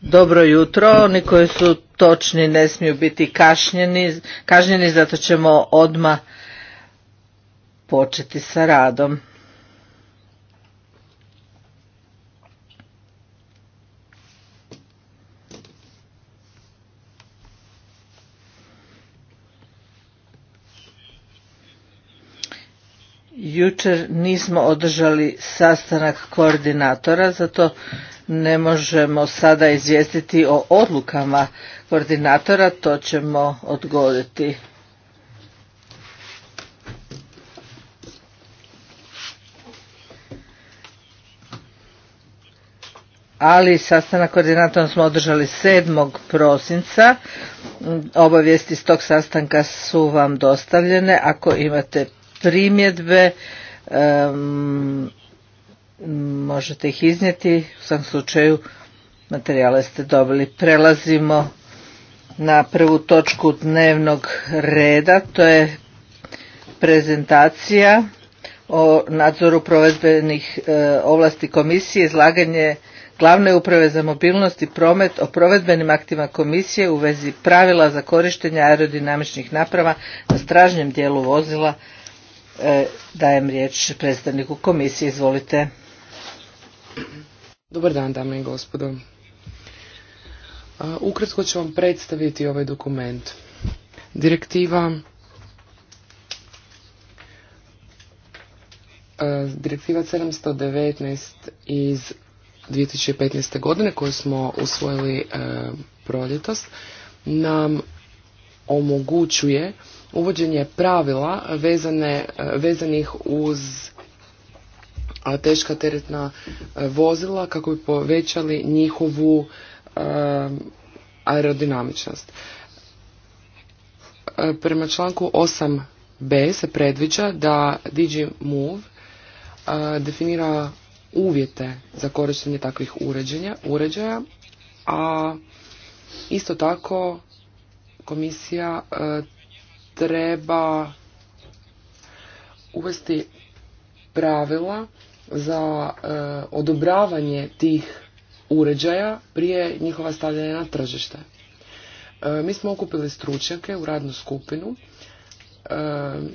dobro jutro, oni koji su točni ne smiju biti kašnjeni, kažnjeni zato ćemo odmah početi sa radom. jučer nismo održali sastanak koordinatora, zato ne možemo sada izvijestiti o odlukama koordinatora, to ćemo odgoditi. ali sastanak koordinatora smo održali 7. prosinca. Obavijesti s tog sastanka su vam dostavljene. Ako imate primjedbe možete ih iznijeti u svom slučaju materijale ste dobili prelazimo na prvu točku dnevnog reda to je prezentacija o nadzoru provedbenih e, ovlasti komisije izlaganje glavne uprave za mobilnost i promet o provedbenim aktima komisije u vezi pravila za korištenje aerodinamičnih naprava na stražnjem dijelu vozila E, dajem riječ predstavniku komisije, izvolite. Dobar dan, dame i gospodo. E, ukratko ću vam predstaviti ovaj dokument. Direktiva e, Direktiva 719 iz 2015. godine koju smo usvojili proljetos nam omogućuje uvođenje pravila vezane, vezanih uz teška teretna e, vozila kako bi povećali njihovu e, aerodinamičnost. E, prema članku 8b se predviđa da DG Move definira uvjete za korištenje takvih uređaja, a isto tako komisija treba uvesti pravila za e, odobravanje tih uređaja prije njihova stavljanja na tržište. E, mi smo okupili stručnjake u radnu skupinu e,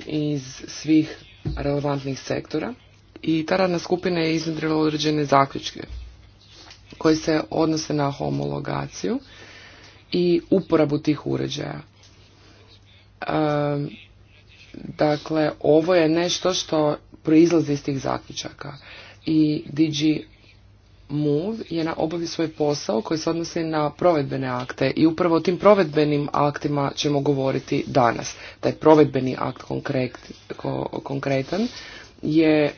iz svih relevantnih sektora i ta radna skupina je iznedrila određene zaključke koje se odnose na homologaciju i uporabu tih uređaja. Dakle, ovo je nešto što proizlazi iz tih zaključaka. I DG Move je na obavi svoj posao koji se odnosi na provedbene akte i upravo o tim provedbenim aktima ćemo govoriti danas. Taj provedbeni akt konkretan je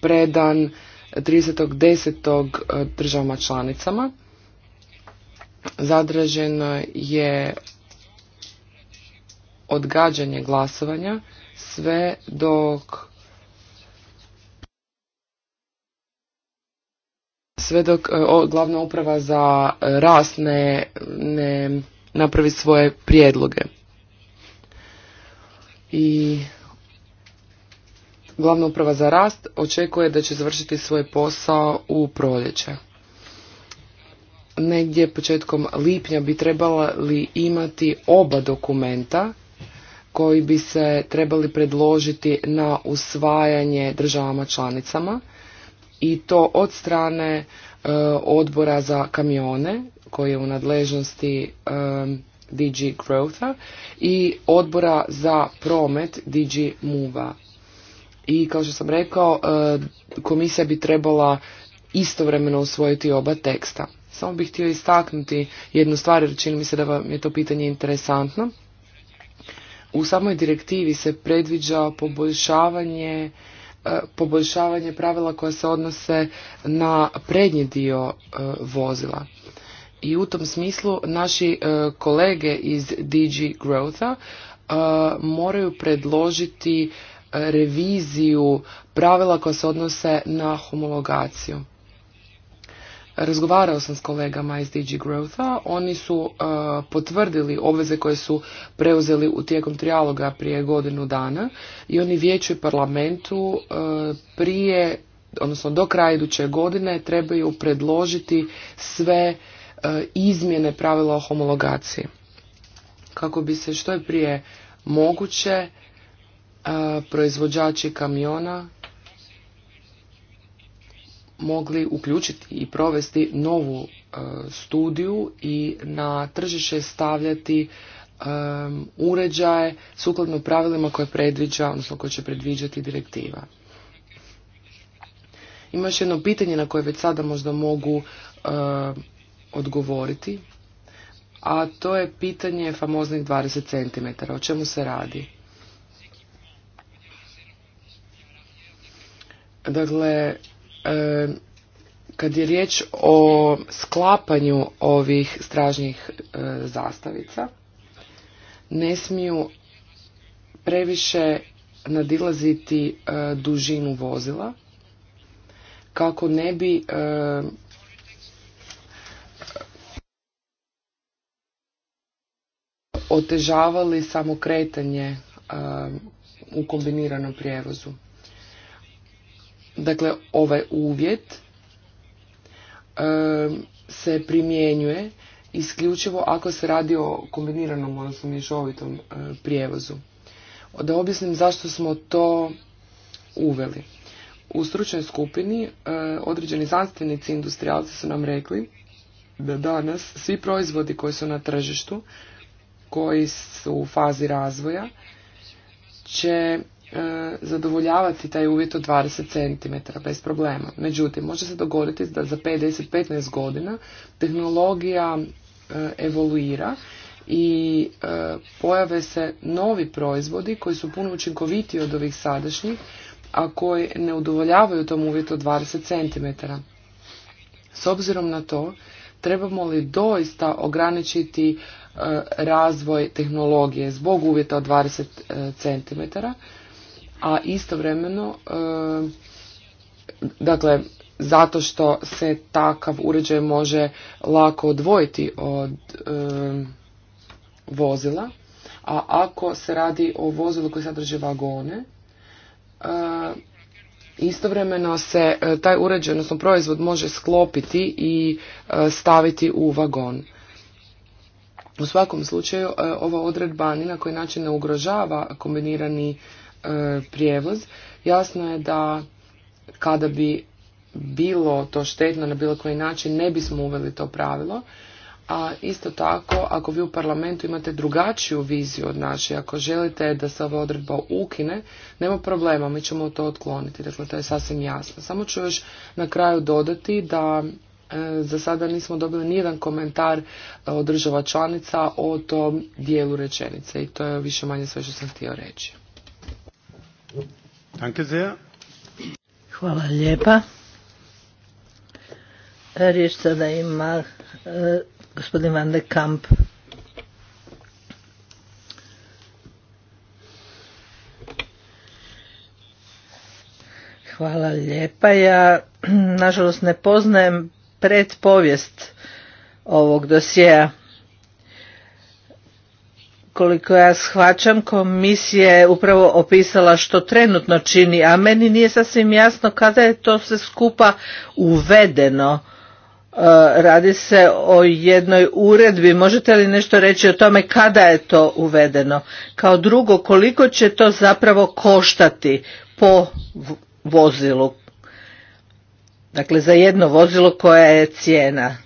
predan 30.10. Eh, državama članicama. Zadraženo je odgađanje glasovanja sve dok sve dok e, glavna uprava za rast ne, ne napravi svoje prijedloge. I glavna uprava za rast očekuje da će završiti svoj posao u proljeće. Negdje početkom lipnja bi trebala li imati oba dokumenta koji bi se trebali predložiti na usvajanje državama članicama i to od strane e, odbora za kamione koji je u nadležnosti e, DG Growtha i odbora za promet DG Move-a. I kao što sam rekao, e, komisija bi trebala istovremeno usvojiti oba teksta. Samo bih htio istaknuti jednu stvar jer čini mi se da vam je to pitanje interesantno. U samoj direktivi se predviđa poboljšavanje e, poboljšavanje pravila koja se odnose na prednji dio e, vozila. I u tom smislu naši e, kolege iz DG Growtha moraju predložiti reviziju pravila koja se odnose na homologaciju. Razgovarao sam s kolegama iz DG Growtha, oni su uh, potvrdili obveze koje su preuzeli u tijekom trijaloga prije godinu dana i oni vijeću parlamentu uh, prije, odnosno do kraja iduće godine trebaju predložiti sve uh, izmjene pravila o homologaciji kako bi se što je prije moguće proizvođači kamiona mogli uključiti i provesti novu e, studiju i na tržište stavljati e, uređaje sukladno pravilima koje predviđa, odnosno koje će predviđati direktiva. Ima još jedno pitanje na koje već sada možda mogu e, odgovoriti, a to je pitanje famoznih 20 cm. O čemu se radi? Dakle, E, kad je riječ o sklapanju ovih stražnjih e, zastavica, ne smiju previše nadilaziti e, dužinu vozila kako ne bi otežavali samo kretanje u kombiniranom prijevozu. Dakle, ovaj uvjet e, se primjenjuje isključivo ako se radi o kombiniranom, odnosno mješovitom e, prijevozu. Da objasnim zašto smo to uveli. U stručnoj skupini e, određeni znanstvenici i industrijalci su nam rekli da danas svi proizvodi koji su na tržištu, koji su u fazi razvoja, će E, zadovoljavati taj uvjet od 20 cm bez problema. Međutim, može se dogoditi da za 50-15 godina tehnologija e, evoluira i e, pojave se novi proizvodi koji su puno učinkovitiji od ovih sadašnjih, a koji ne udovoljavaju tom uvjetu od 20 cm. S obzirom na to, trebamo li doista ograničiti razvoj tehnologije zbog uvjeta od 20 cm a istovremeno e, dakle zato što se takav uređaj može lako odvojiti od e, vozila a ako se radi o vozilu koji sadrži vagone e, istovremeno se taj uređaj odnosno proizvod može sklopiti i staviti u vagon u svakom slučaju ova odredba ni na koji način ne ugrožava kombinirani E, prijevoz, jasno je da kada bi bilo to štetno na bilo koji način, ne bismo uveli to pravilo. A isto tako, ako vi u parlamentu imate drugačiju viziju od naše, ako želite da se ova odredba ukine, nema problema, mi ćemo to otkloniti. Dakle, to je sasvim jasno. Samo ću još na kraju dodati da e, za sada nismo dobili nijedan komentar e, od država članica o tom dijelu rečenice i to je više manje sve što sam htio reći. Hvala lijepa. Riječ sada ima e, gospodin Van de Kamp. Hvala lijepa. Ja nažalost ne poznajem predpovijest ovog dosjeja koliko ja shvaćam, komisija je upravo opisala što trenutno čini, a meni nije sasvim jasno kada je to sve skupa uvedeno. E, radi se o jednoj uredbi, možete li nešto reći o tome kada je to uvedeno? Kao drugo, koliko će to zapravo koštati po vozilu? Dakle, za jedno vozilo koja je cijena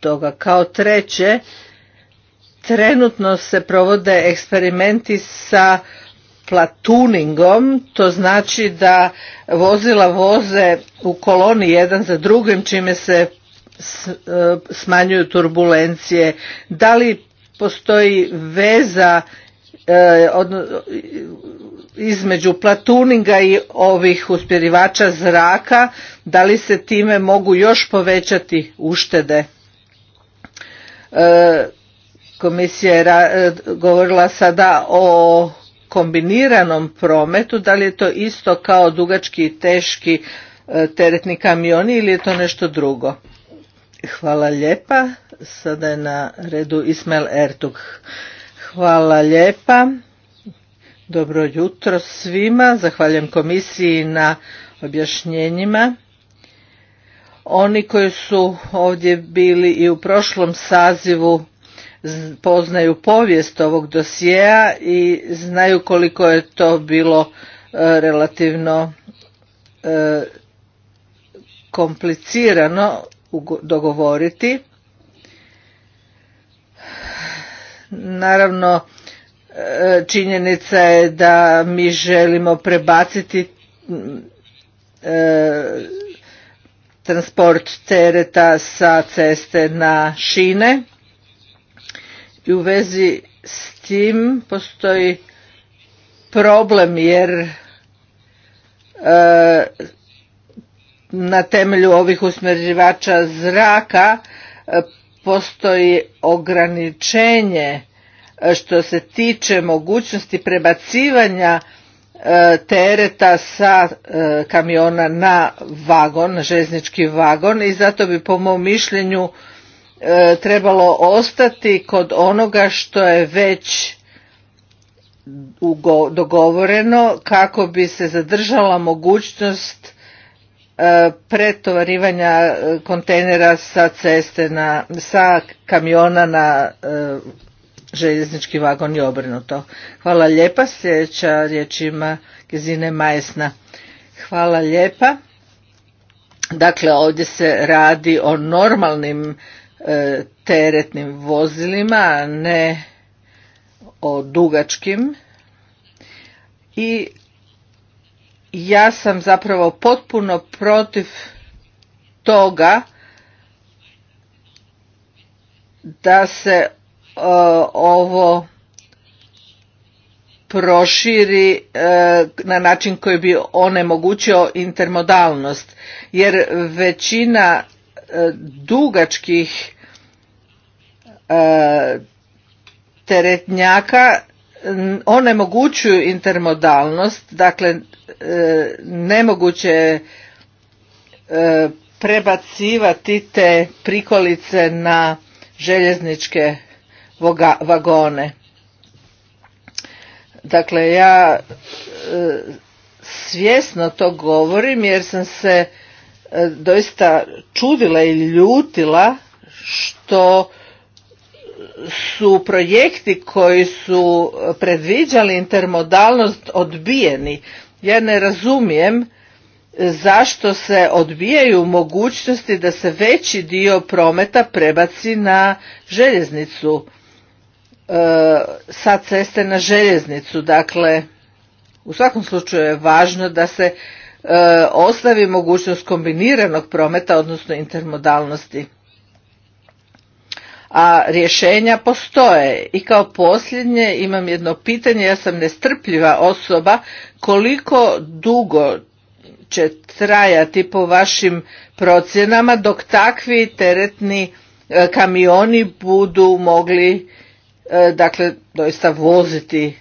toga. Kao treće, trenutno se provode eksperimenti sa platuningom, to znači da vozila voze u koloni jedan za drugim čime se e, smanjuju turbulencije. Da li postoji veza e, između platuninga i ovih uspjerivača zraka, da li se time mogu još povećati uštede? E, Komisija je e, govorila sada o kombiniranom prometu, da li je to isto kao dugački i teški e, teretni kamioni ili je to nešto drugo? Hvala lijepa. Sada je na redu Ismail Ertug. Hvala lijepa. Dobro jutro svima. Zahvaljujem komisiji na objašnjenjima. Oni koji su ovdje bili i u prošlom sazivu poznaju povijest ovog dosjea i znaju koliko je to bilo e, relativno e, komplicirano dogovoriti. Naravno, e, činjenica je da mi želimo prebaciti transport tereta sa ceste na šine i u vezi s tim postoji problem jer e, na temelju ovih usmjerivača zraka e, postoji ograničenje e, što se tiče mogućnosti prebacivanja tereta sa kamiona na vagon, željeznički vagon i zato bi po mom mišljenju E, trebalo ostati kod onoga što je već dogovoreno kako bi se zadržala mogućnost e, pretovarivanja e, kontejnera sa ceste na, sa kamiona na željeznički vagon i obrnuto. Hvala lijepa. Sljedeća riječ ima Gezine Majesna. Hvala lijepa. Dakle, ovdje se radi o normalnim E, teretnim vozilima, a ne o dugačkim. I ja sam zapravo potpuno protiv toga da se e, ovo proširi e, na način koji bi onemogućio intermodalnost jer većina E, dugačkih e, teretnjaka onemogućuju intermodalnost, dakle e, nemoguće prebacivati te prikolice na željezničke vagone. Dakle, ja svjesno to govorim jer sam se E, doista čudila i ljutila što su projekti koji su predviđali intermodalnost odbijeni. Ja ne razumijem zašto se odbijaju mogućnosti da se veći dio prometa prebaci na željeznicu e, sa ceste na željeznicu. Dakle, u svakom slučaju je važno da se E, ostavi mogućnost kombiniranog prometa, odnosno intermodalnosti. A rješenja postoje. I kao posljednje imam jedno pitanje, ja sam nestrpljiva osoba, koliko dugo će trajati po vašim procjenama dok takvi teretni e, kamioni budu mogli e, dakle doista voziti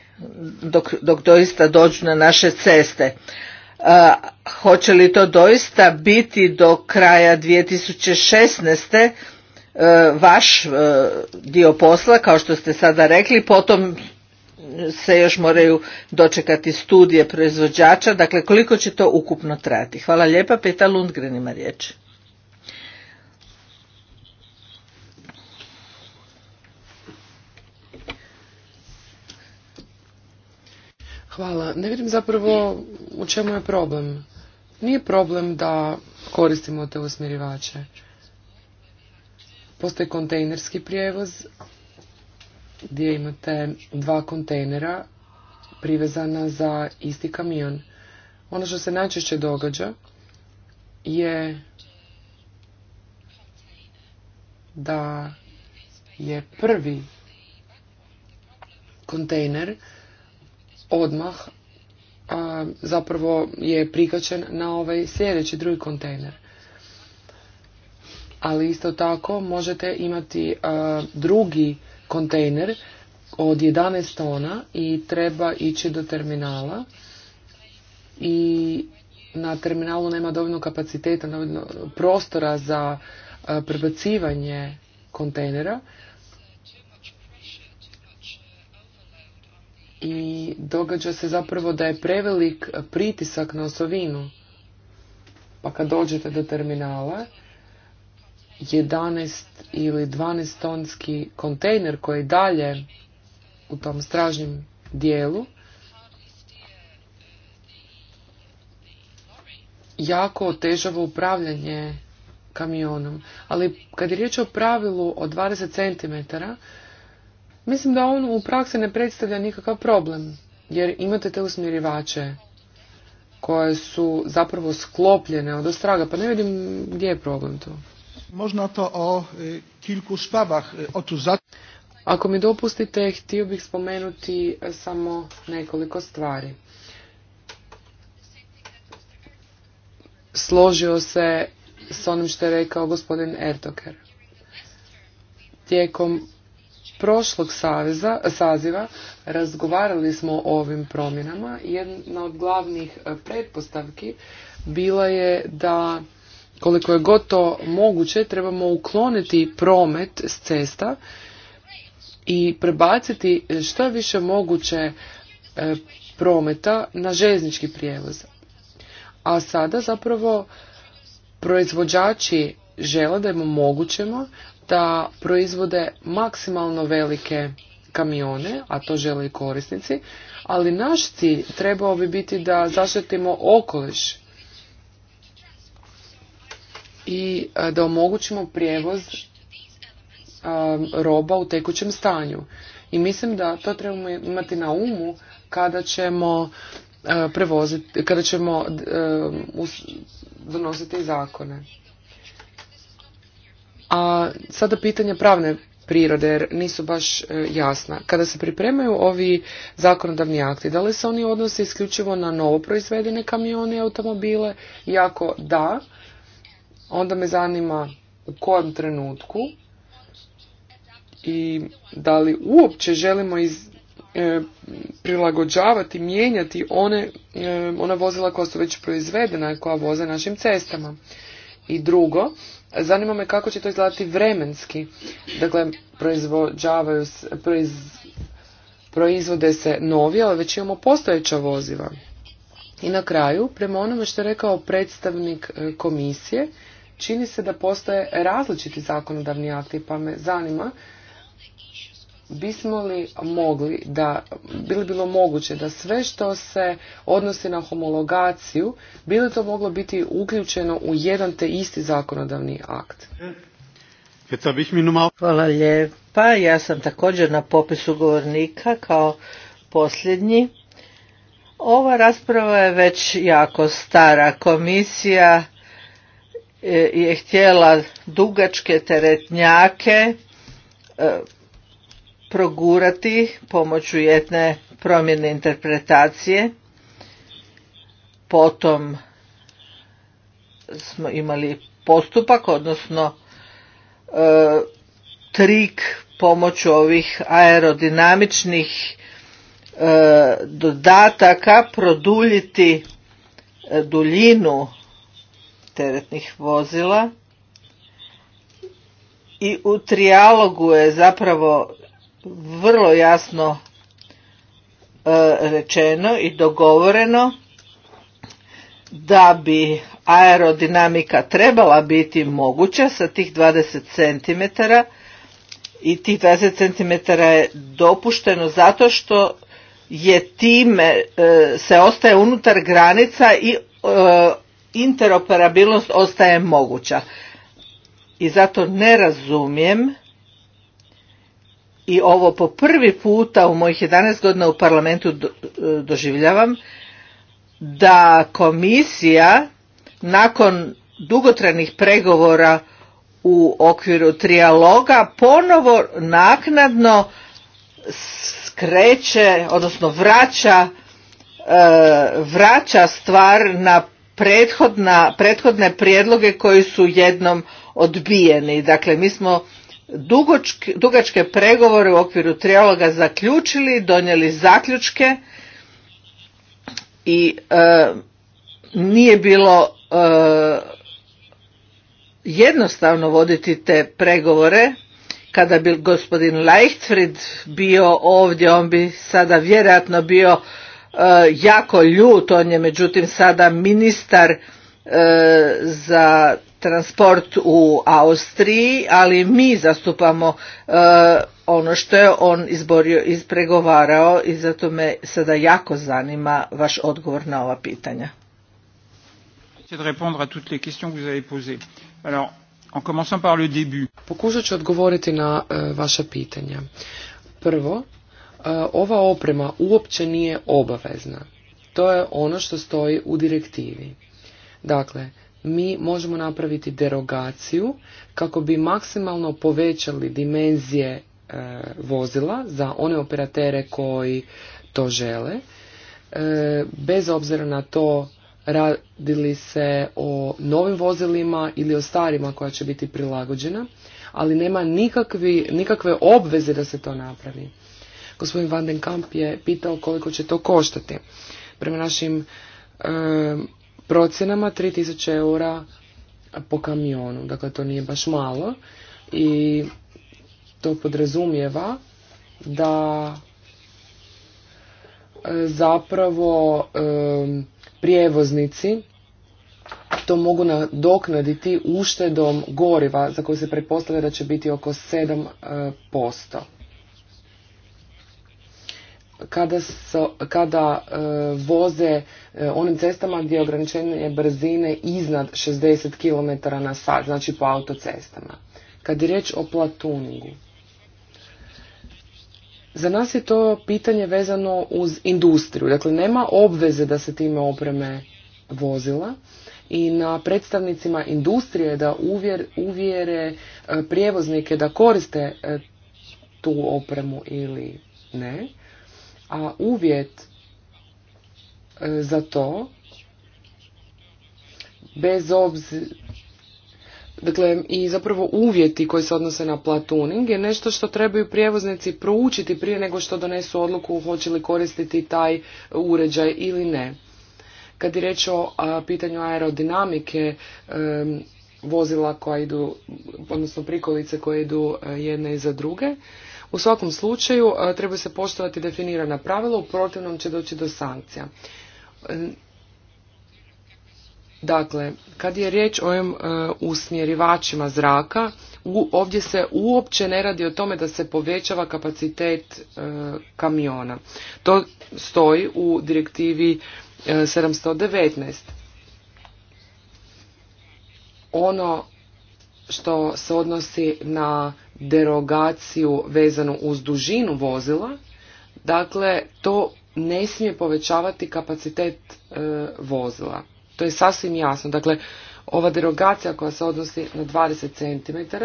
dok, dok doista dođu na naše ceste Hoće li to doista biti do kraja 2016. E, vaš e, dio posla, kao što ste sada rekli, potom se još moraju dočekati studije proizvođača, dakle koliko će to ukupno trati. Hvala lijepa, Peta Lundgren ima riječ. Hvala. Ne vidim zapravo u čemu je problem. Nije problem da koristimo te usmjerivače. Postoji kontejnerski prijevoz gdje imate dva kontejnera privezana za isti kamion. Ono što se najčešće događa je da je prvi kontejner odmah zapravo je prikačen na ovaj sljedeći drugi kontejner. Ali isto tako možete imati drugi kontejner od 11 tona i treba ići do terminala i na terminalu nema dovoljno kapaciteta, dovoljno prostora za prebacivanje kontejnera i događa se zapravo da je prevelik pritisak na osovinu. Pa kad dođete do terminala, 11 ili 12 tonski kontejner koji je dalje u tom stražnjem dijelu jako otežava upravljanje kamionom. Ali kad je riječ o pravilu od 20 cm, Mislim da on u praksi ne predstavlja nikakav problem, jer imate te usmjerivače koje su zapravo sklopljene od ostraga, pa ne vidim gdje je problem tu. Možda to o e, kilku e, o tu Ako mi dopustite, htio bih spomenuti e, samo nekoliko stvari. Složio se s onim što je rekao gospodin Ertoker. Tijekom prošlog saveza, saziva razgovarali smo o ovim promjenama. Jedna od glavnih e, pretpostavki bila je da koliko je gotovo moguće trebamo ukloniti promet s cesta i prebaciti što više moguće e, prometa na željeznički prijevoz. A sada zapravo proizvođači žele da im omogućemo da proizvode maksimalno velike kamione, a to žele i korisnici, ali naš cilj trebao bi biti da zaštitimo okoliš i e, da omogućimo prijevoz e, roba u tekućem stanju. I mislim da to trebamo imati na umu kada ćemo e, prevoziti, kada ćemo donositi zakone. A sada pitanja pravne prirode jer nisu baš e, jasna. Kada se pripremaju ovi zakonodavni akti, da li se oni odnose isključivo na novo proizvedene kamione i automobile? Iako da, onda me zanima u kojem trenutku i da li uopće želimo iz, e, prilagođavati, mijenjati one, e, ona vozila koja su već proizvedena i koja voze našim cestama. I drugo, Zanima me kako će to izgledati vremenski. Dakle, proizvođavaju, proiz, proizvode se novi, ali već imamo postojeća voziva. I na kraju, prema onome što je rekao predstavnik e, komisije, čini se da postoje različiti zakonodavni akti, pa me zanima bismo li mogli da, bi bilo moguće da sve što se odnosi na homologaciju, bilo to moglo biti uključeno u jedan te isti zakonodavni akt? Hvala lijepa, ja sam također na popisu govornika kao posljednji. Ova rasprava je već jako stara. Komisija e, je htjela dugačke teretnjake e, progurati pomoću jedne promjene interpretacije. Potom smo imali postupak, odnosno e, trik pomoću ovih aerodinamičnih e, dodataka produljiti e, duljinu teretnih vozila i u trijalogu je zapravo vrlo jasno e, rečeno i dogovoreno da bi aerodinamika trebala biti moguća sa tih 20 cm i tih 20 cm je dopušteno zato što je time e, se ostaje unutar granica i e, interoperabilnost ostaje moguća. I zato ne razumijem i ovo po prvi puta u mojih 11 godina u parlamentu e, doživljavam da komisija nakon dugotrajnih pregovora u okviru trijaloga ponovo naknadno skreće, odnosno vraća, e, vraća stvar na prethodne prijedloge koji su jednom odbijeni. Dakle, mi smo dugačke pregovore u okviru trijaloga zaključili, donijeli zaključke i e, nije bilo e, jednostavno voditi te pregovore. Kada bi gospodin Leichtfried bio ovdje, on bi sada vjerojatno bio e, jako ljut, on je međutim sada ministar za transport u Austriji, ali mi zastupamo eh, ono što je on izborio, ispregovarao i zato me sada jako zanima vaš odgovor na ova pitanja. Pokušat ću odgovoriti na eh, vaša pitanja. Prvo, eh, ova oprema uopće nije obavezna. To je ono što stoji u direktivi. Dakle, mi možemo napraviti derogaciju kako bi maksimalno povećali dimenzije e, vozila za one operatere koji to žele, e, bez obzira na to radili se o novim vozilima ili o starima koja će biti prilagođena, ali nema nikakvi, nikakve obveze da se to napravi. Gospodin Van den Kamp je pitao koliko će to koštati. Prema našim e, procjenama 3000 eura po kamionu. Dakle, to nije baš malo i to podrazumijeva da e, zapravo e, prijevoznici to mogu nadoknaditi uštedom goriva za koju se pretpostavlja da će biti oko 7% kada, kada e, voze e, onim cestama gdje je ograničenje brzine iznad 60 km na sat, znači po autocestama. Kad je riječ o platuningu, za nas je to pitanje vezano uz industriju. Dakle, nema obveze da se time opreme vozila i na predstavnicima industrije da uvjer, uvjere e, prijevoznike da koriste tu opremu ili ne a uvjet e, za to bez obzira Dakle, i zapravo uvjeti koji se odnose na platuning je nešto što trebaju prijevoznici proučiti prije nego što donesu odluku hoće li koristiti taj uređaj ili ne. Kad je riječ o pitanju aerodinamike, e, vozila koja idu, odnosno prikolice koje idu e, jedne iza druge, u svakom slučaju e, treba se poštovati definirana pravila, u protivnom će doći do sankcija. E, dakle, kad je riječ o ovim e, usmjerivačima zraka, ovdje se uopće ne radi o tome da se povećava kapacitet kamiona. To stoji u direktivi 719. Ono što se odnosi na derogaciju vezanu uz dužinu vozila, dakle to ne smije povećavati kapacitet e, vozila. To je sasvim jasno. Dakle, ova derogacija koja se odnosi na 20 cm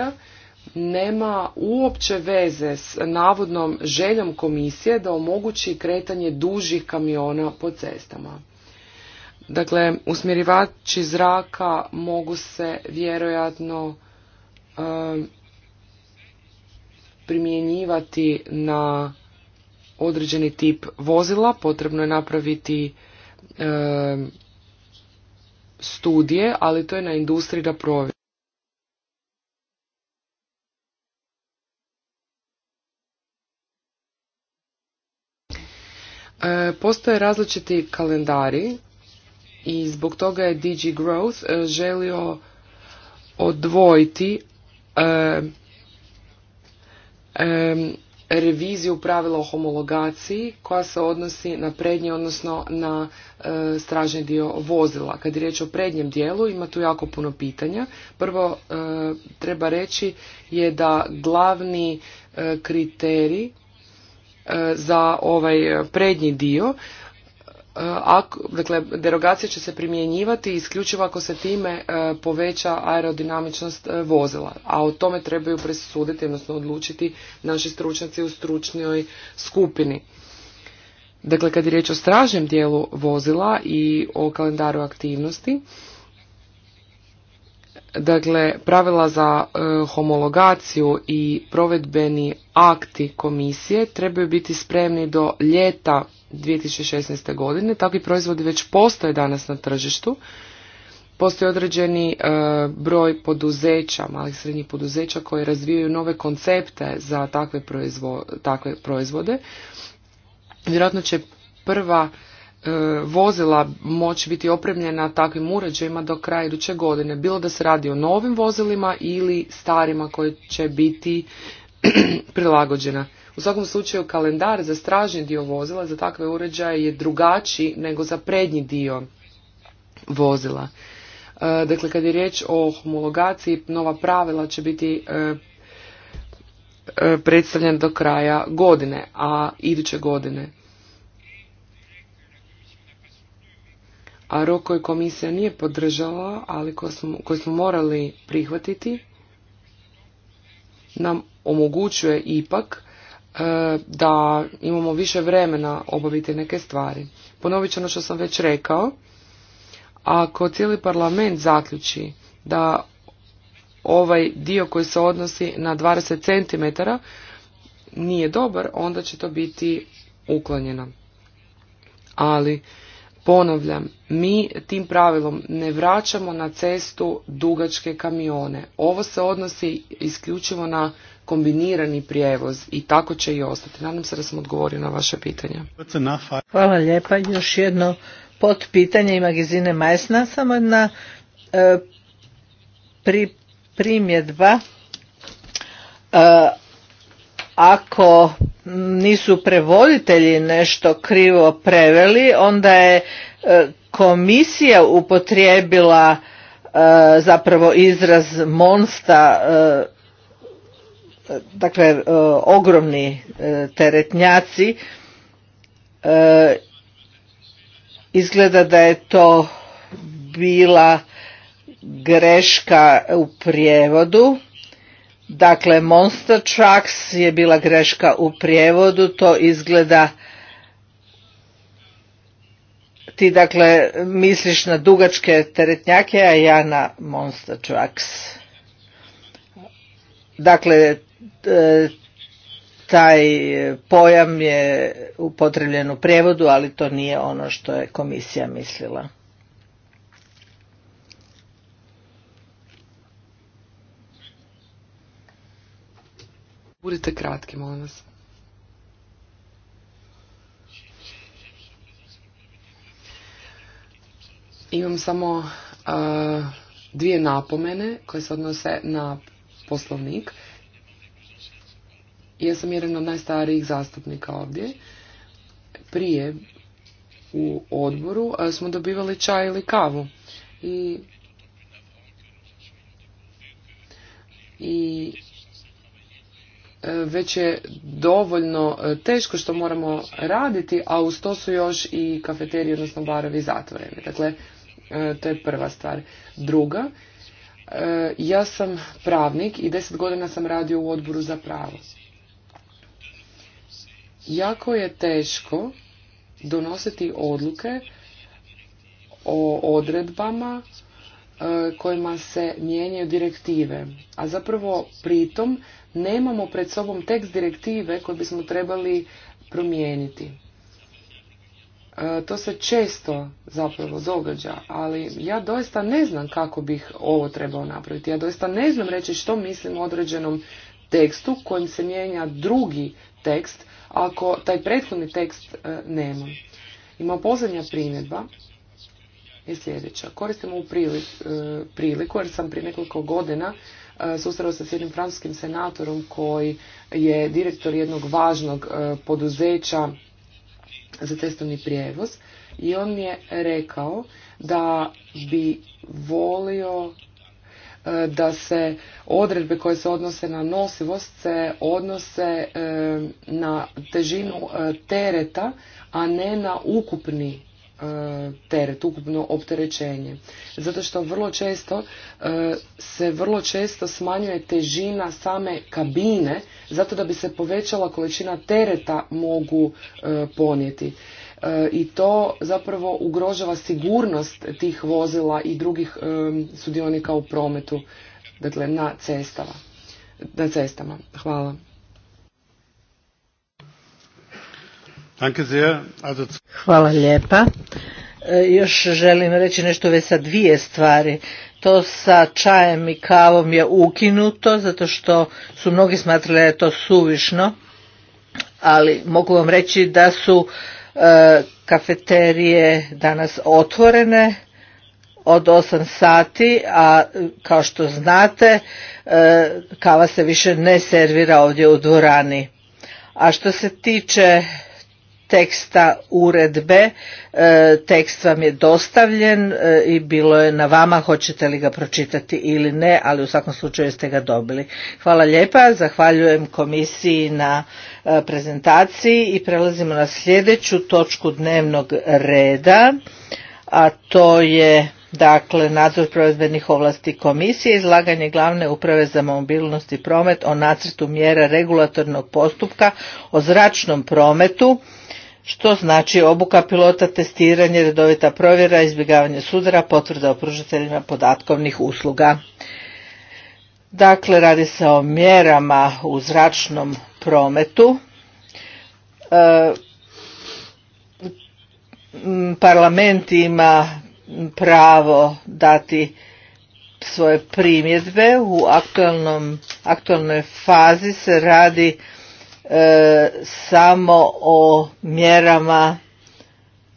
nema uopće veze s navodnom željom komisije da omogući kretanje dužih kamiona po cestama. Dakle, usmjerivači zraka mogu se vjerojatno e, primjenjivati na određeni tip vozila, potrebno je napraviti e, studije, ali to je na industriji da provjeri. E, postoje različiti kalendari i zbog toga je Growth e, želio odvojiti reviziju pravila o homologaciji koja se odnosi na prednji, odnosno na e, stražni dio vozila. Kad je riječ o prednjem dijelu, ima tu jako puno pitanja. Prvo e, treba reći je da glavni e, kriterij e, za ovaj prednji dio ako, dakle, derogacija će se primjenjivati isključivo ako se time e, poveća aerodinamičnost e, vozila, a o tome trebaju presuditi, odnosno odlučiti naši stručnjaci u stručnoj skupini. Dakle, kad je riječ o stražnjem dijelu vozila i o kalendaru aktivnosti, dakle, pravila za e, homologaciju i provedbeni akti komisije trebaju biti spremni do ljeta 2016. godine. Takvi proizvodi već postoje danas na tržištu. Postoji određeni e, broj poduzeća, malih srednjih poduzeća koji razvijaju nove koncepte za takve, takve proizvode. Vjerojatno će prva e, vozila moći biti opremljena takvim uređajima do kraja iduće godine. Bilo da se radi o novim vozilima ili starima koje će biti prilagođena. U svakom slučaju kalendar za stražni dio vozila za takve uređaje je drugačiji nego za prednji dio vozila. E, dakle, kad je riječ o homologaciji, nova pravila će biti e, e predstavljen do kraja godine, a iduće godine. A rok koji komisija nije podržala, ali koji smo, koji smo morali prihvatiti, nam omogućuje ipak E, da imamo više vremena obaviti neke stvari. Ponovit ću ono što sam već rekao, ako cijeli parlament zaključi da ovaj dio koji se odnosi na 20 cm nije dobar, onda će to biti uklonjeno. Ali, ponavljam, mi tim pravilom ne vraćamo na cestu dugačke kamione. Ovo se odnosi isključivo na kombinirani prijevoz i tako će i ostati. Nadam se da sam odgovorio na vaše pitanje. Hvala lijepa. Još jedno pod pitanje i magazine Majsna, samo jedna e, primjedba. E, ako nisu prevoditelji nešto krivo preveli, onda je e, komisija upotrijebila zapravo izraz monsta dakle e, ogromni e, teretnjaci e, izgleda da je to bila greška u prijevodu dakle monster trucks je bila greška u prijevodu to izgleda ti dakle misliš na dugačke teretnjake a ja na monster trucks dakle E, taj pojam je upotrebljen u prijevodu, ali to nije ono što je komisija mislila. Budite kratki, molim vas. Imam samo e, dvije napomene koje se odnose na poslovnik. Ja sam jedan od najstarijih zastupnika ovdje. Prije u odboru smo dobivali čaj ili kavu. I, i e, već je dovoljno e, teško što moramo raditi, a uz to su još i kafeterije, odnosno barovi zatvoreni. Dakle, e, to je prva stvar. Druga, ja sam pravnik i deset godina sam radio u odboru za pravo. Jako je teško donositi odluke o odredbama e, kojima se mijenjaju direktive, a zapravo pritom nemamo pred sobom tekst direktive koji bismo trebali promijeniti. E, to se često zapravo događa, ali ja doista ne znam kako bih ovo trebao napraviti. Ja doista ne znam reći što mislim o određenom tekstu kojim se mijenja drugi tekst ako taj prethodni tekst e, nema. I moja posljednja primjedba je sljedeća. Koristim ovu e, priliku jer sam prije nekoliko godina e, susreo se s jednim francuskim senatorom koji je direktor jednog važnog poduzeća za cestovni prijevoz i on mi je rekao da bi volio E, da se odredbe koje se odnose na nosivost se odnose e, na težinu e, tereta, a ne na ukupni teret, ukupno opterećenje. Zato što vrlo često se vrlo često smanjuje težina same kabine, zato da bi se povećala količina tereta mogu ponijeti. E, i to zapravo ugrožava sigurnost tih vozila i drugih e, sudionika u prometu, dakle na cestama. Na cestama. Hvala. Hvala lijepa. E, još želim reći nešto već sa dvije stvari. To sa čajem i kavom je ukinuto zato što su mnogi smatrali da je to suvišno, ali mogu vam reći da su E, kafeterije danas otvorene od 8 sati, a kao što znate e, kava se više ne servira ovdje u dvorani. A što se tiče teksta uredbe. E, tekst vam je dostavljen e, i bilo je na vama hoćete li ga pročitati ili ne, ali u svakom slučaju ste ga dobili. Hvala lijepa, zahvaljujem komisiji na e, prezentaciji i prelazimo na sljedeću točku dnevnog reda, a to je dakle nadzor provedbenih ovlasti komisije, izlaganje glavne uprave za mobilnost i promet o nacrtu mjera regulatornog postupka o zračnom prometu što znači obuka pilota, testiranje, redovita provjera, izbjegavanje sudara, potvrda o pružateljima podatkovnih usluga. Dakle, radi se o mjerama u zračnom prometu. E, parlament ima pravo dati svoje primjedbe. U aktualnoj fazi se radi E, samo o mjerama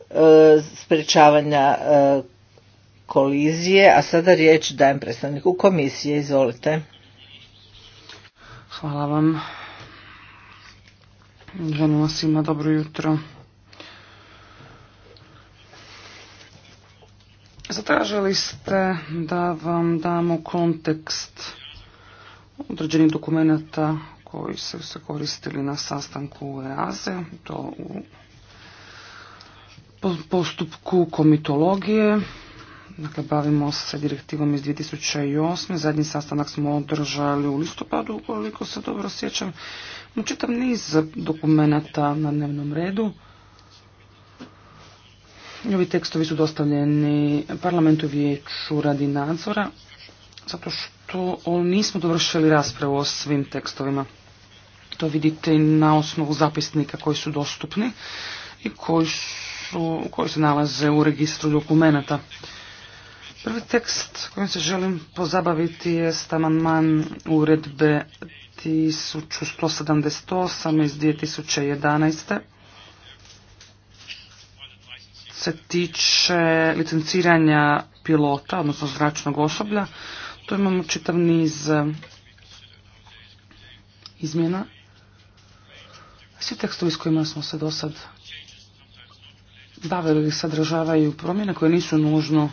e, sprečavanja e, kolizije, a sada riječ dajem predstavniku komisije, izvolite. Hvala vam. Želim svima dobro jutro. Zatražili ste da vam damo kontekst određenih dokumenta koji su se koristili na sastanku EASE, to u postupku komitologije. Dakle, bavimo se direktivom iz 2008. Zadnji sastanak smo održali u listopadu, ukoliko se dobro sjećam. Čitav niz dokumenata na dnevnom redu. Ovi tekstovi su dostavljeni parlamentu vijeću radi nadzora, zato što nismo dovršili raspravu o svim tekstovima. To vidite na osnovu zapisnika koji su dostupni i koji, su, koji se nalaze u registru dokumenata. Prvi tekst kojim se želim pozabaviti je amandman uredbe 1178 iz 2011. se tiče licenciranja pilota, odnosno zračnog osoblja. Tu imamo čitav niz izmjena svi tekstovi s kojima smo se do sad bavili sadržavaju promjene koje nisu nužno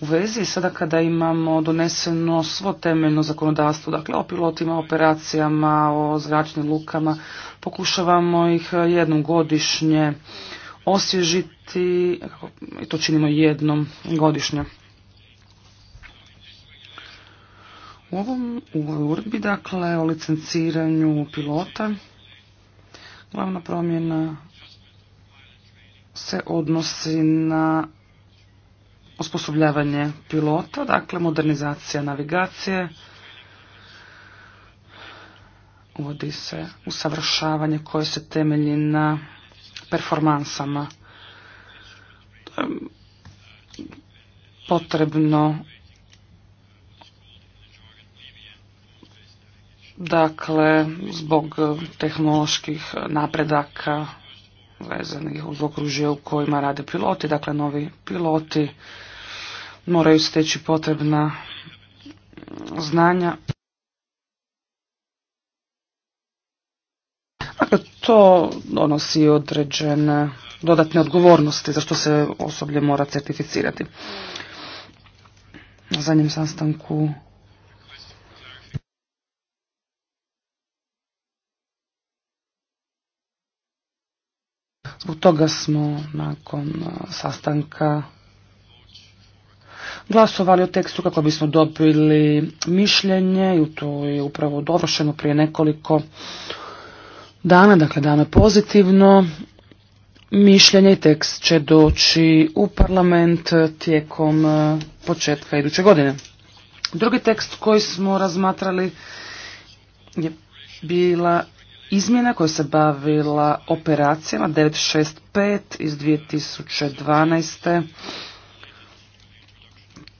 u vezi. Sada kada imamo doneseno svo temeljno zakonodavstvo, dakle o pilotima, operacijama, o zračnim lukama, pokušavamo ih jednom godišnje osvježiti i to činimo jednom godišnje. U ovom uredbi, dakle, o licenciranju pilota Glavna promjena se odnosi na osposobljavanje pilota, dakle modernizacija navigacije, uvodi se usavršavanje koje se temelji na performansama. To je potrebno Dakle, zbog e, tehnoloških e, napredaka vezanih uz okružje u kojima rade piloti, dakle novi piloti moraju steći potrebna znanja. Dakle, to donosi određene dodatne odgovornosti za što se osoblje mora certificirati. Na zadnjem sastanku Zbog toga smo nakon sastanka glasovali o tekstu kako bismo dobili mišljenje i to je upravo dovršeno prije nekoliko dana, dakle dana pozitivno. Mišljenje i tekst će doći u parlament tijekom početka iduće godine. Drugi tekst koji smo razmatrali je bila izmjena koja se bavila operacijama 965 iz 2012.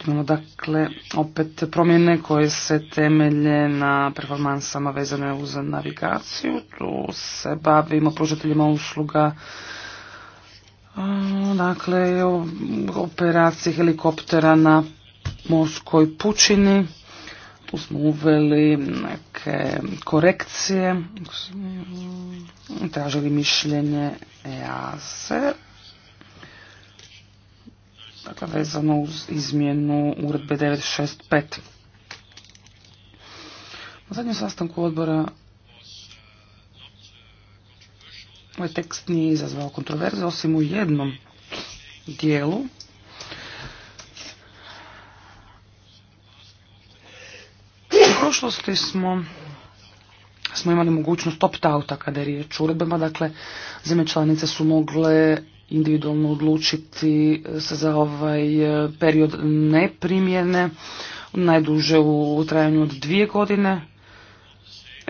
Imamo dakle opet promjene koje se temelje na performansama vezane uz navigaciju. Tu se bavimo pružateljima usluga dakle operacije helikoptera na morskoj pučini. Tu smo uveli neke korekcije, tražili mišljenje EASE, dakle vezano uz izmjenu uredbe 965. Na zadnjem sastanku odbora ovaj tekst nije izazvao kontroverze, osim u jednom dijelu prošlosti smo smo imali mogućnost opt-outa kada je riječ o uredbama, dakle zemlje članice su mogle individualno odlučiti se za ovaj e, period neprimjene, najduže u trajanju od dvije godine.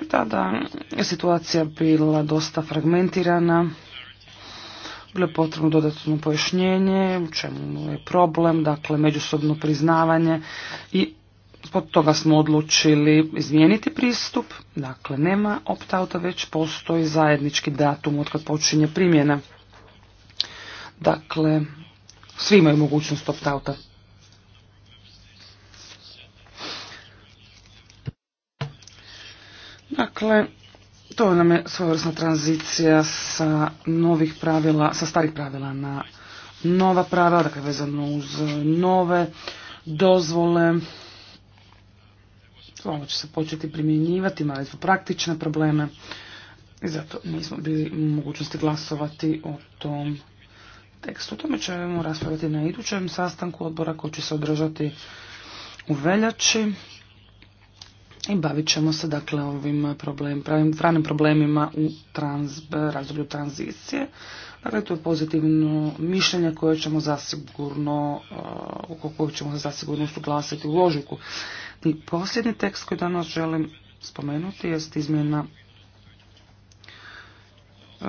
I e, tada je situacija bila dosta fragmentirana, bilo je potrebno dodatno pojašnjenje, u čemu je problem, dakle međusobno priznavanje i Zbog toga smo odlučili izmijeniti pristup, dakle nema opt-outa, već postoji zajednički datum od kad počinje primjena. Dakle, svi imaju mogućnost opt-outa. Dakle, to nam je svojevrsna tranzicija sa novih pravila, sa starih pravila na nova pravila, dakle vezano uz nove dozvole, ovo će se početi primjenjivati, imali smo praktične probleme i zato nismo bili u mogućnosti glasovati o tom tekstu. O tome ćemo raspraviti na idućem sastanku odbora koji će se održati u veljači i bavit ćemo se dakle ovim problem, pravim, problemima u trans, razdoblju tranzicije. Dakle, to je pozitivno mišljenje koje ćemo zasigurno, uh, oko kojeg ćemo zasigurno suglasiti u ožujku. I posljednji tekst koji danas želim spomenuti jest izmjena e,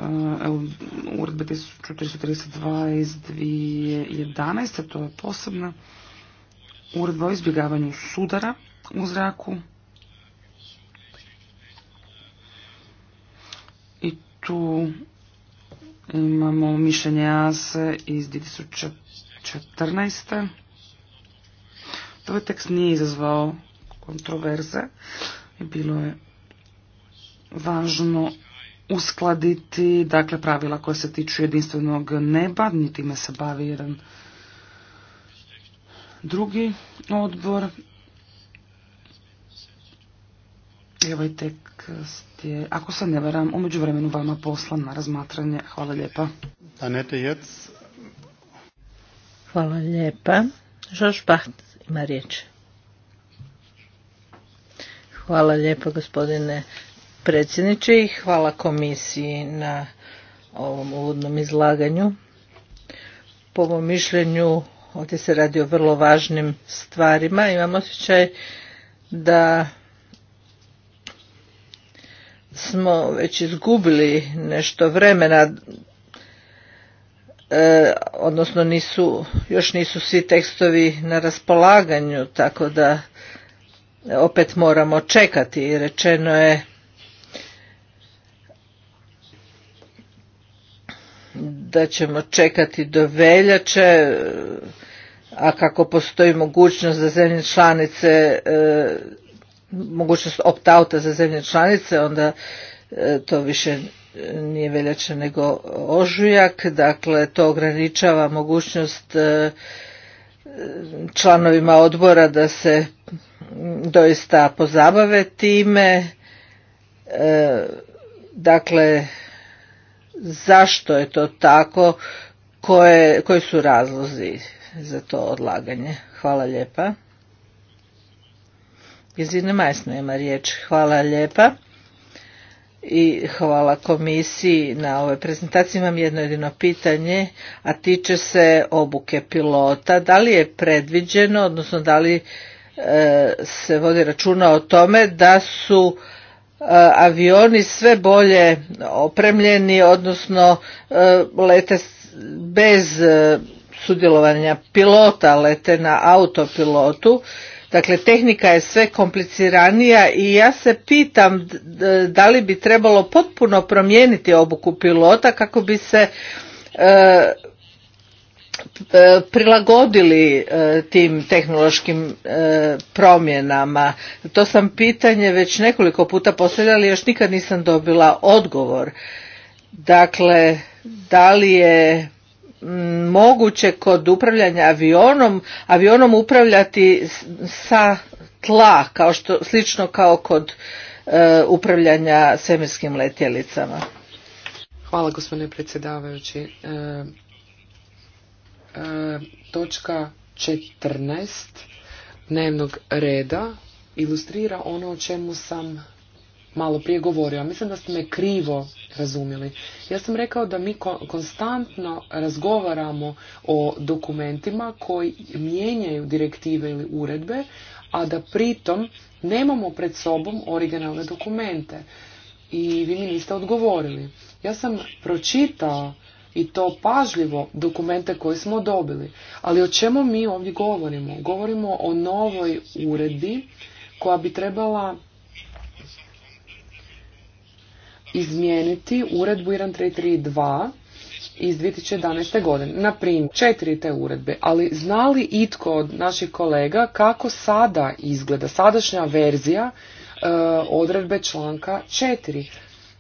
uredbe 1432 iz 2011. To je posebna uredba o izbjegavanju sudara u zraku. I tu imamo mišljenje ASE iz 2014. Ovaj tekst nije izazvao kontroverze i bilo je važno uskladiti dakle pravila koja se tiču jedinstvenog neba, time se bavi jedan drugi odbor. I ovaj ako se ne varam, umeđu vremenu vama poslan na razmatranje. Hvala lijepa. Hvala lijepa. Žoš ima riječ. Hvala lijepo gospodine predsjedniče i hvala komisiji na ovom uvodnom izlaganju. Po mom mišljenju ovdje se radi o vrlo važnim stvarima. Imam osjećaj da smo već izgubili nešto vremena E, odnosno nisu, još nisu svi tekstovi na raspolaganju, tako da opet moramo čekati. Rečeno je da ćemo čekati do veljače, a kako postoji mogućnost za zemlje članice, e, mogućnost opt-outa za zemlje članice, onda e, to više nije veljače nego ožujak, dakle to ograničava mogućnost e, članovima odbora da se doista pozabave time. E, dakle, zašto je to tako? koji su razlozi za to odlaganje? Hvala lijepa. Izvine Majsno ima riječ. Hvala lijepa i hvala komisiji na ovoj prezentaciji. Imam jedno jedino pitanje, a tiče se obuke pilota. Da li je predviđeno, odnosno da li e, se vodi računa o tome da su e, avioni sve bolje opremljeni, odnosno e, lete bez sudjelovanja pilota, lete na autopilotu Dakle, tehnika je sve kompliciranija i ja se pitam da li bi trebalo potpuno promijeniti obuku pilota kako bi se e, e, prilagodili e, tim tehnološkim promjenama. To sam pitanje već nekoliko puta postavljala i još nikad nisam dobila odgovor. Dakle, da li je moguće kod upravljanja avionom, avionom upravljati sa tla, kao što, slično kao kod e, upravljanja svemirskim letjelicama. Hvala gospodine predsjedavajući. E, e, točka 14 dnevnog reda ilustrira ono o čemu sam malo prije govorio. Mislim da ste me krivo razumjeli. Ja sam rekao da mi konstantno razgovaramo o dokumentima koji mijenjaju direktive ili uredbe, a da pritom nemamo pred sobom originalne dokumente. I vi mi niste odgovorili. Ja sam pročitao i to pažljivo dokumente koje smo dobili. Ali o čemu mi ovdje govorimo? Govorimo o novoj uredbi koja bi trebala izmijeniti uredbu 1332 iz 2011. godine. Na primjer, četiri te uredbe, ali zna li itko od naših kolega kako sada izgleda sadašnja verzija e, odredbe članka četiri?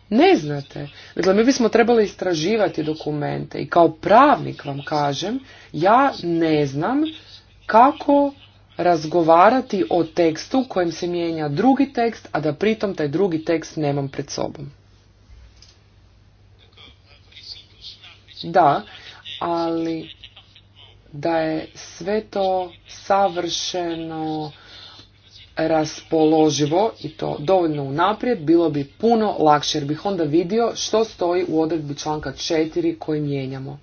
Ne znate. Dakle, mi bismo trebali istraživati dokumente i kao pravnik vam kažem, ja ne znam kako razgovarati o tekstu kojem se mijenja drugi tekst, a da pritom taj drugi tekst nemam pred sobom. Znači, da, ali da je sve to savršeno raspoloživo i to dovoljno unaprijed, bilo bi puno lakše jer bih onda vidio što stoji u odredbi članka 4 koji mijenjamo.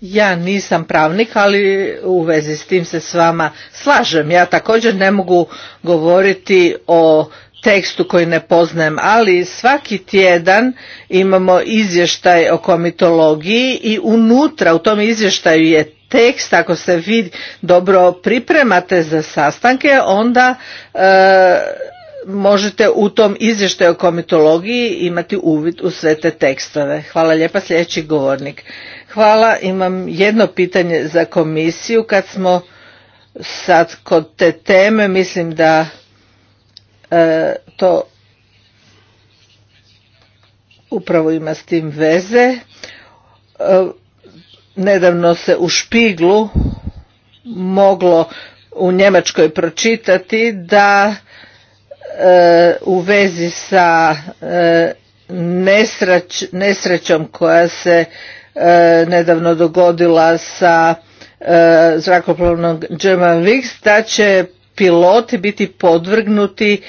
Ja nisam pravnik, ali u vezi s tim se s vama slažem. Ja također ne mogu govoriti o tekstu koji ne poznajem, ali svaki tjedan imamo izvještaj o komitologiji i unutra u tom izvještaju je tekst, ako se vi dobro pripremate za sastanke, onda e, možete u tom izvještaju o komitologiji imati uvid u sve te tekstove. Hvala lijepa sljedeći govornik. Hvala, imam jedno pitanje za komisiju. Kad smo sad kod te teme, mislim da E, to upravo ima s tim veze. E, nedavno se u Špiglu moglo u Njemačkoj pročitati da e, u vezi sa nesrećom koja se nedavno dogodila sa zrakoplovnog German Wings da će piloti biti podvrgnuti e,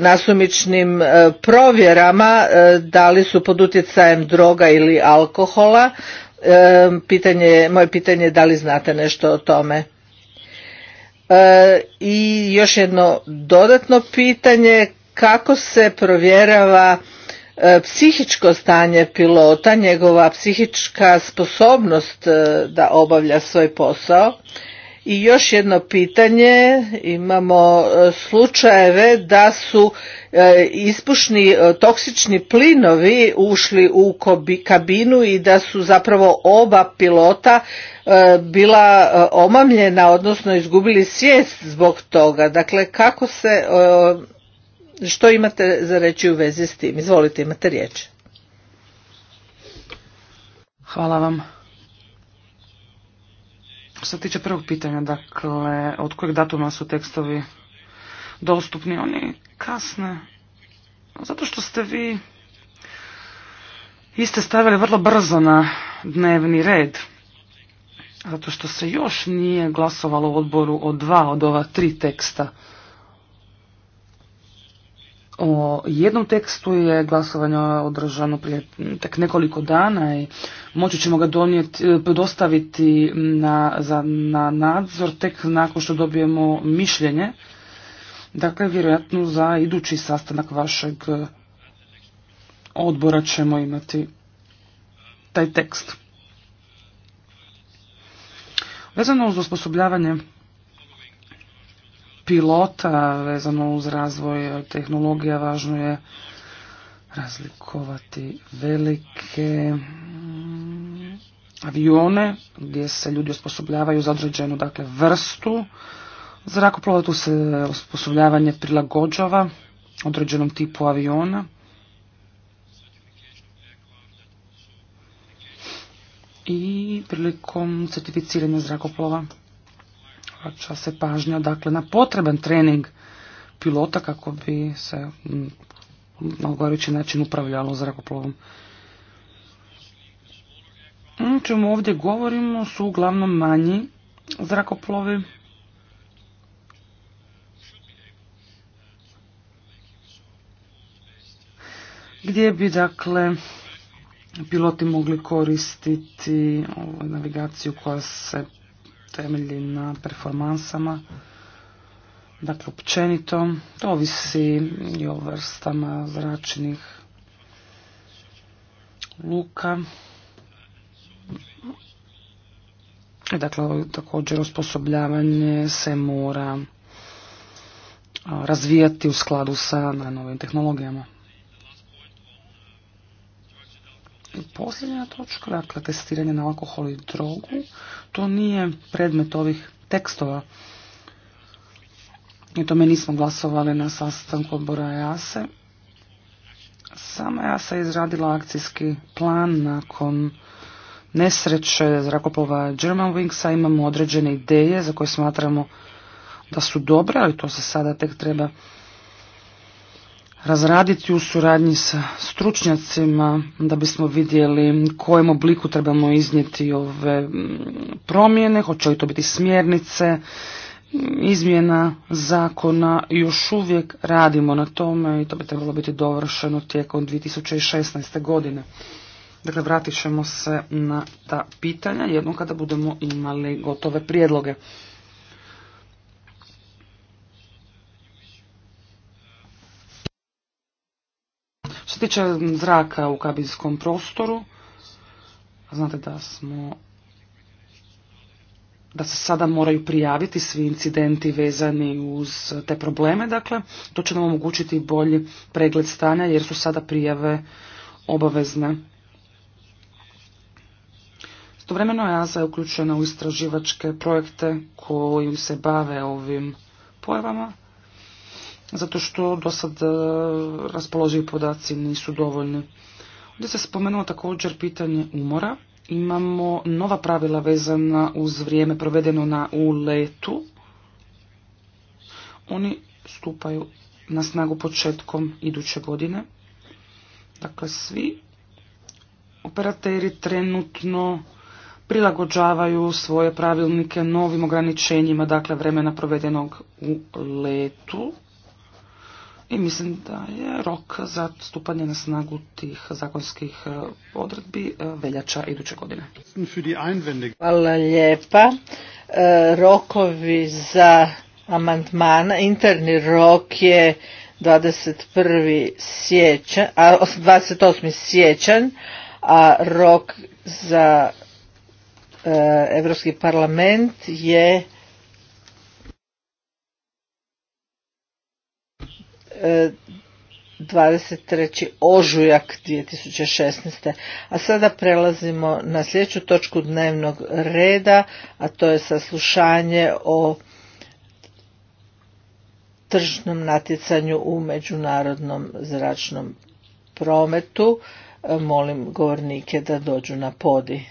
nasumičnim e, provjerama e, da li su pod utjecajem droga ili alkohola pitanje, moje pitanje je da li znate nešto o tome i još jedno dodatno pitanje kako se provjerava psihičko stanje pilota njegova psihička sposobnost da obavlja svoj posao i još jedno pitanje, imamo e, slučajeve da su e, ispušni e, toksični plinovi ušli u kabinu i da su zapravo oba pilota bila omamljena, odnosno izgubili svijest zbog toga. Dakle, kako se, što imate za reći u vezi s tim? Izvolite, imate riječ. Hvala vam. Što se tiče prvog pitanja, dakle, od kojeg datuma su tekstovi dostupni, oni kasne. Zato što ste vi iste stavili vrlo brzo na dnevni red. Zato što se još nije glasovalo u odboru o dva od ova tri teksta. O jednom tekstu je glasovanje održano prije tek nekoliko dana i moći ćemo ga donijeti, e, dostaviti na, za, na nadzor tek nakon što dobijemo mišljenje. Dakle, vjerojatno za idući sastanak vašeg e, odbora ćemo imati taj tekst. Vezano uz osposobljavanje pilota vezano uz razvoj tehnologija važno je razlikovati velike mm, avione gdje se ljudi osposobljavaju za određenu dakle, vrstu zrakoplova, tu se osposobljavanje prilagođava određenom tipu aviona. I prilikom certificiranja zrakoplova obraća se pažnja dakle, na potreban trening pilota kako bi se mm, na odgovarajući način upravljalo zrakoplovom. Mm, o čemu ovdje govorimo su uglavnom manji zrakoplovi. Gdje bi dakle piloti mogli koristiti navigaciju koja se temelji na performansama, dakle općenito, to ovisi i o vrstama zračnih luka. Dakle, također osposobljavanje se mora razvijati u skladu sa novim tehnologijama. Posljednja točka, dakle testiranje na alkohol i drogu, to nije predmet ovih tekstova. I tome nismo glasovali na sastanku odbora EASE. Sama EASA je izradila akcijski plan nakon nesreće zrakoplova Germanwingsa. Imamo određene ideje za koje smatramo da su dobre, ali to se sada tek treba razraditi u suradnji sa stručnjacima da bismo vidjeli kojem obliku trebamo iznijeti ove promjene, hoće li to biti smjernice, izmjena zakona, još uvijek radimo na tome i to bi trebalo biti dovršeno tijekom 2016. godine. Dakle, vratit ćemo se na ta pitanja jednom kada budemo imali gotove prijedloge. se tiče zraka u kabinskom prostoru, znate da smo da se sada moraju prijaviti svi incidenti vezani uz te probleme, dakle, to će nam omogućiti bolji pregled stanja jer su sada prijave obavezne. Stovremeno je je uključena u istraživačke projekte koji se bave ovim pojavama zato što do sad e, raspoloživi podaci nisu dovoljni. Ovdje se spomenuo također pitanje umora. Imamo nova pravila vezana uz vrijeme provedeno na u letu. Oni stupaju na snagu početkom iduće godine. Dakle, svi operateri trenutno prilagođavaju svoje pravilnike novim ograničenjima, dakle vremena provedenog u letu. I mislim da je rok za stupanje na snagu tih zakonskih e, odredbi e, veljača iduće godine. Hvala lijepa. E, rokovi za amandmana, interni rok je 21. siječanj, a 28. siječanj, a rok za Europski parlament je 23. ožujak 2016. A sada prelazimo na sljedeću točku dnevnog reda, a to je saslušanje o tržnom natjecanju u međunarodnom zračnom prometu. E, molim govornike da dođu na podi.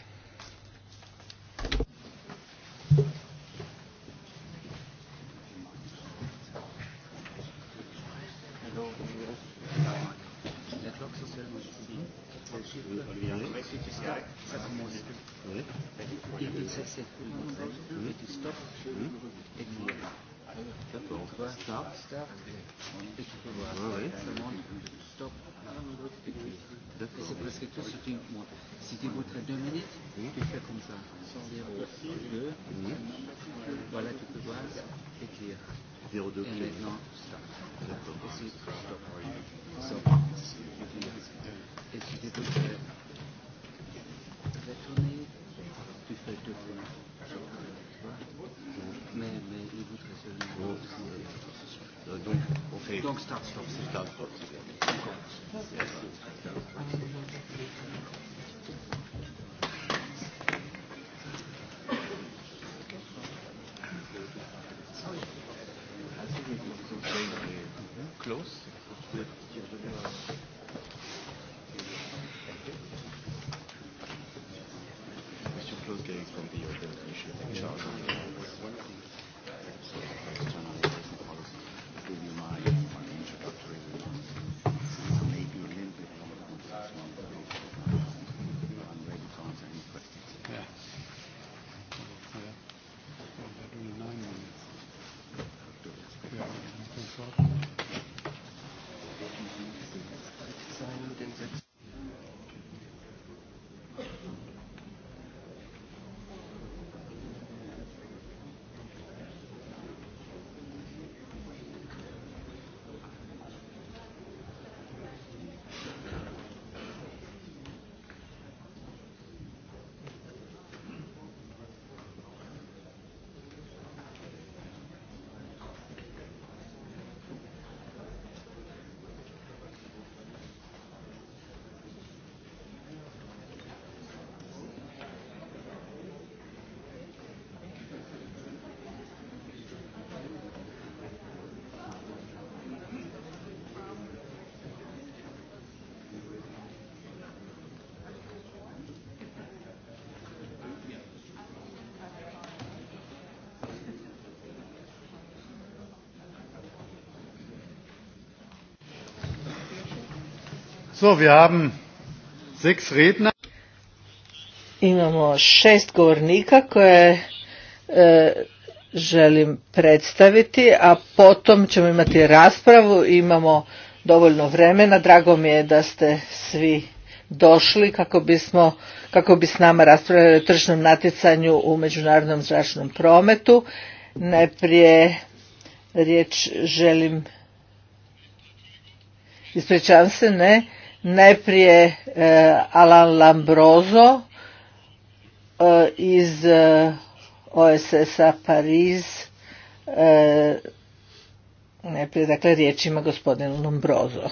So, Imamo šest govornika koje e, želim predstaviti, a potom ćemo imati raspravu. Imamo dovoljno vremena. Drago mi je da ste svi došli kako bismo kako bi s nama raspravljali o tržnom natjecanju u međunarodnom zračnom prometu. Najprije riječ želim ispričavam se, ne, najprije e, Alan Lambrozo e, iz e, OSS-a Pariz najprije dakle riječima ima gospodin Lombrozo.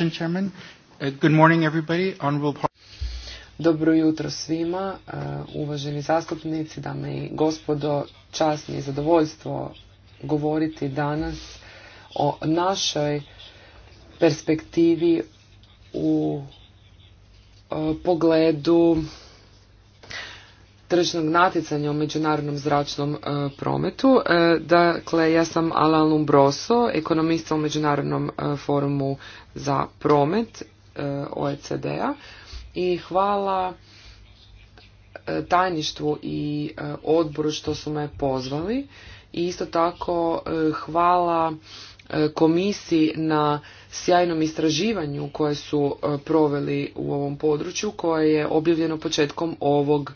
Uh, Dobro jutro svima, uh, uvaženi zastupnici, dame i gospodo, čast mi je zadovoljstvo govoriti danas o našoj perspektivi u uh, pogledu tržnog natjecanja u međunarodnom zračnom e, prometu. E, dakle, ja sam Alain Lombroso, ekonomista u Međunarodnom e, forumu za promet OECD-a i hvala tajništvu i odboru što su me pozvali i isto tako hvala komisiji na sjajnom istraživanju koje su proveli u ovom području koje je objavljeno početkom ovog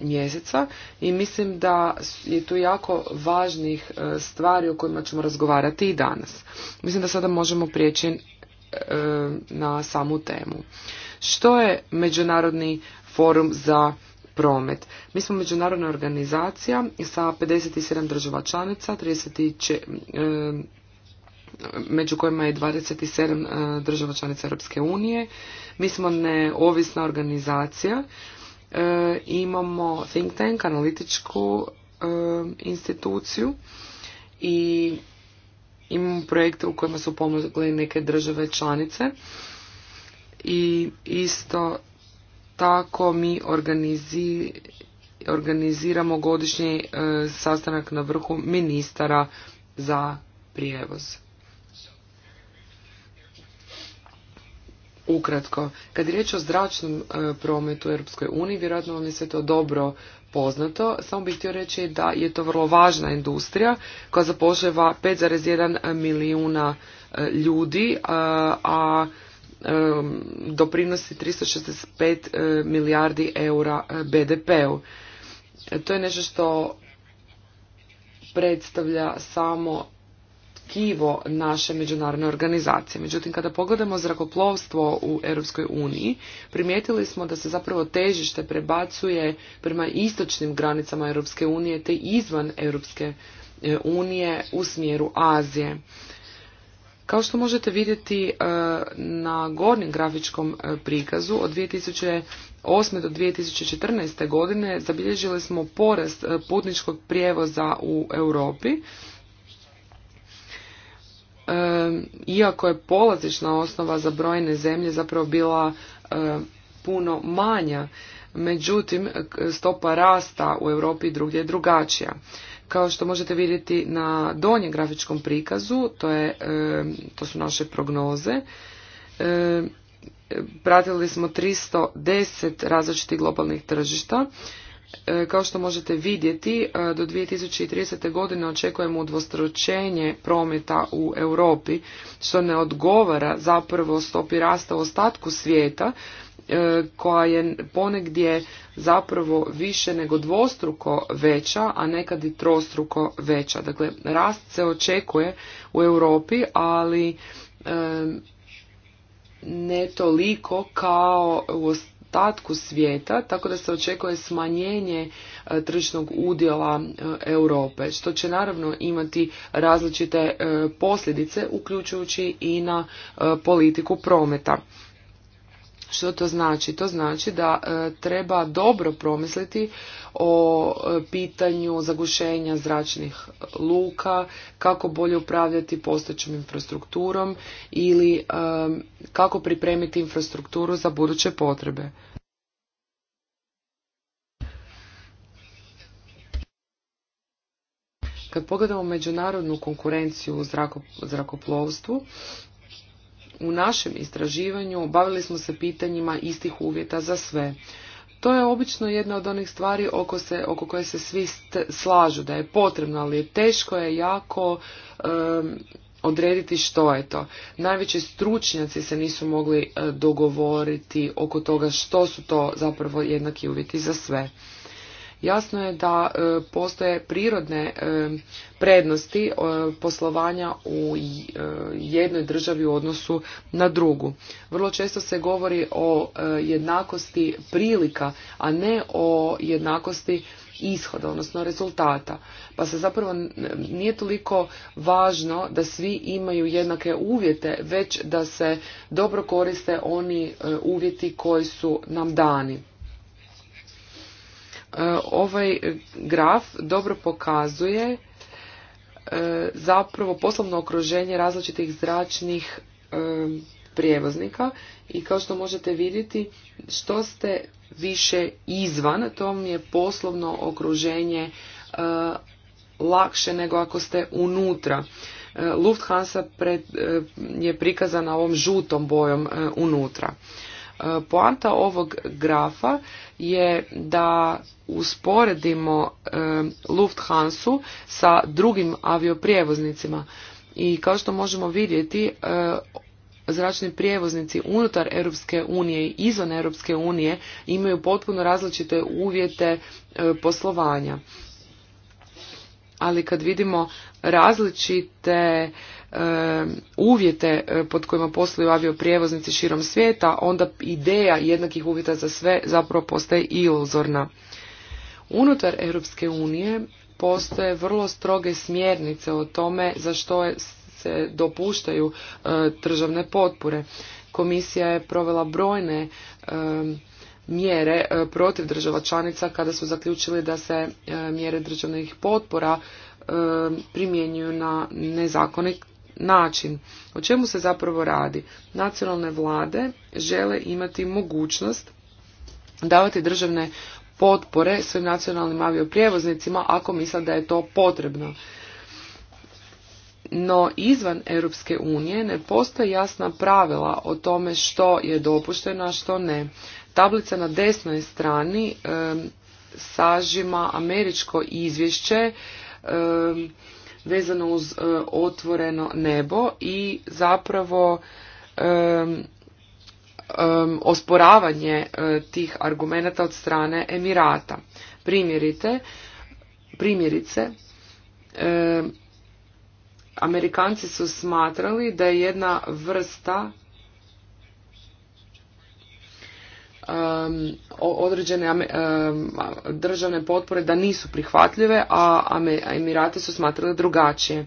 mjeseca i mislim da je tu jako važnih e, stvari o kojima ćemo razgovarati i danas. Mislim da sada možemo prijeći na samu temu. Što je Međunarodni forum za promet? Mi smo međunarodna organizacija sa 57 država članica, 30 među kojima je 27 e, država članica Europske unije. Mi smo neovisna organizacija E, imamo think tank, analitičku e, instituciju i imamo projekte u kojima su pomogle neke države članice i isto tako mi organiziramo godišnji e, sastanak na vrhu ministara za prijevoz. Ukratko, kad je riječ o zračnom e, prometu u Europskoj vjerojatno vam je sve to dobro poznato. Samo bih htio reći da je to vrlo važna industrija koja zapošljava 5,1 milijuna e, ljudi, e, a doprinosi 365 milijardi eura BDP-u. To je nešto što predstavlja samo tkivo naše međunarodne organizacije. Međutim, kada pogledamo zrakoplovstvo u Europskoj uniji, primijetili smo da se zapravo težište prebacuje prema istočnim granicama Europske unije te izvan Europske e, unije u smjeru Azije. Kao što možete vidjeti e, na gornjem grafičkom e, prikazu od 2008. do 2014. godine zabilježili smo porast putničkog prijevoza u Europi iako je polazična osnova za brojne zemlje zapravo bila puno manja, međutim stopa rasta u Europi i drugdje je drugačija. Kao što možete vidjeti na donjem grafičkom prikazu, to, je, to su naše prognoze, pratili smo 310 različitih globalnih tržišta E, kao što možete vidjeti, e, do 2030. godine očekujemo udvostručenje prometa u Europi, što ne odgovara zapravo stopi rasta u ostatku svijeta, e, koja je ponegdje zapravo više nego dvostruko veća, a nekad i trostruko veća. Dakle, rast se očekuje u Europi, ali ne toliko kao u ostatku ostatku svijeta, tako da se očekuje smanjenje e, tržišnog udjela e, Europe, što će naravno imati različite e, posljedice, uključujući i na politiku prometa. Što to znači? To znači da e, treba dobro promisliti o e, pitanju zagušenja zračnih luka, kako bolje upravljati postojećom infrastrukturom ili e, kako pripremiti infrastrukturu za buduće potrebe. Kad pogledamo međunarodnu konkurenciju u zrakoplovstvu, u našem istraživanju bavili smo se pitanjima istih uvjeta za sve. To je obično jedna od onih stvari oko, se, oko koje se svi slažu da je potrebno, ali je teško je jako odrediti što je to. Najveći stručnjaci se nisu mogli e, dogovoriti oko toga što su to zapravo jednaki uvjeti za sve. Jasno je da e, postoje prirodne e, prednosti e, poslovanja u jednoj državi u odnosu na drugu. Vrlo često se govori o jednakosti prilika, a ne o jednakosti ishoda, odnosno rezultata. Pa se zapravo nije toliko važno da svi imaju jednake uvjete, već da se dobro koriste oni uvjeti koji su nam dani. E, ovaj graf dobro pokazuje e, zapravo poslovno okruženje različitih zračnih e, prijevoznika i kao što možete vidjeti što ste više izvan, to vam je poslovno okruženje lakše nego ako ste unutra. Lufthansa pred, je prikazana ovom žutom bojom unutra. Poanta ovog grafa je da usporedimo Lufthansa sa drugim avioprijevoznicima. I kao što možemo vidjeti, zračni prijevoznici unutar Europske unije i izvan Europske unije imaju potpuno različite uvjete poslovanja. Ali kad vidimo različite E, uvjete e, pod kojima posluju avioprijevoznici širom svijeta, onda ideja jednakih uvjeta za sve zapravo postaje iluzorna. Unutar Europske unije postoje vrlo stroge smjernice o tome za što se dopuštaju e, državne potpore. Komisija je provela brojne mjere protiv država članica kada su zaključili da se mjere državnih potpora primjenjuju na nezakonit način. O čemu se zapravo radi? Nacionalne vlade žele imati mogućnost davati državne potpore svojim nacionalnim avioprijevoznicima ako misle da je to potrebno. No izvan Europske unije ne postoje jasna pravila o tome što je dopušteno, a što ne. Tablica na desnoj strani sažima američko izvješće vezano uz e, otvoreno nebo i zapravo osporavanje e, tih argumenata od strane Emirata. Primjerite, primjerice, Amerikanci su smatrali da je jedna vrsta um, određene um, državne potpore da nisu prihvatljive, a Emirati su smatrali drugačije.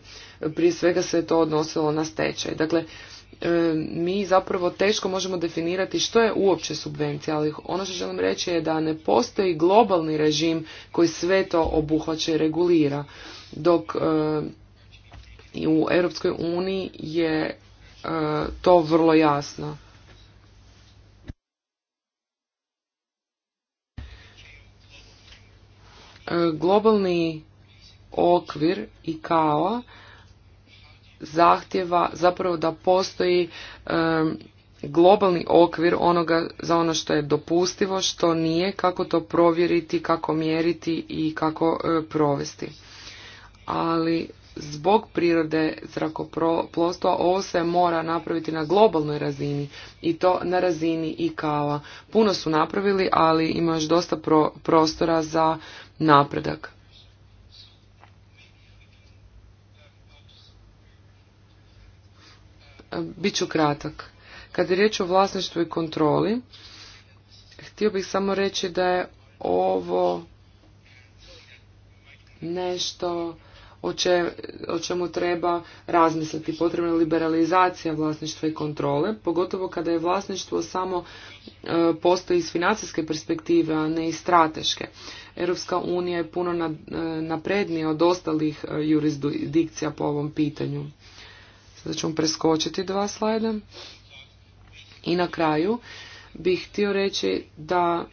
Prije svega se to odnosilo na stečaj. Dakle, um, mi zapravo teško možemo definirati što je uopće subvencija, ali ono što želim reći je da ne postoji globalni režim koji sve to obuhvaća i regulira, dok um, i u Europskoj uniji je uh, to vrlo jasno. E, globalni okvir i kao zahtjeva zapravo da postoji e, globalni okvir onoga za ono što je dopustivo, što nije, kako to provjeriti, kako mjeriti i kako e, provesti. Ali zbog prirode zrakoplovstva ovo se mora napraviti na globalnoj razini i to na razini i kava. Puno su napravili, ali ima još dosta prostora za napredak. Biću kratak. Kad je riječ o vlasništvu i kontroli, htio bih samo reći da je ovo nešto o, čemu treba razmisliti. Potrebna liberalizacija vlasništva i kontrole, pogotovo kada je vlasništvo samo e, postoji iz financijske perspektive, a ne iz strateške. Europska unija je puno e, naprednija od ostalih e, jurisdikcija po ovom pitanju. Sada ćemo preskočiti dva slajda. I na kraju bih htio reći da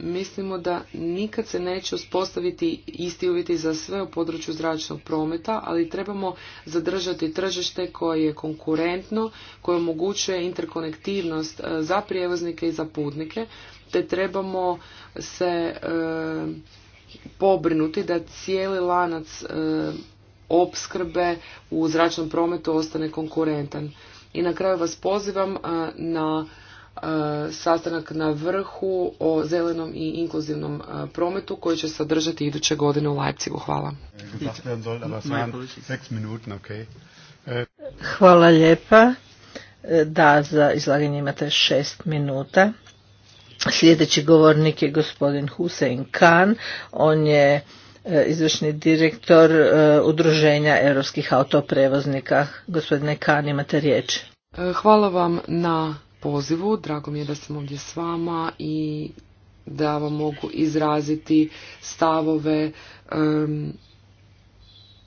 mislimo da nikad se neće uspostaviti isti uvjeti za sve u području zračnog prometa, ali trebamo zadržati tržište koje je konkurentno, koje omogućuje interkonektivnost e, za prijevoznike i za putnike, te trebamo se e, pobrinuti da cijeli lanac e, opskrbe u zračnom prometu ostane konkurentan. I na kraju vas pozivam e, na sastanak na vrhu o zelenom i inkluzivnom prometu koji će se održati iduće godine u Leipzigu. Hvala. Hvala lijepa. Da, za izlaganje imate šest minuta. Sljedeći govornik je gospodin Hussein Khan, on je e, izvršni direktor e, Udruženja europskih autoprevoznika. Gospodine Khan, imate riječ. E, hvala vam na pozivu, drago mi je da sam ovdje s vama i da vam mogu izraziti stavove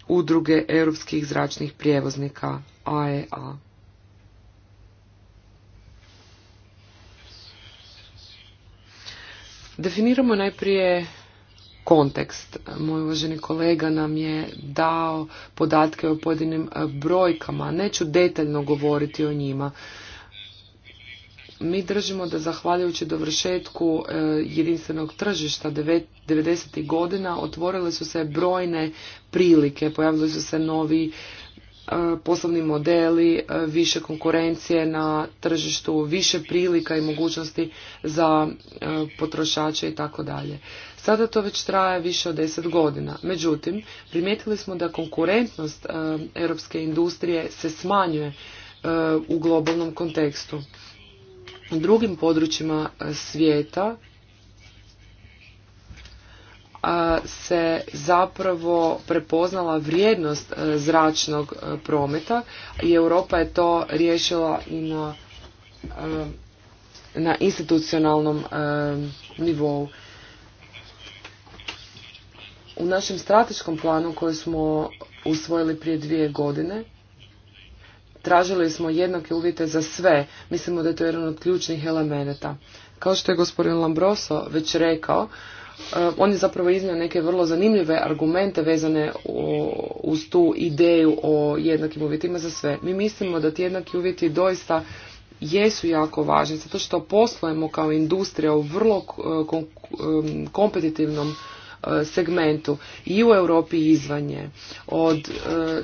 udruge europskih zračnih prijevoznika AEA. Definiramo najprije kontekst. Moj uvaženi kolega nam je dao podatke o pojedinim e, brojkama. Neću detaljno govoriti o njima. Mi držimo da zahvaljujući dovršetku e, jedinstvenog tržišta 90. godina otvorile su se brojne prilike, pojavili su se novi E, poslovni modeli, e, više konkurencije na tržištu, više prilika i mogućnosti za e, potrošače i tako dalje. Sada to već traje više od deset godina. Međutim, primijetili smo da konkurentnost europske industrije se smanjuje u globalnom kontekstu. U drugim područjima svijeta se zapravo prepoznala vrijednost e, zračnog e, prometa i Europa je to riješila i na, e, institucionalnom nivou. U našem strateškom planu koji smo usvojili prije dvije godine, tražili smo jednake uvjete za sve. Mislimo da je to jedan od ključnih elemenata. Kao što je gospodin Lambroso već rekao, Eh, on je zapravo iznio neke vrlo zanimljive argumente vezane uz tu ideju o jednakim uvjetima za sve. Mi mislimo da ti jednaki uvjeti doista jesu jako važni, zato što poslujemo kao industrija u vrlo eh, kompetitivnom eh, segmentu i u Europi izvanje. Od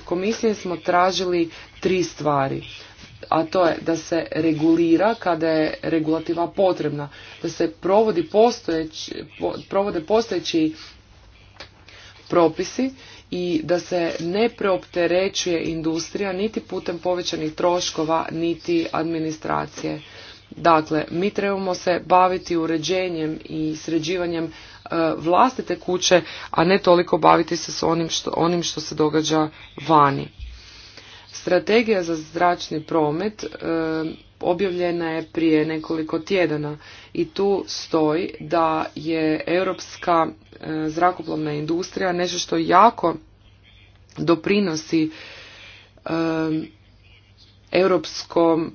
komisije smo tražili tri stvari a to je da se regulira kada je regulativa potrebna, da se provodi postojeć, provode postojeći propisi i da se ne preopterećuje industrija niti putem povećanih troškova niti administracije. Dakle, mi trebamo se baviti uređenjem i sređivanjem e, vlastite kuće, a ne toliko baviti se s onim što, onim što se događa vani. Strategija za zračni promet e, objavljena je prije nekoliko tjedana i tu stoji da je europska e, zrakoplovna industrija nešto što jako doprinosi e, europskom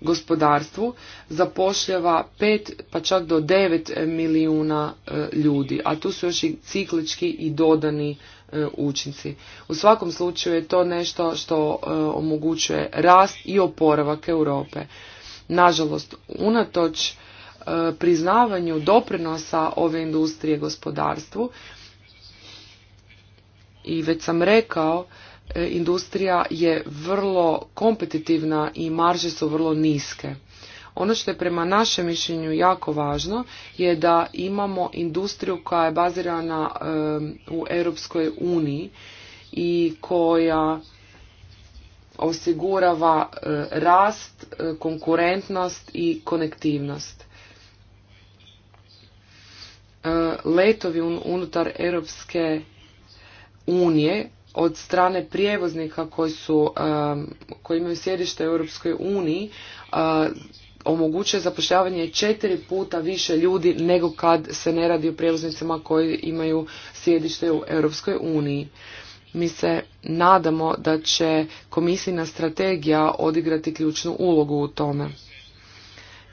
gospodarstvu zapošljava pet pa čak do 9 milijuna ljudi, a tu su još i ciklički i dodani E, učinci. U svakom slučaju je to nešto što e, omogućuje rast i oporavak Europe. Nažalost, unatoč e, priznavanju doprinosa ove industrije gospodarstvu i već sam rekao industrija je vrlo kompetitivna i marže su vrlo niske. Ono što je prema našem mišljenju jako važno je da imamo industriju koja je bazirana u Europskoj uniji i koja osigurava e, rast, e, konkurentnost i konektivnost. E, letovi unutar Europske unije od strane prijevoznika koji su, koji imaju sjedište u Europskoj uniji omogućuje zapošljavanje četiri puta više ljudi nego kad se ne radi o prijevoznicima koji imaju sjedište u Europskoj uniji. Mi se nadamo da će komisijna strategija odigrati ključnu ulogu u tome.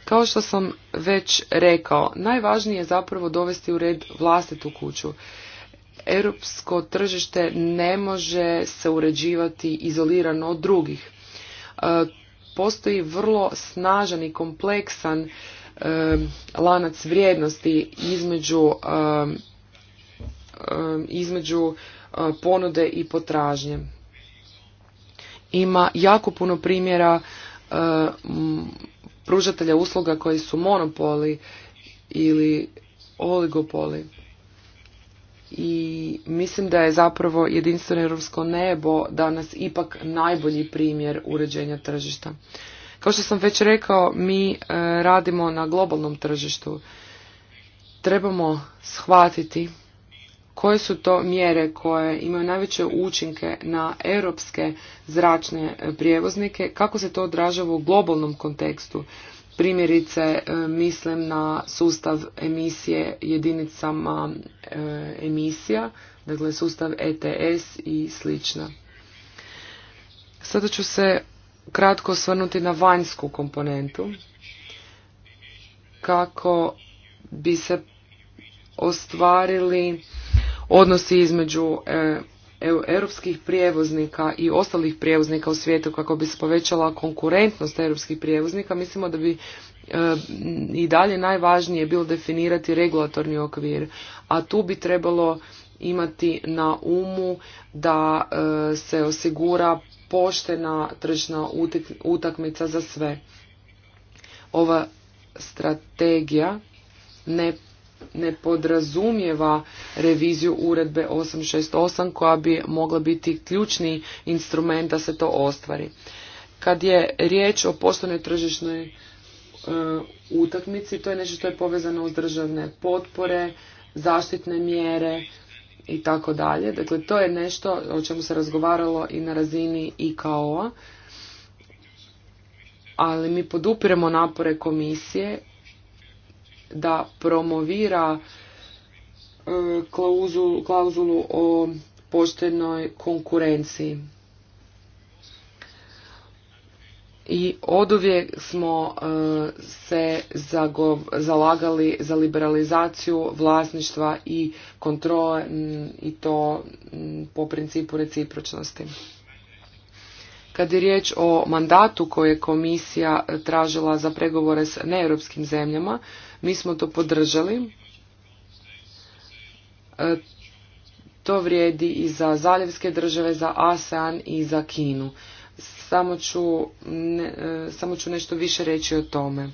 Kao što sam već rekao, najvažnije je zapravo dovesti u red vlastitu kuću. Europsko tržište ne može se uređivati izolirano od drugih. E, postoji vrlo snažan i kompleksan lanac vrijednosti između između e, ponude i potražnje. Ima jako puno primjera e, pružatelja usluga koji su monopoli ili oligopoli i mislim da je zapravo jedinstveno europsko nebo danas ipak najbolji primjer uređenja tržišta. Kao što sam već rekao, mi e, radimo na globalnom tržištu. Trebamo shvatiti koje su to mjere koje imaju najveće učinke na europske zračne prijevoznike, kako se to odražava u globalnom kontekstu. Primjerice, e, mislim na sustav emisije jedinicama e, emisija, dakle sustav ETS i sl. Sada ću se kratko osvrnuti na vanjsku komponentu kako bi se ostvarili odnosi između e, europskih prijevoznika i ostalih prijevoznika u svijetu kako bi se povećala konkurentnost europskih prijevoznika, mislimo da bi e, i dalje najvažnije bilo definirati regulatorni okvir, a tu bi trebalo imati na umu da e, se osigura poštena tržna utakmica za sve. Ova strategija ne ne podrazumijeva reviziju uredbe 868 koja bi mogla biti ključni instrument da se to ostvari. Kad je riječ o poslovnoj tržišnoj e, utakmici, to je nešto što je povezano uz državne potpore, zaštitne mjere i tako dalje. Dakle, to je nešto o čemu se razgovaralo i na razini IKO-a, ali mi podupiremo napore komisije da promovira e, klauzulu, o poštenoj konkurenciji. I oduvijek smo e, se zalagali za liberalizaciju vlasništva i kontrole i to po principu recipročnosti. Kad je riječ o mandatu koje je komisija e, tražila za pregovore s neeuropskim zemljama, mi smo to podržali. E, to vrijedi i za zaljevske države, za ASEAN i za Kinu. Samo ću, e, samo ću nešto više reći o tome.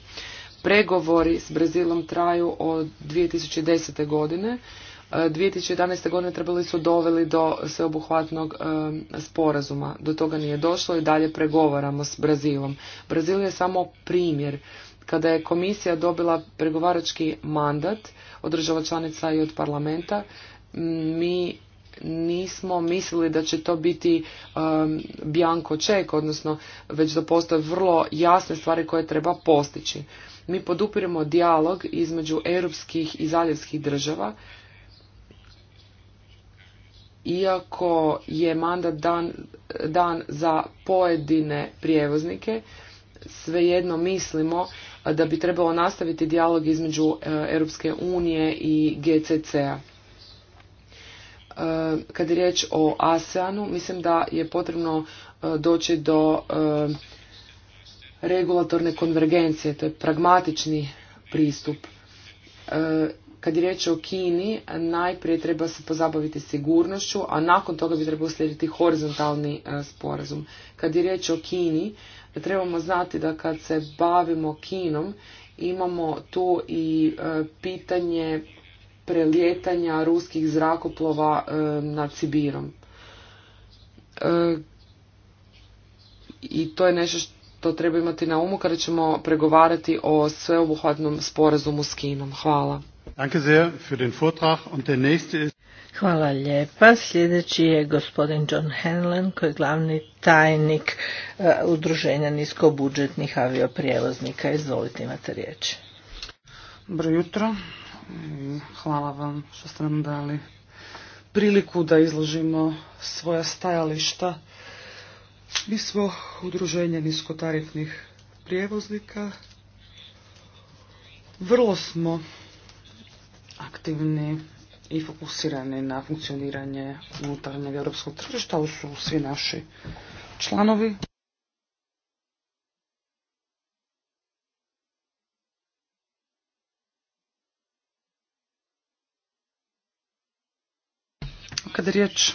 Pregovori s Brazilom traju od 2010. godine. 2011. E, godine trebali su doveli do sveobuhvatnog sporazuma. Do toga nije došlo i dalje pregovaramo s Brazilom. Brazil je samo primjer kada je komisija dobila pregovarački mandat od država članica i od parlamenta, mi nismo mislili da će to biti um, bjanko ček, odnosno već da postoje vrlo jasne stvari koje treba postići. Mi podupiremo dijalog između europskih i zaljevskih država, iako je mandat dan, dan za pojedine prijevoznike, svejedno mislimo da bi trebalo nastaviti dijalog između e, Europske unije i GCC-a. E, kad je riječ o ASEANu, mislim da je potrebno e, doći do regulatorne konvergencije, to je pragmatični pristup. Kad je riječ o Kini, najprije treba se pozabaviti sigurnošću, a nakon toga bi trebao slijediti horizontalni sporazum. Kad je riječ o Kini, trebamo znati da kad se bavimo kinom imamo tu i e, pitanje prelijetanja ruskih zrakoplova e, nad Sibirom. E, I to je nešto što treba imati na umu kada ćemo pregovarati o sveobuhvatnom sporazumu s Kinom. Hvala. Danke sehr für den Vortrag und der nächste Hvala lijepa. Sljedeći je gospodin John Henlen koji je glavni tajnik e, udruženja niskobudžetnih avioprijevoznika. Izvolite imate riječ. Dobro jutro. Hvala vam što ste nam dali priliku da izložimo svoja stajališta. Mi smo udruženje niskotarifnih prijevoznika. Vrlo smo aktivni i fokusirani na funkcioniranje unutarnjeg europskog tržišta. Ovo su svi naši članovi. Kada je riječ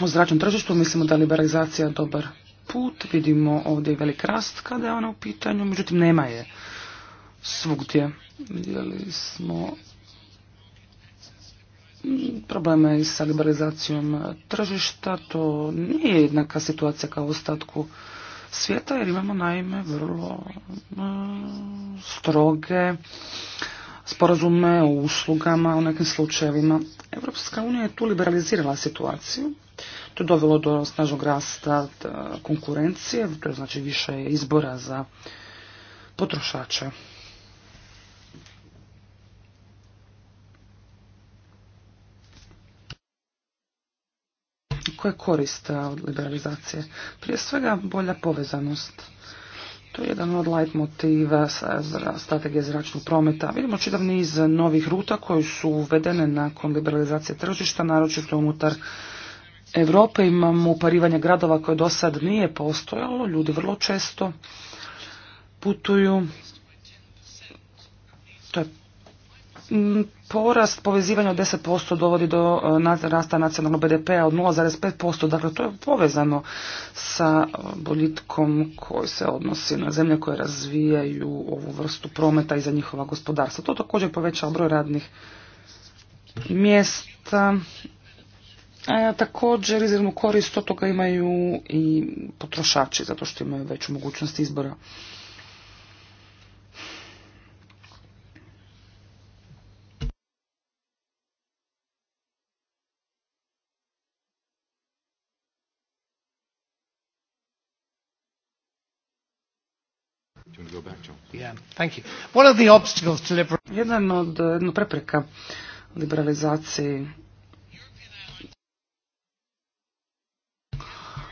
o zračnom tržištu, mislimo da je liberalizacija dobar put. Vidimo ovdje velik rast kada je ona u pitanju, međutim nema je svugdje. Vidjeli smo probleme i sa liberalizacijom tržišta. To nije jednaka situacija kao u ostatku svijeta jer imamo naime vrlo e, stroge sporazume o uslugama u nekim slučajevima. Evropska unija je tu liberalizirala situaciju. To je dovelo do snažnog rasta e, konkurencije, to je znači više izbora za potrošače. koje koriste od liberalizacije. Prije svega bolja povezanost. To je jedan od light motiva strategije zračnog prometa. Vidimo čitav niz novih ruta koji su uvedene nakon liberalizacije tržišta, naročito unutar Europe imamo uparivanje gradova koje do sad nije postojalo, ljudi vrlo često putuju. To je porast povezivanja od 10% dovodi do e, rasta nacionalnog BDP-a od 0,5%. Dakle, to je povezano sa e, boljitkom koji se odnosi na zemlje koje razvijaju ovu vrstu prometa i za njihova gospodarstva. To također povećava broj radnih mjesta. također izravnu korist od toga imaju i potrošači zato što imaju veću mogućnost izbora. Jedan od prepreka liberalizaciji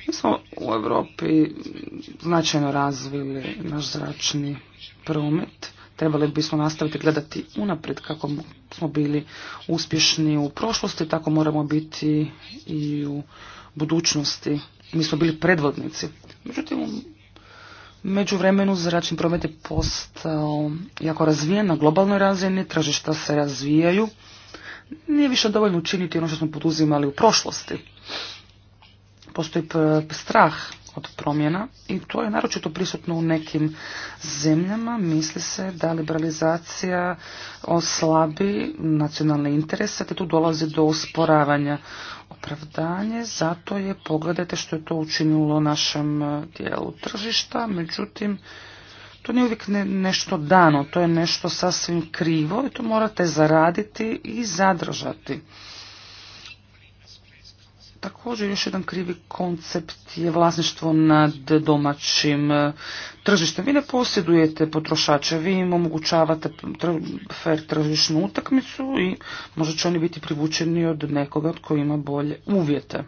Mi smo u Europi značajno razvili naš zračni promet. Trebali bismo nastaviti gledati unaprijed kako smo bili uspješni u prošlosti, tako moramo biti i u budućnosti. Mi smo bili predvodnici. Međutim, međuvremenu zračni promet je postao jako razvijen na globalnoj razini, tržišta se razvijaju. Nije više dovoljno učiniti ono što smo poduzimali u prošlosti. Postoji strah od promjena i to je naročito prisutno u nekim zemljama. Misli se da liberalizacija oslabi nacionalne interese, te tu dolazi do usporavanja opravdanje, zato je, pogledajte što je to učinilo našem e, dijelu tržišta, međutim, to nije uvijek nešto dano, to je nešto sasvim krivo i to morate zaraditi i zadržati. Također još jedan krivi koncept je vlasništvo nad domaćim e, tržištem. Vi ne posjedujete potrošače, vi im omogućavate fair tržišnu utakmicu i možda će oni biti privučeni od nekoga tko ima bolje uvjete.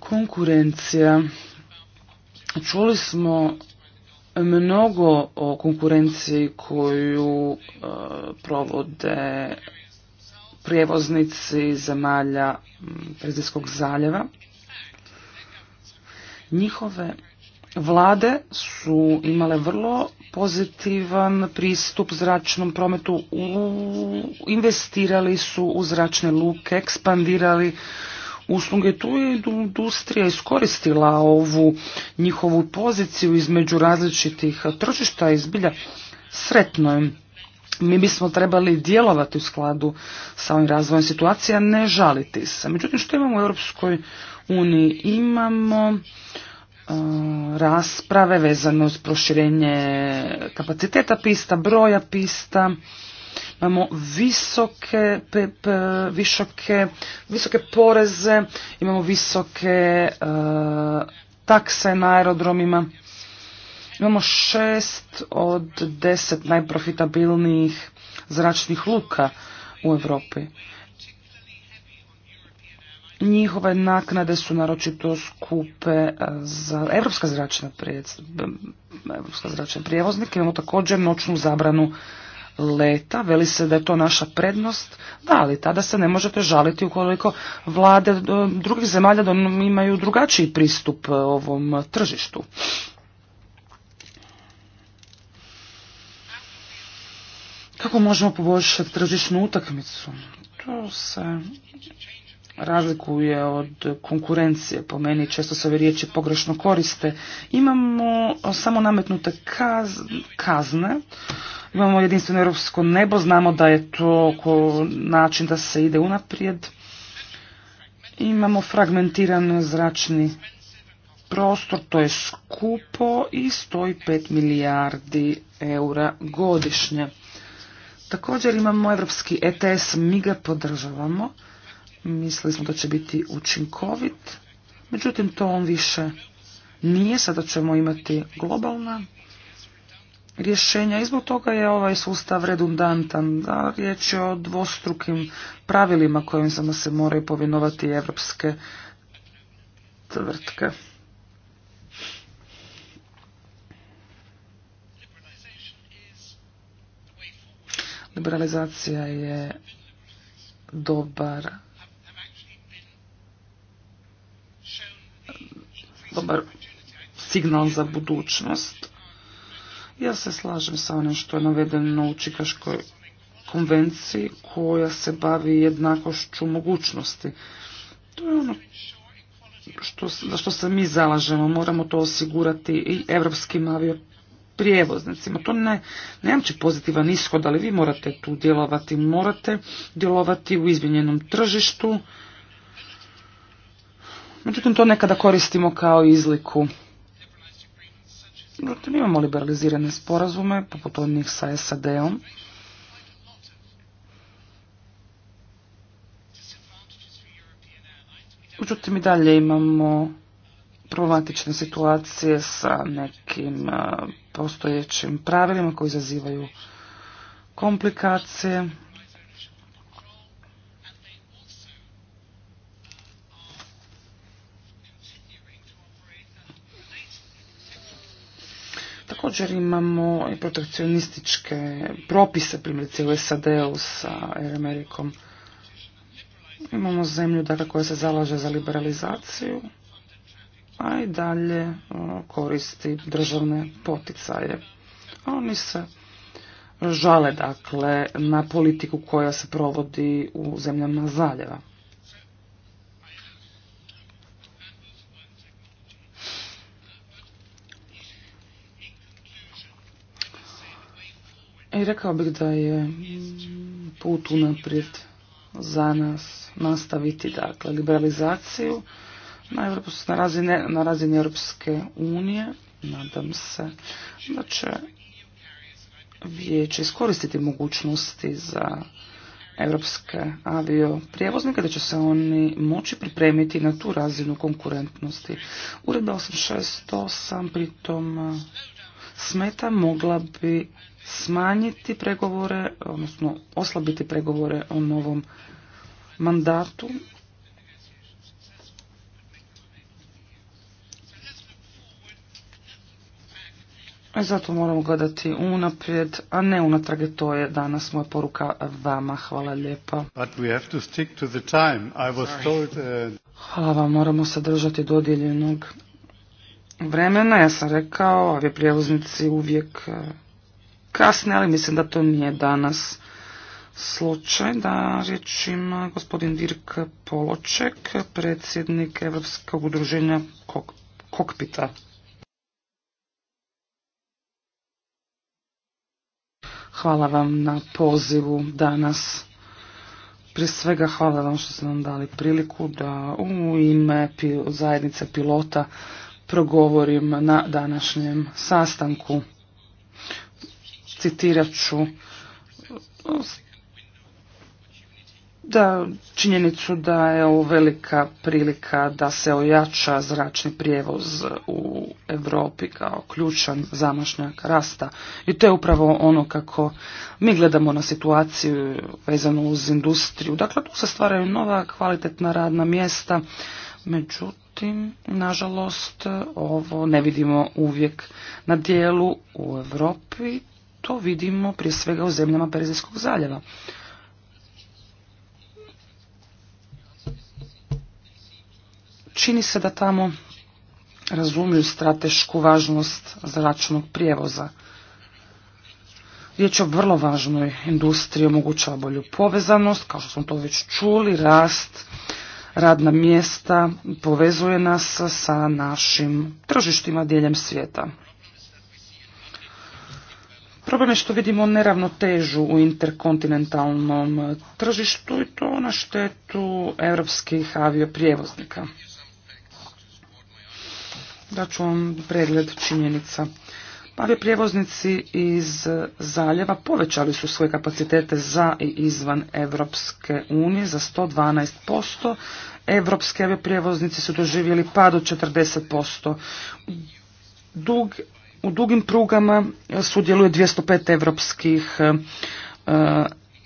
Konkurencija. Čuli smo mnogo o konkurenciji koju e, provode prijevoznici zemalja Prezijskog mm, zaljeva. Njihove vlade su imale vrlo pozitivan pristup zračnom prometu, investirali su u zračne luke, ekspandirali usluge. Tu je industrija iskoristila ovu njihovu poziciju između različitih tržišta i zbilja sretno je mi bismo trebali djelovati u skladu sa ovim razvojem situacija, ne žaliti se. Međutim, što imamo u Europskoj uniji? Imamo e, rasprave vezano uz proširenje kapaciteta pista, broja pista, imamo visoke, visoke, visoke poreze, imamo visoke e, takse na aerodromima. Imamo šest od deset najprofitabilnijih zračnih luka u Europi. Njihove naknade su naročito skupe za evropska zračna, evropska zračna prijevoznike. Imamo također noćnu zabranu leta. Veli se da je to naša prednost. Da, ali tada se ne možete žaliti ukoliko vlade e, drugih zemalja imaju drugačiji pristup e, ovom tržištu. Kako možemo poboljšati tržišnu utakmicu? To se razlikuje od konkurencije. Po meni često se ove riječi pogrešno koriste. Imamo samo nametnute kazne. Imamo jedinstveno europsko nebo. Znamo da je to način da se ide unaprijed. Imamo fragmentiran zračni prostor. To je skupo i stoji 5 milijardi eura godišnje. Također imamo evropski ETS, mi ga podržavamo. Mislili smo da će biti učinkovit, međutim to on više nije. Sada ćemo imati globalna rješenja i zbog toga je ovaj sustav redundantan. Da, riječ je o dvostrukim pravilima kojim se moraju povinovati evropske tvrtke. Liberalizacija je dobar dobar signal za budućnost. Ja se slažem sa onim što je navedeno u Čikaškoj konvenciji koja se bavi jednakošću mogućnosti. To je ono što, za što se mi zalažemo. Moramo to osigurati i evropskim avio prijevoznicima. To ne, će pozitivan ishod, ali vi morate tu djelovati. Morate djelovati u izmjenjenom tržištu. Međutim, to nekada koristimo kao izliku. Međutim, imamo liberalizirane sporazume, poput onih sa SAD-om. Međutim, i dalje imamo problematične situacije sa nekim e, postojećim pravilima koji izazivaju komplikacije. Također imamo i protekcionističke propise, primjerice u SAD-u sa Amerikom. Imamo zemlju dakle, koja se zalaže za liberalizaciju, a i dalje koristi državne poticaje. Oni se žale dakle na politiku koja se provodi u zemljama zaljeva. I rekao bih da je put unaprijed za nas nastaviti dakle liberalizaciju na razini, na razini Europske unije. Nadam se da će vijeće iskoristiti mogućnosti za europske avioprijevoznike, da će se oni moći pripremiti na tu razinu konkurentnosti. Uredba 868 pritom smeta mogla bi smanjiti pregovore, odnosno oslabiti pregovore o novom mandatu Zato moramo gledati unaprijed, a ne unatrag. To je danas moja poruka vama. Hvala lijepo. Uh, Hvala vam, moramo se držati dodijeljenog vremena. Ja sam rekao, ovi prijevoznici uvijek uh, kasne, ali mislim da to nije danas slučaj. Da riječ ima gospodin Dirk Poloček, predsjednik Evropskog udruženja Kokpita. Hvala vam na pozivu danas. Prije svega hvala vam što ste nam dali priliku da u ime zajednice pilota progovorim na današnjem sastanku. Citirat ću da činjenicu da je ovo velika prilika da se ojača zračni prijevoz u Europi kao ključan zamašnjak rasta. I to je upravo ono kako mi gledamo na situaciju vezanu uz industriju. Dakle, tu se stvaraju nova kvalitetna radna mjesta, međutim, nažalost, ovo ne vidimo uvijek na dijelu u Europi, to vidimo prije svega u zemljama Perzijskog zaljeva. čini se da tamo razumiju stratešku važnost zračnog prijevoza. Riječ o vrlo važnoj industriji, omogućava bolju povezanost, kao što smo to već čuli, rast, radna mjesta, povezuje nas sa našim tržištima diljem svijeta. Problem je što vidimo neravnotežu u interkontinentalnom tržištu i to na štetu europskih avioprijevoznika ću vam pregled činjenica. Pavi prijevoznici iz zaljeva povećali su svoje kapacitete za i izvan Evropske unije za 112%. Evropski prijevoznici su doživjeli pad od 40%. Dug, u dugim prugama sudjeluje 205 evropskih uh,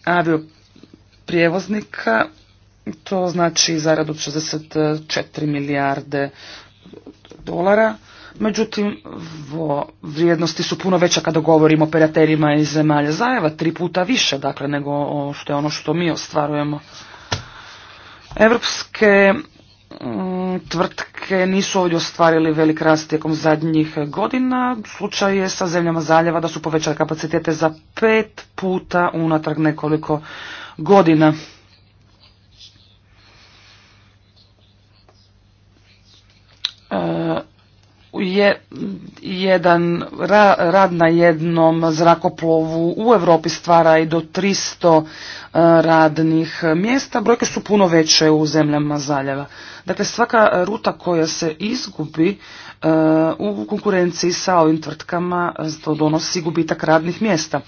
avioprijevoznika, to znači zaradu od 64 milijarde dolara, međutim vrijednosti su puno veća kada govorimo o operaterima iz zemalja Zajeva, tri puta više dakle nego što je ono što mi ostvarujemo. Europske mm, tvrtke nisu ovdje ostvarili velik rast tijekom zadnjih godina. Slučaj je sa zemljama zaljeva da su povećali kapacitete za pet puta unatrag nekoliko godina. je jedan ra, rad na jednom zrakoplovu u Europi stvara i do 300 e, radnih mjesta. Brojke su puno veće u zemljama zaljeva. Dakle, svaka ruta koja se izgubi e, u konkurenciji sa ovim tvrtkama e, to donosi gubitak radnih mjesta.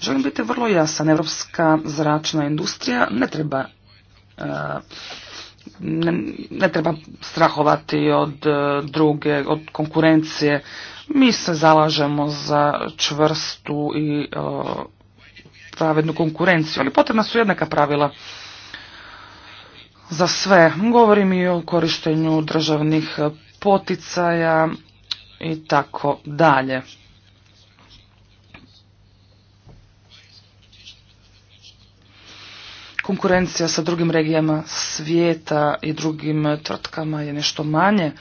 Želim biti vrlo jasan, evropska zračna industrija ne treba ne, ne treba strahovati od e, druge, od konkurencije. Mi se zalažemo za čvrstu i e, pravednu konkurenciju, ali potrebna su jednaka pravila za sve. Govorim i o korištenju državnih poticaja i tako dalje. konkurencija sa drugim regijama svijeta i drugim tvrtkama je nešto manje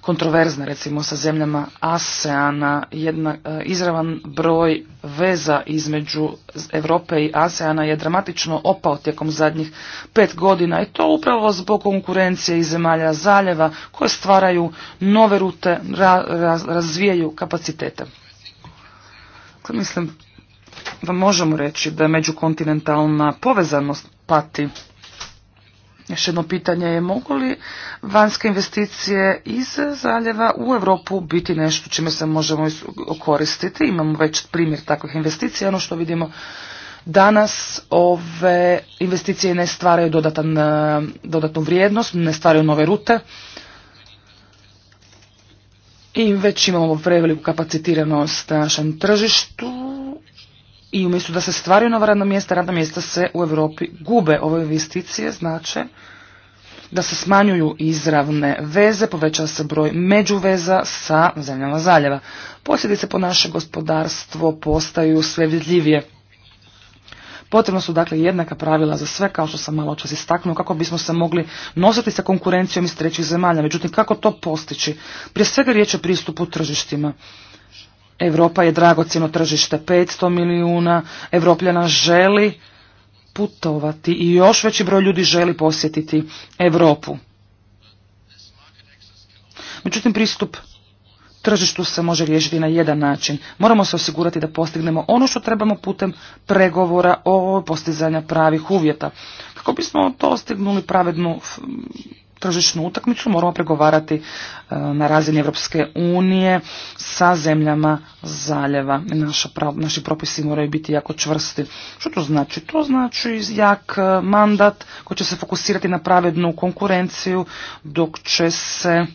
kontroverzna, recimo sa zemljama ASEANA, jedna, e, izravan broj veza između Europe i ASEANA je dramatično opao tijekom zadnjih pet godina i to upravo zbog konkurencije iz zemalja zaljeva koje stvaraju nove rute, razvijaju kapacitete. Mislim možemo reći da međukontinentalna povezanost pati. Još jedno pitanje je mogu li vanjske investicije iz zaljeva u Europu biti nešto čime se možemo koristiti. Imamo već primjer takvih investicija. Ono što vidimo danas ove investicije ne stvaraju dodatan, e, dodatnu vrijednost, ne stvaraju nove rute. I već imamo preveliku kapacitiranost na našem tržištu i umjesto da se stvaraju nova radna mjesta, radna mjesta se u Europi gube. Ove investicije znače da se smanjuju izravne veze, povećava se broj međuveza sa zemljama zaljeva. Posljedice po naše gospodarstvo postaju sve vidljivije. Potrebno su dakle jednaka pravila za sve, kao što sam malo čas istaknuo, kako bismo se mogli nositi sa konkurencijom iz trećih zemalja. Međutim, kako to postići? Prije svega riječ je pristupu tržištima. Europa je dragocjeno tržište 500 milijuna, Evropljana želi putovati i još veći broj ljudi želi posjetiti Europu. Međutim, pristup tržištu se može riješiti na jedan način. Moramo se osigurati da postignemo ono što trebamo putem pregovora o postizanja pravih uvjeta. Kako bismo to ostignuli pravednu tržišnu utakmicu moramo pregovarati e, na razini Europske unije sa zemljama zaljeva. naši propisi moraju biti jako čvrsti. Što to znači? To znači jak e, mandat koji će se fokusirati na pravednu konkurenciju dok će se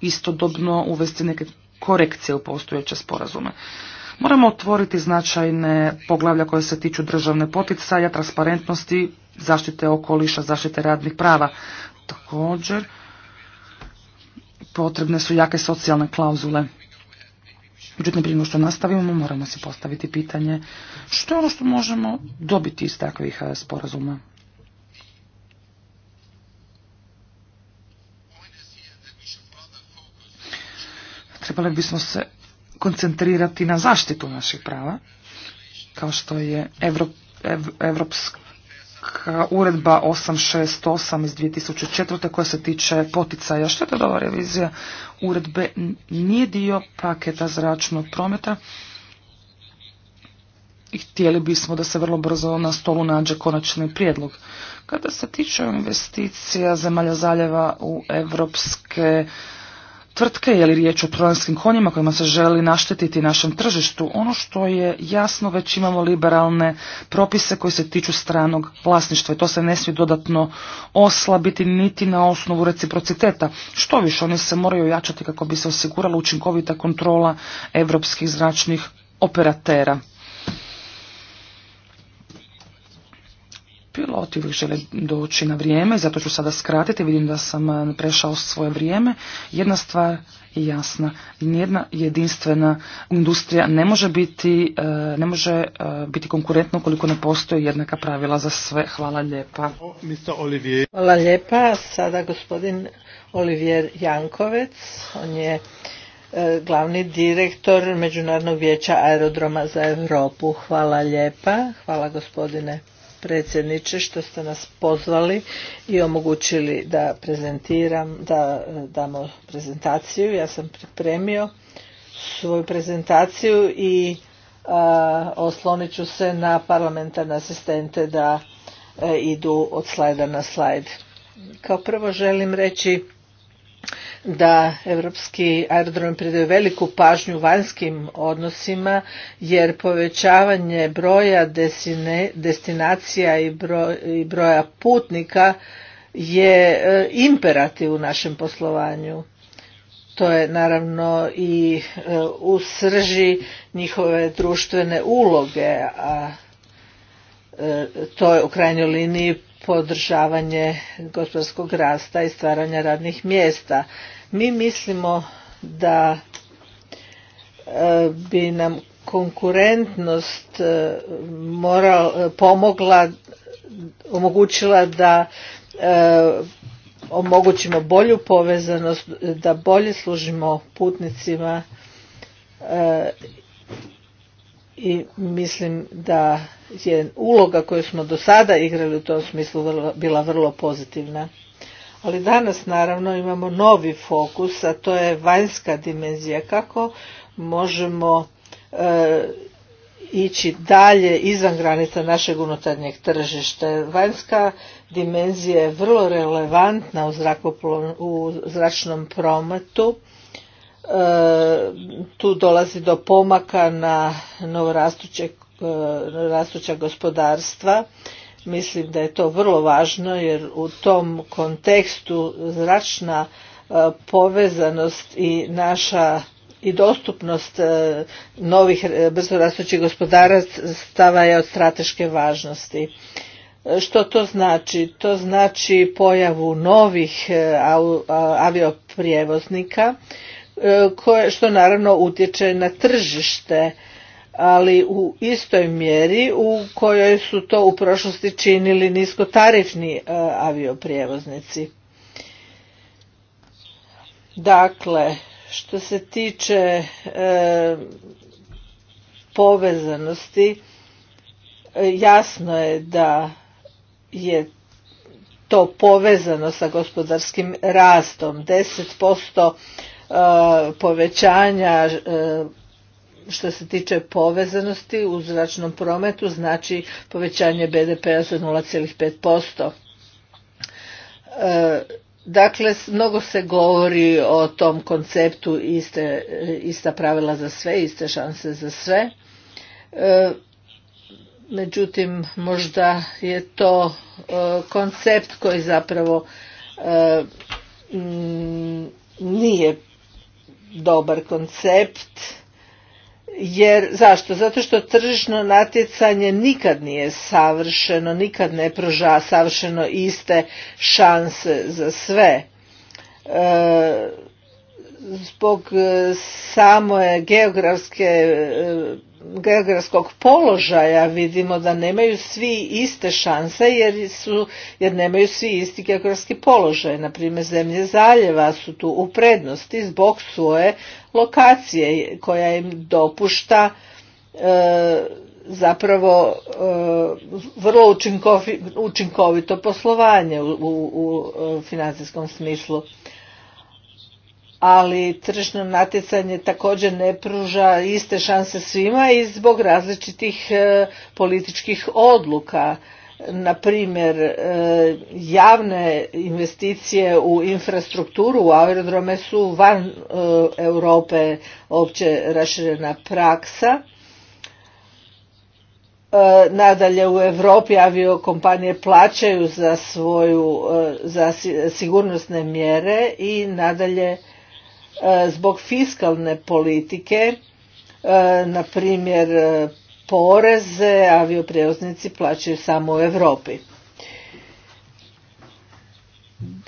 istodobno uvesti neke korekcije u postojeće sporazume. Moramo otvoriti značajne poglavlja koje se tiču državne poticaja, transparentnosti, zaštite okoliša, zaštite radnih prava. Također, potrebne su jake socijalne klauzule. Međutim, prije što nastavimo, moramo se postaviti pitanje što je ono što možemo dobiti iz takvih e, sporazuma. Trebali bismo se koncentrirati na zaštitu naših prava, kao što je Evropska uredba 868 iz 2004. koja se tiče poticaja. Šteta da revizija uredbe nije dio paketa zračnog prometa i htjeli bismo da se vrlo brzo na stolu nađe konačni prijedlog. Kada se tiče investicija zemalja zaljeva u evropske tvrtke, je li riječ o trojanskim konjima kojima se želi naštetiti našem tržištu. Ono što je jasno, već imamo liberalne propise koji se tiču stranog vlasništva i to se ne smije dodatno oslabiti niti na osnovu reciprociteta. Što više, oni se moraju jačati kako bi se osigurala učinkovita kontrola europskih zračnih operatera. piloti uvijek žele doći na vrijeme, zato ću sada skratiti, vidim da sam e, prešao svoje vrijeme. Jedna stvar je jasna, nijedna jedinstvena industrija ne može biti, e, ne može e, biti konkurentna ukoliko ne postoje jednaka pravila za sve. Hvala lijepa. Hvala lijepa, sada gospodin Olivier Jankovec, on je glavni direktor Međunarodnog vijeća aerodroma za Europu. Hvala lijepa, hvala gospodine predsjedniče što ste nas pozvali i omogućili da prezentiram, da e, damo prezentaciju. Ja sam pripremio svoju prezentaciju i e, oslonit ću se na parlamentarne asistente da e, idu od slajda na slajd. Kao prvo želim reći da europski aerodromi pridaju veliku pažnju vanjskim odnosima jer povećavanje broja destinacija i, i broja putnika je e, imperativ u našem poslovanju. To je naravno i e, u srži njihove društvene uloge, a e, to je u krajnjoj liniji podržavanje gospodarskog rasta i stvaranja radnih mjesta. Mi mislimo da e, bi nam konkurentnost e, moral, e, pomogla, omogućila da omogućimo bolju povezanost, da bolje služimo putnicima i mislim da je uloga koju smo do sada igrali u tom smislu bila vrlo pozitivna. Ali danas naravno imamo novi fokus, a to je vanjska dimenzija. Kako možemo e, ići dalje izvan granica našeg unutarnjeg tržišta. Vanjska dimenzija je vrlo relevantna u, u zračnom prometu tu dolazi do pomaka na novorastuća e, gospodarstva. Mislim da je to vrlo važno jer u tom kontekstu zračna e, povezanost i naša i dostupnost e, novih brzo rastućih gospodarstava je od strateške važnosti. Što to znači? To znači pojavu novih avioprijevoznika koje, što naravno utječe na tržište ali u istoj mjeri u kojoj su to u prošlosti činili niskotarifni e, avioprijevoznici. Dakle, što se tiče e, povezanosti, e, jasno je da je to povezano sa gospodarskim rastom. 10% povećanja e, što se tiče povezanosti u zračnom prometu znači povećanje BDP-a za 0,5%. E, dakle, mnogo se govori o tom konceptu iste, ista pravila za sve, iste šanse za sve. E, međutim, možda je to koncept koji zapravo nije dobar koncept jer zašto zato što tržišno natjecanje nikad nije savršeno nikad ne pruža savršeno iste šanse za sve e, zbog e, same geografske e, geografskog položaja vidimo da nemaju svi iste šanse jer, su, jer nemaju svi isti geografski položaj. primjer zemlje zaljeva su tu u prednosti zbog svoje lokacije koja im dopušta e, zapravo e, vrlo učinkovito poslovanje u financijskom smislu ali tržišno natjecanje također ne pruža iste šanse svima i zbog različitih e, političkih odluka na primjer e, javne investicije u infrastrukturu u aerodrome su van e, Europe opće raširena praksa nadalje u Europi aviokompanije plaćaju za svoju za sigurnosne mjere i nadalje E, zbog fiskalne politike, e, na primjer e, poreze avioprijevoznici plaćaju samo u Europi.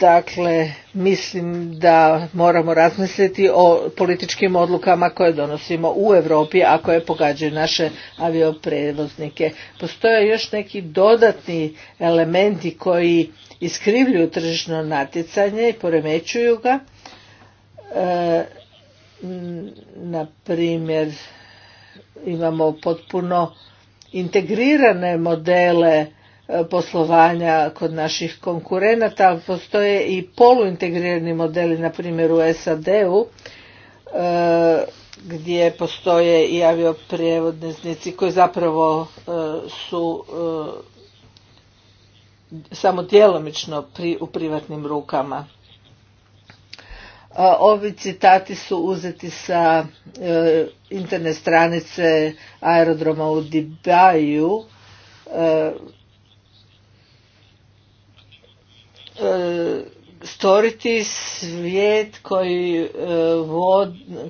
Dakle, mislim da moramo razmisliti o političkim odlukama koje donosimo u Europi, a koje pogađaju naše avioprevoznike. Postoje još neki dodatni elementi koji iskrivljuju tržišno natjecanje i poremećuju ga na primjer imamo potpuno integrirane modele e, poslovanja kod naših konkurenata postoje i poluintegrirani modeli na primjer u SAD-u e, gdje postoje i avioprijevodnici koji zapravo e, su samo djelomično u privatnim rukama Ovi citati su uzeti sa e, internet stranice aerodroma u Dibaju. E, e, Stvoriti svijet koji,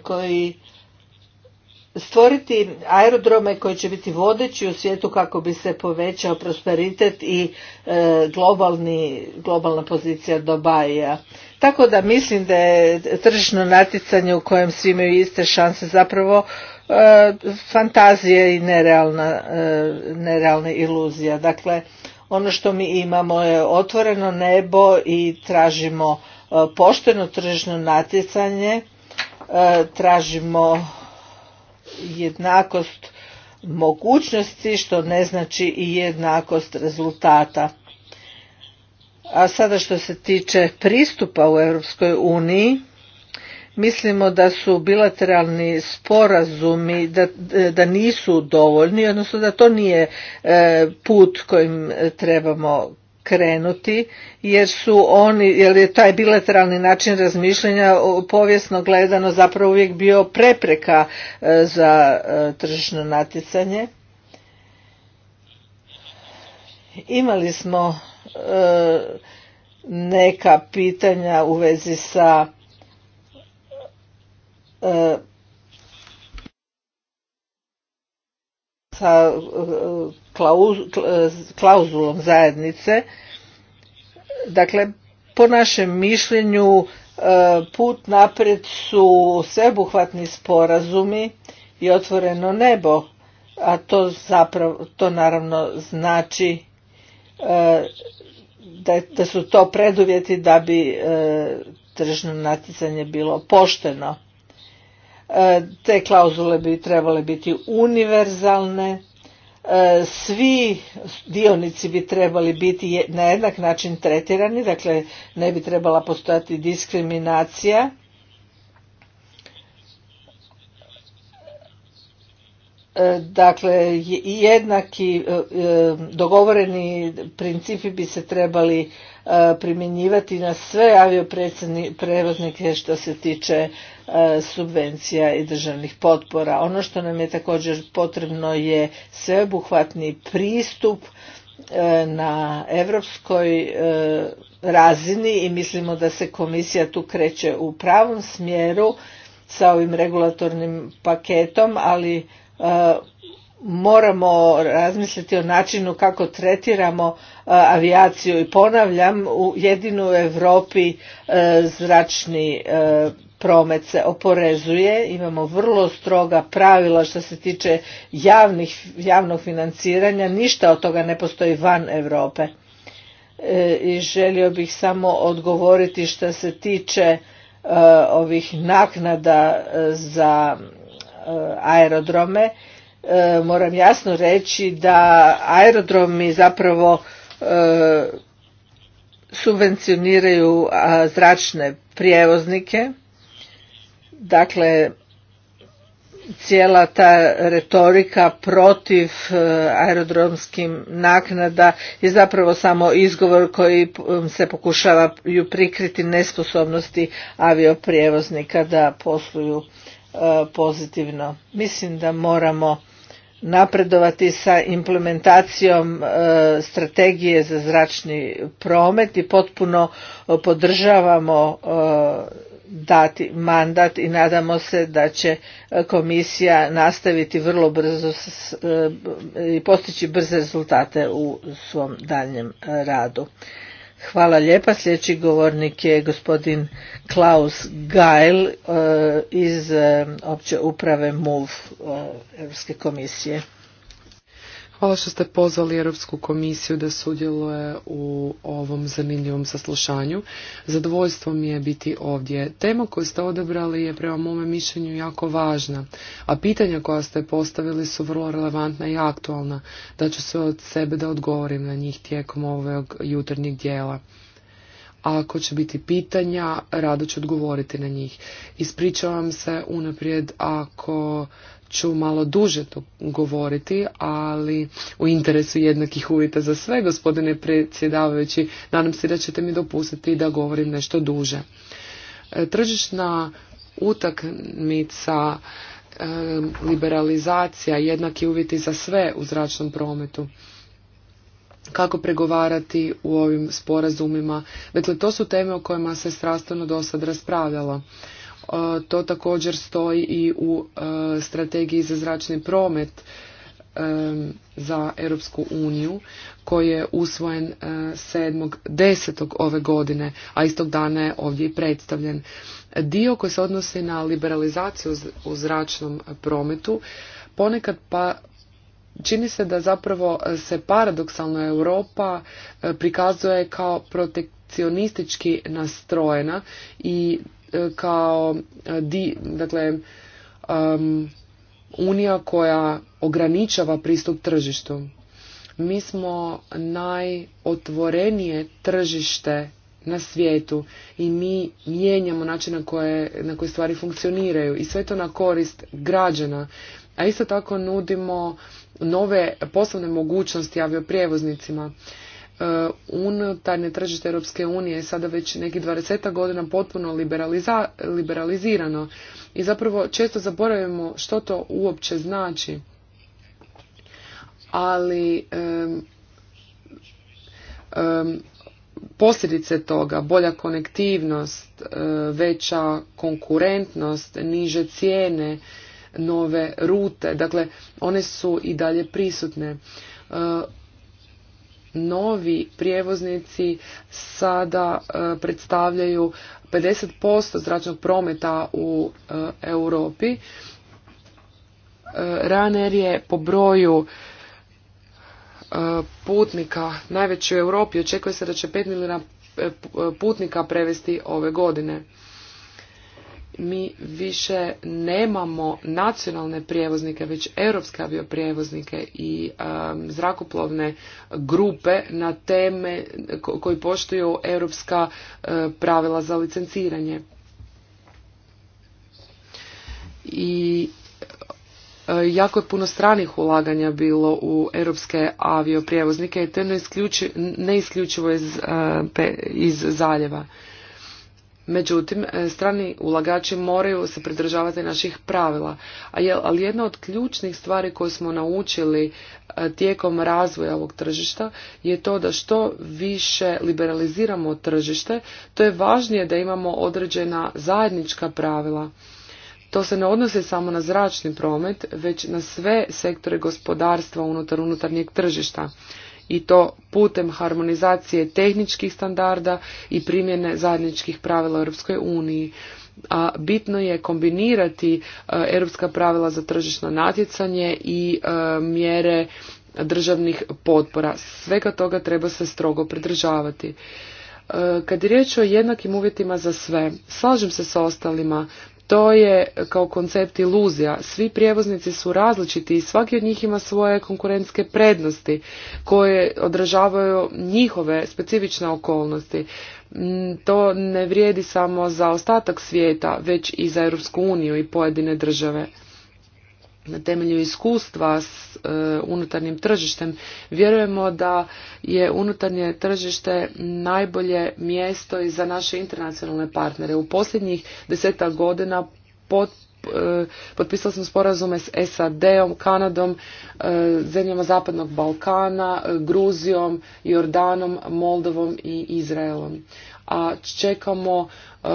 koji stvoriti aerodrome koji će biti vodeći u svijetu kako bi se povećao prosperitet i e, globalni, globalna pozicija Dobaja. Tako da mislim da je tržišno natjecanje u kojem svi imaju iste šanse zapravo e, fantazije i nerealna, e, nerealna iluzija. Dakle, ono što mi imamo je otvoreno nebo i tražimo pošteno tržišno natjecanje, tražimo jednakost mogućnosti što ne znači i jednakost rezultata. A sada što se tiče pristupa u Europskoj uniji mislimo da su bilateralni sporazumi da, da nisu dovoljni odnosno da to nije e, put kojim trebamo krenuti jer su oni, jer je taj bilateralni način razmišljanja povijesno gledano zapravo uvijek bio prepreka e, za e, tržišno natjecanje. Imali smo e, neka pitanja u vezi sa sa e, klauzulom zajednice. Dakle, po našem mišljenju e, put naprijed su sveobuhvatni sporazumi i otvoreno nebo, a to zapravo, to naravno znači e, da, da su to preduvjeti da bi tržno natjecanje bilo pošteno. E, te klauzule bi trebale biti univerzalne, e, svi dionici bi trebali biti na jednak način tretirani, dakle ne bi trebala postojati diskriminacija. E, dakle, jednaki dogovoreni principi bi se trebali primjenjivati na sve avioprevoznike što se tiče E, subvencija i državnih potpora. Ono što nam je također potrebno je sveobuhvatni pristup e, na europskoj e, razini i mislimo da se komisija tu kreće u pravom smjeru sa ovim regulatornim paketom, ali moramo razmisliti o načinu kako tretiramo avijaciju i ponavljam jedino u Europi zračni promet se oporezuje, imamo vrlo stroga pravila što se tiče javnih, javnog financiranja, ništa od toga ne postoji van Europe. E, I želio bih samo odgovoriti što se tiče e, ovih naknada e, za aerodrome. Moram jasno reći da aerodromi zapravo subvencioniraju zračne prijevoznike Dakle, cijela ta retorika protiv e, aerodromskim naknada je zapravo samo izgovor koji se pokušava ju prikriti nesposobnosti avioprijevoznika da posluju e, pozitivno. Mislim da moramo napredovati sa implementacijom e, strategije za zračni promet i potpuno podržavamo dati mandat i nadamo se da će e, komisija nastaviti vrlo brzo e, i postići brze rezultate u svom daljem e, radu. Hvala lijepa. Sljedeći govornik je gospodin Klaus Geil iz opće uprave MOVE Europske komisije. Hvala što ste pozvali Europsku komisiju da sudjeluje u ovom zanimljivom saslušanju. Zadovoljstvo mi je biti ovdje. Tema koju ste odebrali je prema mome mišljenju jako važna, a pitanja koja ste postavili su vrlo relevantna i aktualna, da ću sve od sebe da odgovorim na njih tijekom ovog jutarnjeg dijela. ako će biti pitanja, rado ću odgovoriti na njih. Ispričavam se unaprijed ako ću malo duže to govoriti, ali u interesu jednakih uvjeta za sve, gospodine predsjedavajući, nadam se da ćete mi dopustiti da govorim nešto duže. E, tržišna utakmica, e, liberalizacija, jednaki uvjeti za sve u zračnom prometu kako pregovarati u ovim sporazumima. Dakle, to su teme o kojima se strastveno do sad raspravljalo. E, to također stoji i u e, strategiji za zračni promet e, za Europsku uniju koji je usvojen 7.10. ove godine, a istog dana je ovdje i predstavljen. Dio koji se odnosi na liberalizaciju u zračnom prometu ponekad pa čini se da zapravo se paradoksalno Europa prikazuje kao protekcionistički nastrojena i kao eh, di, dakle, unija koja ograničava pristup tržištu. Mi smo najotvorenije tržište na svijetu i mi mijenjamo način na koje, na koje stvari funkcioniraju i sve to na korist građana. A isto tako nudimo nove poslovne mogućnosti avioprijevoznicima. E, unutarnje tržište Europske unije je sada već nekih 20 godina potpuno liberalizirano i zapravo često zaboravimo što to uopće znači. Ali posljedice toga, bolja konektivnost, e, veća konkurentnost, niže cijene, nove rute, dakle one su i dalje prisutne. E, novi prijevoznici sada e, predstavljaju 50% zračnog prometa u e, Europi. E, Ryanair je po broju putnika najveći u Europi. Očekuje se da će 5 milijuna putnika prevesti ove godine mi više nemamo nacionalne prijevoznike, već europske avioprijevoznike i um, zrakoplovne grupe na teme koji poštuju europska uh, pravila za licenciranje. I uh, jako je puno stranih ulaganja bilo u europske avioprijevoznike i to ne isključivo iz, uh, iz zaljeva. Međutim, e, strani ulagači moraju se pridržavati naših pravila, ali jedna od ključnih stvari koje smo naučili e, tijekom razvoja ovog tržišta je to da što više liberaliziramo tržište, to je važnije da imamo određena zajednička pravila. To se ne odnosi samo na zračni promet, već na sve sektore gospodarstva unutar unutarnjeg tržišta i to putem harmonizacije tehničkih standarda i primjene zajedničkih pravila Europskoj uniji. A bitno je kombinirati e, europska pravila za tržišno natjecanje i e, mjere državnih potpora. Svega toga treba se strogo pridržavati. E, kad je riječ o jednakim uvjetima za sve, slažem se sa ostalima to je kao koncept iluzija. Svi prijevoznici su različiti i svaki od njih ima svoje konkurentske prednosti koje odražavaju njihove specifične okolnosti. Mm, to ne vrijedi samo za ostatak svijeta, već i za Europsku uniju i pojedine države na temelju iskustva s e, unutarnjim tržištem vjerujemo da je unutarnje tržište najbolje mjesto i za naše internacionalne partnere. U posljednjih deseta godina pot, e, potpisali smo sporazume s SAD-om, Kanadom, e, zemljama Zapadnog Balkana, Gruzijom, Jordanom, Moldovom i Izraelom a čekamo e,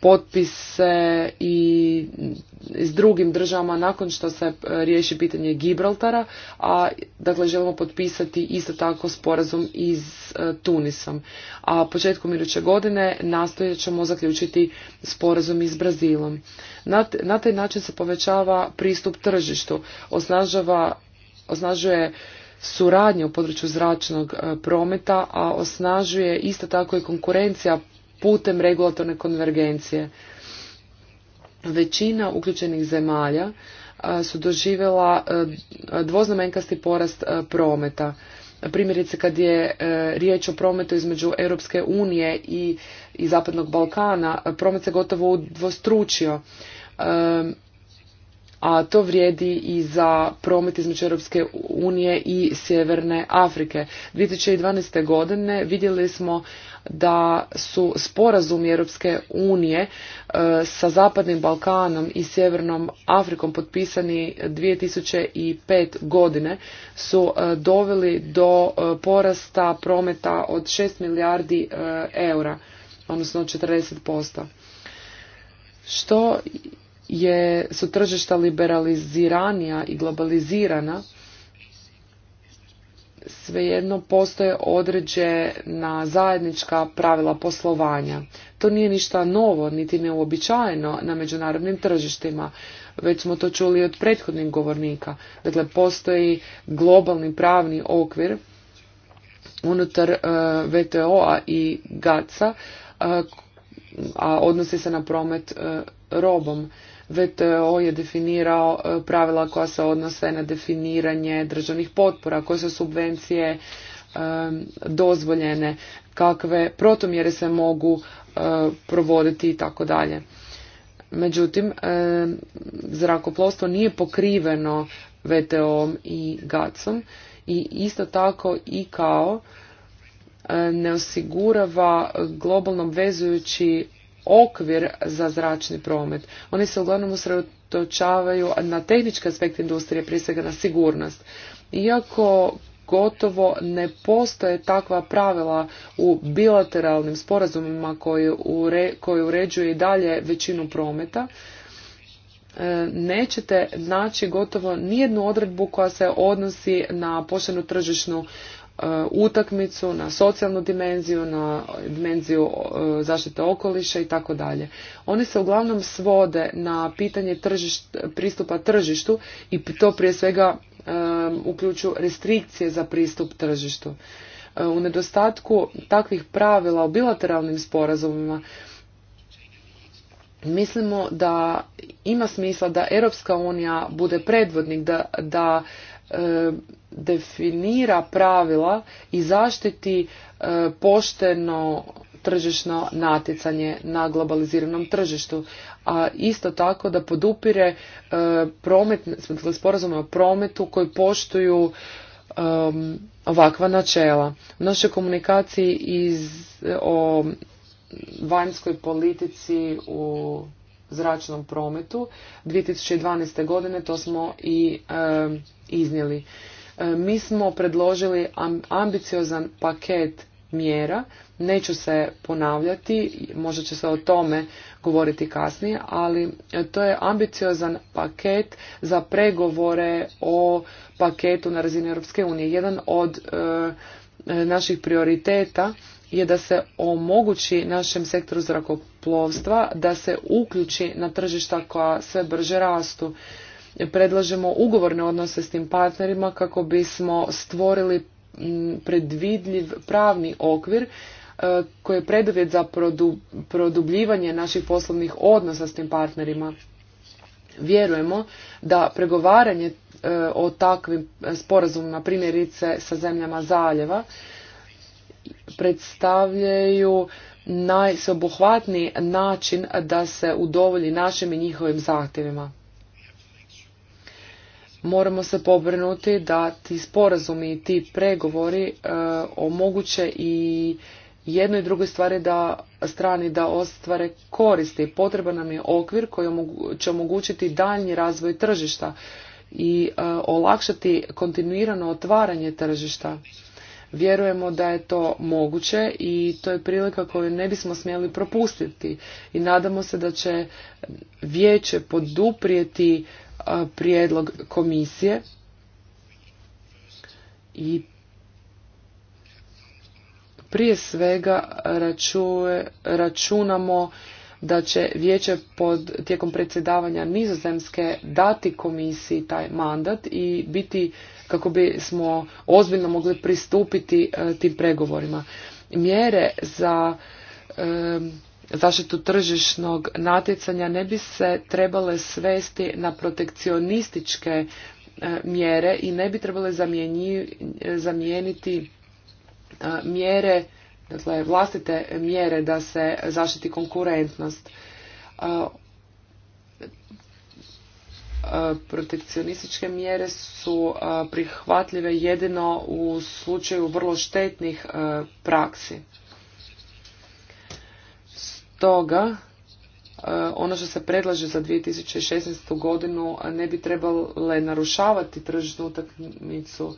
potpise i s drugim državama nakon što se e, riješi pitanje Gibraltara, a dakle želimo potpisati isto tako sporazum iz e, Tunisom. A početkom iduće godine nastojat ćemo zaključiti sporazum iz Brazilom. Na, na taj način se povećava pristup tržištu, osnažava, osnažuje suradnje u području zračnog e, prometa, a osnažuje isto tako i konkurencija putem regulatorne konvergencije. Većina uključenih zemalja e, su doživjela e, dvoznamenkasti porast prometa. Primjerice kad je riječ o prometu između Europske unije i, i Zapadnog Balkana, promet se gotovo udvostručio a to vrijedi i za promet između Europske unije i Sjeverne Afrike. 2012. godine vidjeli smo da su sporazumi Europske unije e, sa Zapadnim Balkanom i Sjevernom Afrikom potpisani 2005 godine su e, doveli do e, porasta prometa od 6 milijardi eura, odnosno 40%. Što je, su tržišta liberaliziranija i globalizirana, svejedno postoje određena zajednička pravila poslovanja. To nije ništa novo, niti neuobičajeno na međunarodnim tržištima. Već smo to čuli od prethodnih govornika. Dakle, postoji globalni pravni okvir unutar e, VTO-a i GATS-a, e, a odnosi se na promet e, robom. VTO je definirao e, pravila koja se odnose na definiranje državnih potpora, koje su subvencije e, dozvoljene, kakve protomjere se mogu e, provoditi i tako dalje. Međutim, zrakoplovstvo nije pokriveno VTO-om i gac om i isto tako i kao ne osigurava globalno obvezujući okvir za zračni promet. Oni se uglavnom usredotočavaju na tehnički aspekt industrije, prije svega na sigurnost. Iako gotovo ne postoje takva pravila u bilateralnim sporazumima koji, ure, koji uređuje i dalje većinu prometa, e, nećete naći gotovo nijednu odredbu koja se odnosi na poštenu tržišnu E, utakmicu, na socijalnu dimenziju, na dimenziju e, zaštite okoliša i tako dalje. Oni se uglavnom svode na pitanje pristupa tržištu i to prije svega e, uključuju restrikcije za pristup tržištu. u nedostatku takvih pravila o bilateralnim sporazumima mislimo da ima smisla da Europska unija bude predvodnik, da, da E, definira pravila i zaštiti e, pošteno tržišno natjecanje na globaliziranom tržištu, a isto tako da podupire e, promet, dakle, sporazume o prometu koji poštuju ovakva načela. U našoj komunikaciji iz, o vanjskoj politici u zračnom prometu. 2012. godine to smo i iznijeli. Mi smo predložili ambiciozan paket mjera. Neću se ponavljati, možda će se o tome govoriti kasnije, ali to je ambiciozan paket za pregovore o paketu na razini Europske unije. Jedan od naših prioriteta je da se omogući našem sektoru zrakoplovstva da se uključi na tržišta koja sve brže rastu. Predlažemo ugovorne odnose s tim partnerima kako bismo stvorili predvidljiv pravni okvir e, koji je preduvjet za produbljivanje naših poslovnih odnosa s tim partnerima. Vjerujemo da pregovaranje e, o takvim e, sporazumima primjerice sa zemljama zaljeva predstavljaju najsobuhvatniji način da se udovolji našim i njihovim zahtjevima. Moramo se pobrinuti da ti sporazumi i ti pregovori e, omoguće i jednoj i drugoj stvari da strani da ostvare koristi. Potreban nam je okvir koji će omogućiti daljnji razvoj tržišta i e, olakšati kontinuirano otvaranje tržišta. Vjerujemo da je to moguće i to je prilika koju ne bismo smjeli propustiti i nadamo se da će vijeće poduprijeti prijedlog komisije i prije svega računamo da će vijeće pod tijekom predsjedavanja nizozemske dati komisiji taj mandat i biti kako bismo ozbiljno mogli pristupiti e, tim pregovorima. Mjere za e, zaštitu tržišnog natjecanja ne bi se trebale svesti na protekcionističke e, mjere i ne bi trebale zamijeniti mjere, dakle vlastite mjere da se zaštiti konkurentnost protekcionističke mjere su prihvatljive jedino u slučaju vrlo štetnih praksi. Stoga, ono što se predlaže za 2016. godinu ne bi trebalo narušavati tržišnu utakmicu,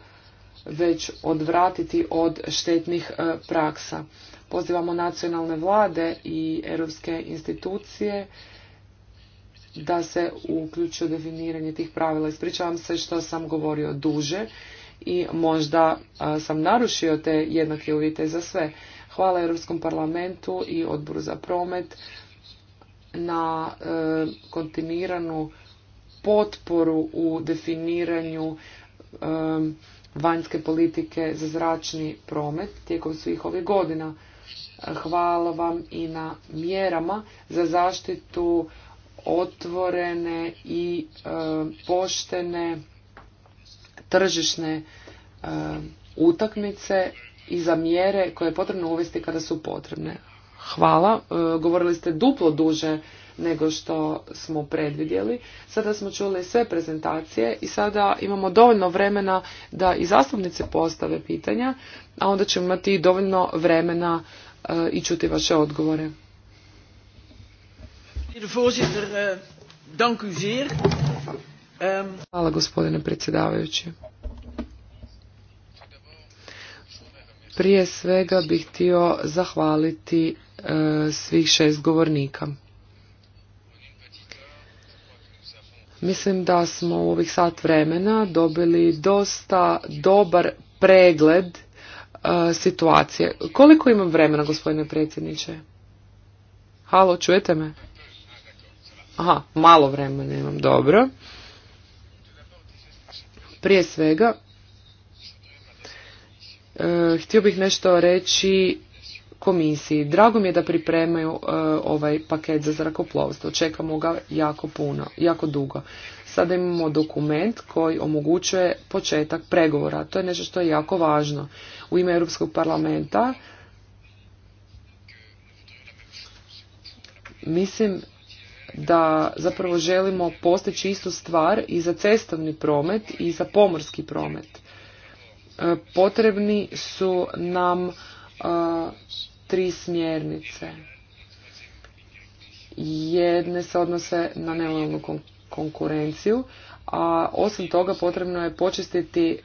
već odvratiti od štetnih praksa. Pozivamo nacionalne vlade i europske institucije da se uključi u definiranje tih pravila. Ispričavam se što sam govorio duže i možda sam narušio te jednake uvite za sve. Hvala Europskom parlamentu i odboru za promet na e, kontinuiranu potporu u definiranju e, vanjske politike za zračni promet tijekom svih ovih godina. Hvala vam i na mjerama za zaštitu otvorene i e, poštene tržišne e, utakmice i za mjere koje je potrebno uvesti kada su potrebne. Hvala. E, govorili ste duplo duže nego što smo predvidjeli. Sada smo čuli sve prezentacije i sada imamo dovoljno vremena da i zastupnice postave pitanja, a onda ćemo imati dovoljno vremena i čuti vaše odgovore. Eh, ehm, Hvala gospodine predsjedavajući. Prije svega bih htio zahvaliti eh, svih šest govornika. Mislim da smo u ovih sat vremena dobili dosta dobar pregled eh, situacije. Koliko imam vremena, gospodine predsjedniče? Halo, čujete me? Aha, malo vremena imam, dobro. Prije svega, e, htio bih nešto reći komisiji. Drago mi je da pripremaju e, ovaj paket za zrakoplovstvo. Čekamo ga jako puno, jako dugo. Sada imamo dokument koji omogućuje početak pregovora. To je nešto što je jako važno. U ime Europskog parlamenta mislim da zapravo želimo postići istu stvar i za cestovni promet i za pomorski promet. E, potrebni su nam e, tri smjernice. Jedne se odnose na nelojalnu konkurenciju, a osim toga potrebno je počistiti e,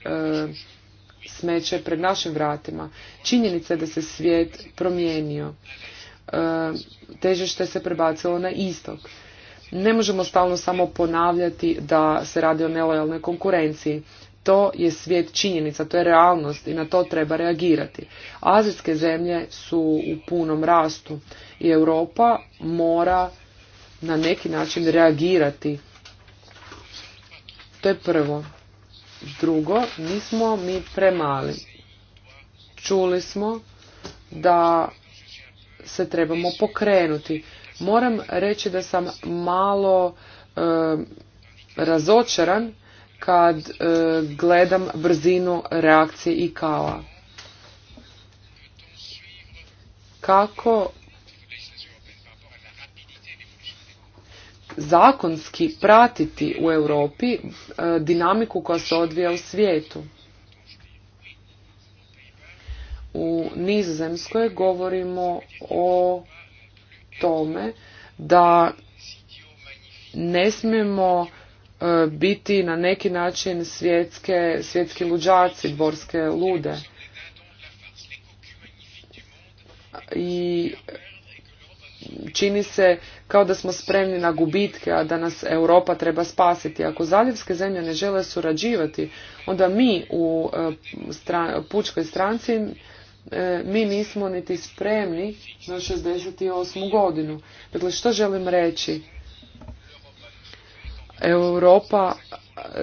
smeće pred našim vratima. Činjenica je da se svijet promijenio. E, težište se prebacilo na istok. Ne možemo stalno samo ponavljati da se radi o nelojalnoj konkurenciji. To je svijet činjenica, to je realnost i na to treba reagirati. Azijske zemlje su u punom rastu i Europa mora na neki način reagirati. To je prvo. Drugo, nismo mi premali. Čuli smo da se trebamo pokrenuti. Moram reći da sam malo e, razočaran kad e, gledam brzinu reakcije i a Kako zakonski pratiti u Europi e, dinamiku koja se odvija u svijetu? u Nizozemskoj govorimo o tome da ne smijemo e, biti na neki način svjetske, svjetski luđaci, borske lude. I čini se kao da smo spremni na gubitke, a da nas Europa treba spasiti. Ako zaljevske zemlje ne žele surađivati, onda mi u e, stran, pučkoj stranci E, mi nismo niti spremni na 68. godinu. Dakle, što želim reći? Europa,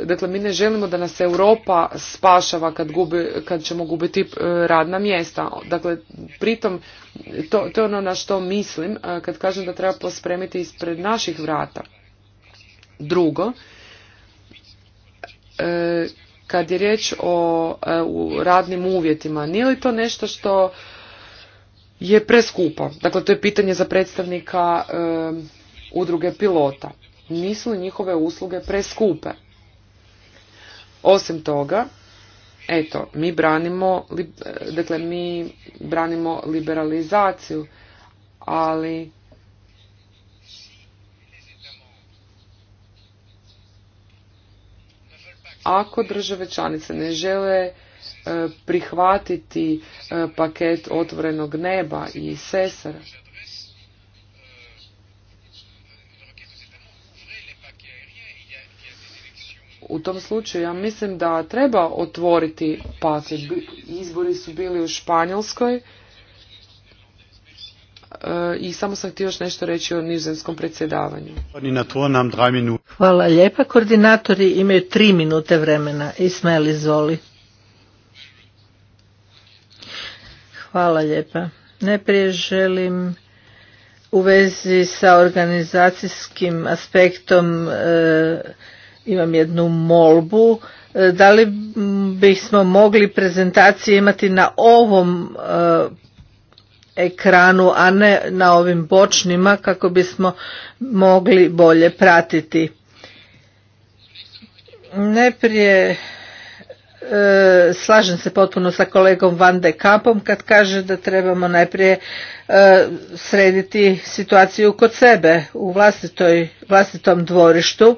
dakle, mi ne želimo da nas Europa spašava kad, gubi, kad ćemo gubiti e, radna mjesta. Dakle, pritom, to, to je ono na što mislim e, kad kažem da treba pospremiti ispred naših vrata. Drugo, kad je riječ o e, radnim uvjetima, nije li to nešto što je preskupo? Dakle, to je pitanje za predstavnika e, udruge pilota. Nisu li njihove usluge preskupe? Osim toga, eto, mi branimo, e, dakle, mi branimo liberalizaciju, ali Ako države članice ne žele e, prihvatiti e, paket otvorenog neba i sesara, u tom slučaju ja mislim da treba otvoriti paket. Izbori su bili u Španjolskoj i samo sam htio još nešto reći o nizozemskom predsjedavanju. Hvala lijepa. Koordinatori imaju tri minute vremena. Ismail izvoli. Hvala lijepa. Najprije želim u vezi sa organizacijskim aspektom e, imam jednu molbu. E, da li bismo mogli prezentacije imati na ovom e, ekranu, a ne na ovim bočnima kako bismo mogli bolje pratiti. Najprije e, slažem se potpuno sa kolegom Van de Kampom kad kaže da trebamo najprije e, srediti situaciju kod sebe u vlastitoj, vlastitom dvorištu.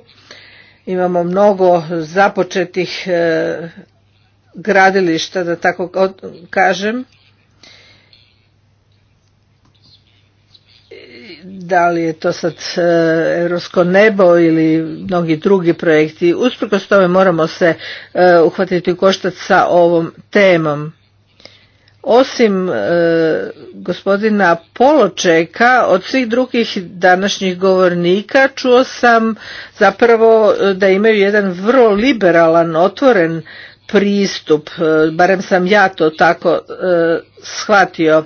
Imamo mnogo započetih e, gradilišta, da tako kažem, da li je to sad e, europsko nebo ili mnogi drugi projekti. Usprkos tome moramo se e, uhvatiti u koštac sa ovom temom. Osim e, gospodina Poločeka, od svih drugih današnjih govornika čuo sam zapravo da imaju jedan vrlo liberalan, otvoren pristup, barem sam ja to tako shvatio.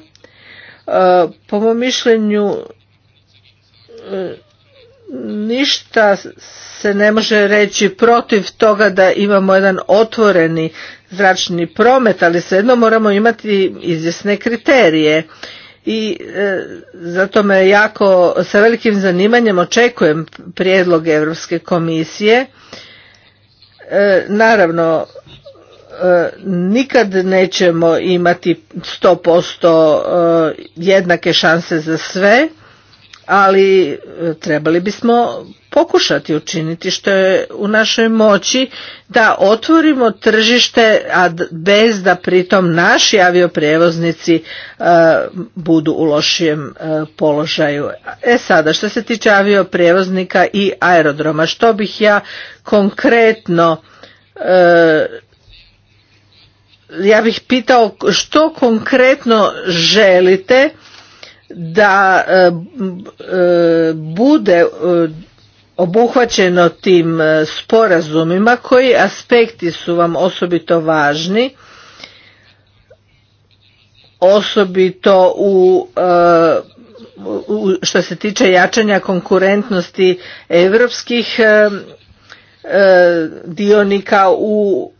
Po mom mišljenju ništa se ne može reći protiv toga da imamo jedan otvoreni zračni promet, ali svejedno moramo imati izvjesne kriterije. I e, zato me jako sa velikim zanimanjem očekujem prijedlog Europske komisije. E, naravno, e, nikad nećemo imati 100% jednake šanse za sve ali e, trebali bismo pokušati učiniti što je u našoj moći da otvorimo tržište a bez da pritom naši avioprijevoznici e, budu u lošijem e, položaju. E sada što se tiče avioprijevoznika i aerodroma što bih ja konkretno ja bih pitao što konkretno želite da e, e, bude e, obuhvaćeno tim sporazumima koji aspekti su vam osobito važni osobito u što se tiče jačanja konkurentnosti europskih dionika u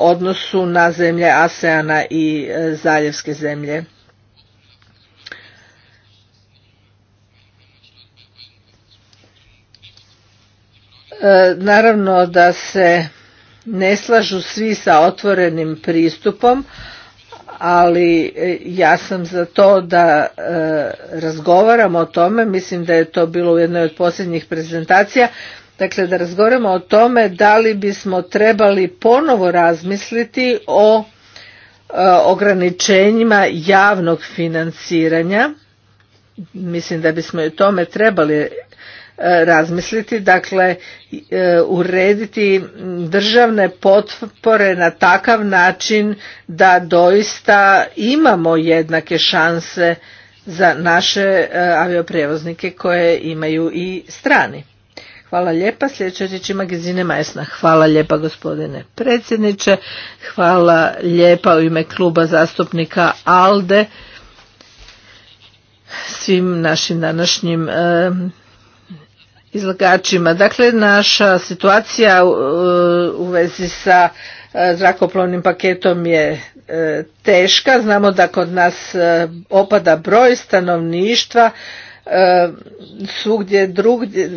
odnosu na zemlje ASEANA i zaljevske zemlje E, naravno da se ne slažu svi sa otvorenim pristupom, ali e, ja sam za to da e, razgovaramo o tome, mislim da je to bilo u jednoj od posljednjih prezentacija, dakle da razgovaramo o tome da li bismo trebali ponovo razmisliti o ograničenjima javnog financiranja. Mislim da bismo i o tome trebali E, razmisliti, dakle e, urediti državne potpore na takav način da doista imamo jednake šanse za naše e, avioprijevoznike koje imaju i strani. Hvala lijepa. Sljedeća riječ ima Gezine Majsna. Hvala lijepa gospodine predsjedniče. Hvala lijepa u ime kluba zastupnika ALDE svim našim današnjim izlagačima. Dakle, naša situacija uh, u vezi sa uh, zrakoplovnim paketom je uh, teška. Znamo da kod nas opada broj stanovništva svugdje drugdje,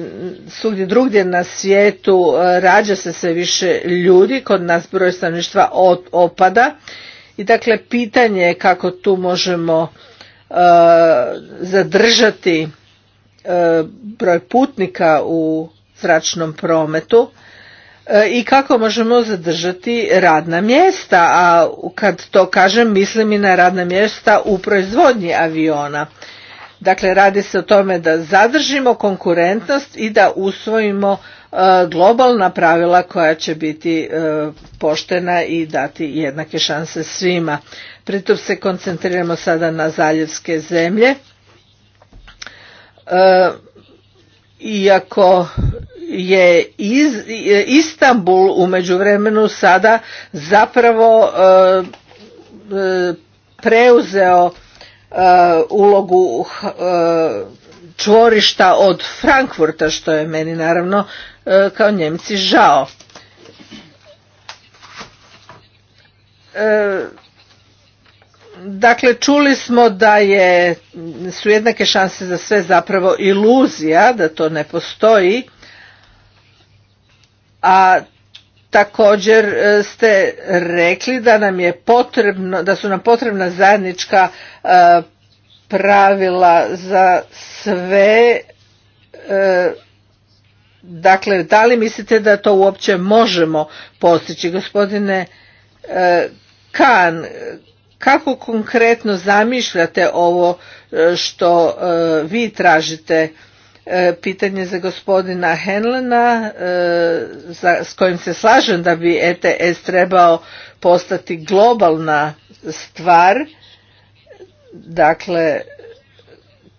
drugdje na svijetu rađa se sve više ljudi, kod nas broj stanovništva opada i dakle pitanje je kako tu možemo zadržati E, broj putnika u zračnom prometu e, i kako možemo zadržati radna mjesta, a kad to kažem mislim i na radna mjesta u proizvodnji aviona. Dakle, radi se o tome da zadržimo konkurentnost i da usvojimo e, globalna pravila koja će biti poštena i dati jednake šanse svima. Pritom se koncentriramo sada na zaljevske zemlje E, iako je Istanbul u međuvremenu sada zapravo e, e, preuzeo ulogu čvorišta od Frankfurta što je meni naravno kao Njemci žao. Dakle, čuli smo da je, su jednake šanse za sve zapravo iluzija, da to ne postoji, a također e, ste rekli da nam je potrebno, da su nam potrebna zajednička e, pravila za sve. E, dakle, da li mislite da to uopće možemo postići? Gospodine Kan, kako konkretno zamišljate ovo e, što e, vi tražite e, pitanje za gospodina Henlena s kojim se slažem da bi ETS trebao postati globalna stvar dakle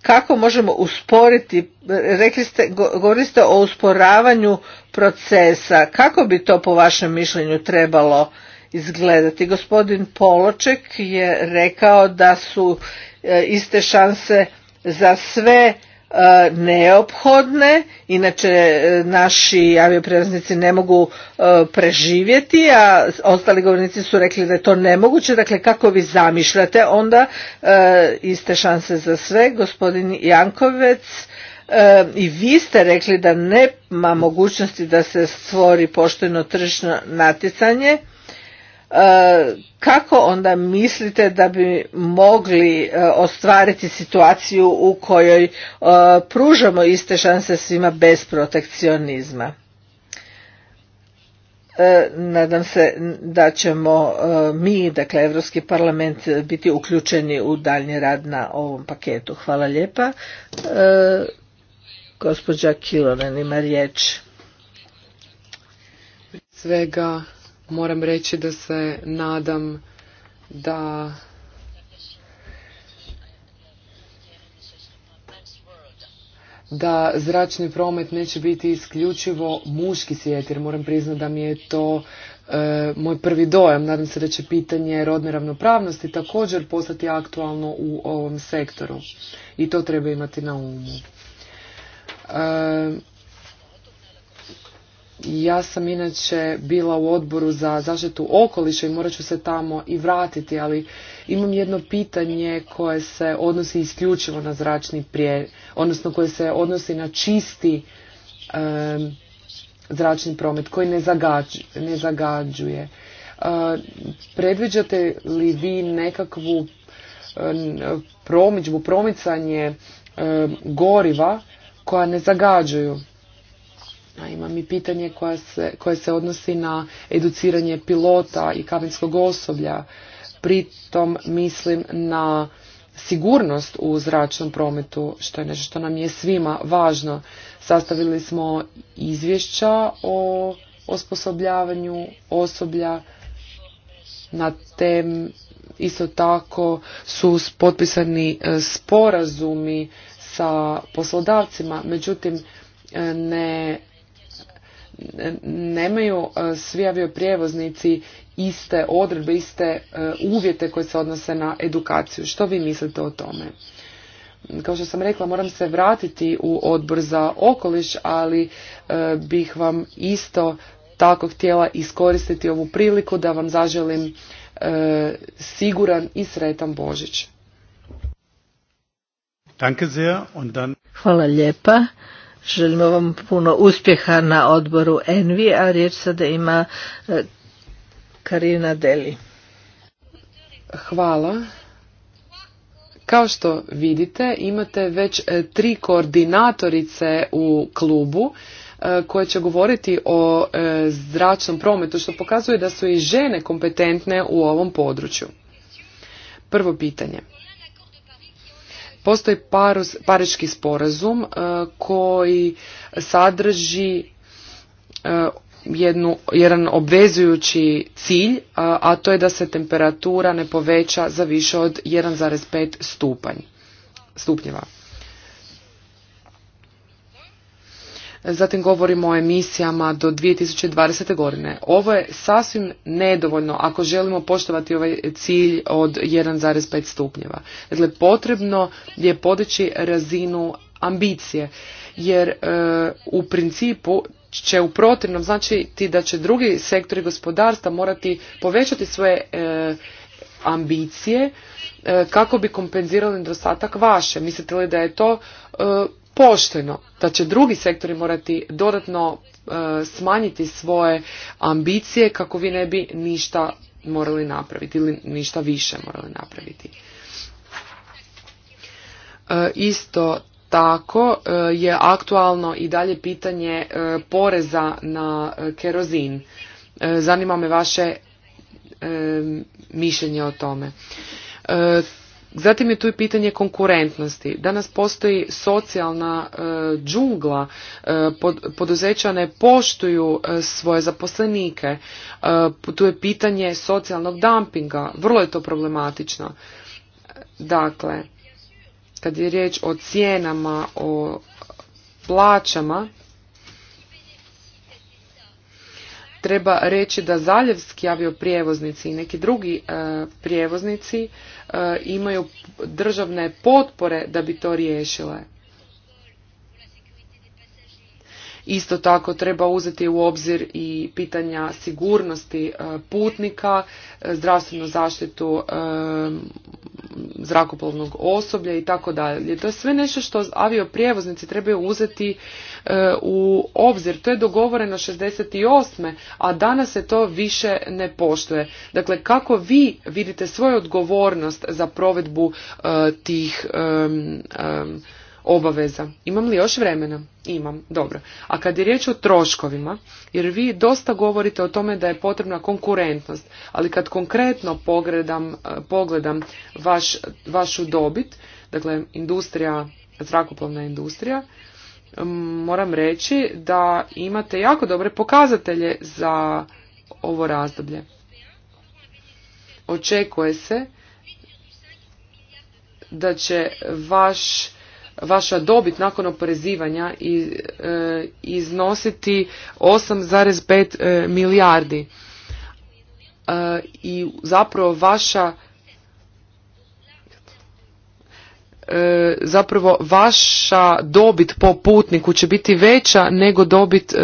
kako možemo usporiti rekli ste govorili ste o usporavanju procesa kako bi to po vašem mišljenju trebalo izgledati. Gospodin Poloček je rekao da su e, iste šanse za sve e, neophodne, inače e, naši avioprevoznici ne mogu preživjeti, a ostali govornici su rekli da je to nemoguće, dakle kako vi zamišljate onda iste šanse za sve. Gospodin Jankovec, i vi ste rekli da nema mogućnosti da se stvori pošteno tržišno natjecanje E, kako onda mislite da bi mogli e, ostvariti situaciju u kojoj e, pružamo iste šanse svima bez protekcionizma? Nadam se da ćemo mi, dakle Europski parlament, biti uključeni u daljnji rad na ovom paketu. Hvala lijepa. Gospođa Kilonen ima riječ. Svega moram reći da se nadam da da zračni promet neće biti isključivo muški svijet, jer moram priznati da mi je to e, moj prvi dojam. Nadam se da će pitanje rodne ravnopravnosti također postati aktualno u ovom sektoru. I to treba imati na umu. E, ja sam inače bila u odboru za zaštitu okoliša i morat ću se tamo i vratiti, ali imam jedno pitanje koje se odnosi isključivo na zračni prije, odnosno koje se odnosi na čisti zračni promet koji ne, zagađuje. E, predviđate li vi nekakvu e, promicanje goriva koja ne zagađuju? A imam i pitanje koja se, koje se odnosi na educiranje pilota i kabinskog osoblja. Pritom mislim na sigurnost u zračnom prometu, što je nešto što nam je svima važno. Sastavili smo izvješća o osposobljavanju osoblja na tem isto tako su potpisani e, sporazumi sa poslodavcima, međutim e, ne nemaju e, svi avioprijevoznici iste odredbe, iste e, uvjete koje se odnose na edukaciju. Što vi mislite o tome? Kao što sam rekla, moram se vratiti u odbor za okoliš, ali e, bih vam isto tako htjela iskoristiti ovu priliku da vam zaželim siguran i sretan Božić. Hvala lijepa. Želimo vam puno uspjeha na odboru Envi, a riječ sada ima e, Karina Deli. Hvala. Kao što vidite, imate već e, tri koordinatorice u klubu e, koje će govoriti o zračnom prometu, što pokazuje da su i žene kompetentne u ovom području. Prvo pitanje. Postoji parički sporazum e, koji sadrži e, jedan obvezujući cilj, a, to je da se temperatura ne poveća za više od 1,5 stupanj, stupnjeva. Zatim govorimo o emisijama do 2020. godine. Ovo je sasvim nedovoljno ako želimo poštovati ovaj cilj od 1,5 stupnjeva. Dakle, potrebno je podići razinu ambicije, jer e, u principu će u protivnom značiti da će drugi sektori gospodarstva morati povećati svoje e, ambicije e, kako bi kompenzirali nedostatak vaše. Mislite li da je to pošteno da će drugi sektori morati dodatno e, smanjiti svoje ambicije kako vi ne bi ništa morali napraviti ili ništa više morali napraviti. E, isto tako e, je aktualno i dalje pitanje poreza na kerozin. Zanima me vaše mišljenje o tome. Zatim je tu i pitanje konkurentnosti. Danas postoji socijalna e, džungla, e, poduzeća ne poštuju e, svoje zaposlenike, e, tu je pitanje socijalnog dumpinga, vrlo je to problematično. Dakle, kad je riječ o cijenama, o plaćama, treba reći da zaljevski avioprijevoznici i neki drugi e, prijevoznici e, imaju državne potpore da bi to riješile Isto tako treba uzeti u obzir i pitanja sigurnosti e, putnika, e, zdravstvenu zaštitu e, zrakoplovnog osoblja i tako dalje. To je sve nešto što avioprijevoznici trebaju uzeti u obzir. To je dogovoreno 68. a danas se to više ne poštuje. Dakle, kako vi vidite svoju odgovornost za provedbu tih obaveza. Imam li još vremena? Imam, dobro. A kad je riječ o troškovima, jer vi dosta govorite o tome da je potrebna konkurentnost, ali kad konkretno pogledam, e, pogledam vaš, vašu dobit, dakle industrija, zrakoplovna industrija, moram reći da imate jako dobre pokazatelje za ovo razdoblje. Očekuje se da će vaš vaša dobit nakon oporezivanja e, iznositi 8,5 e, milijardi e, i zapravo vaša zapravo vaša dobit po putniku će biti veća nego dobit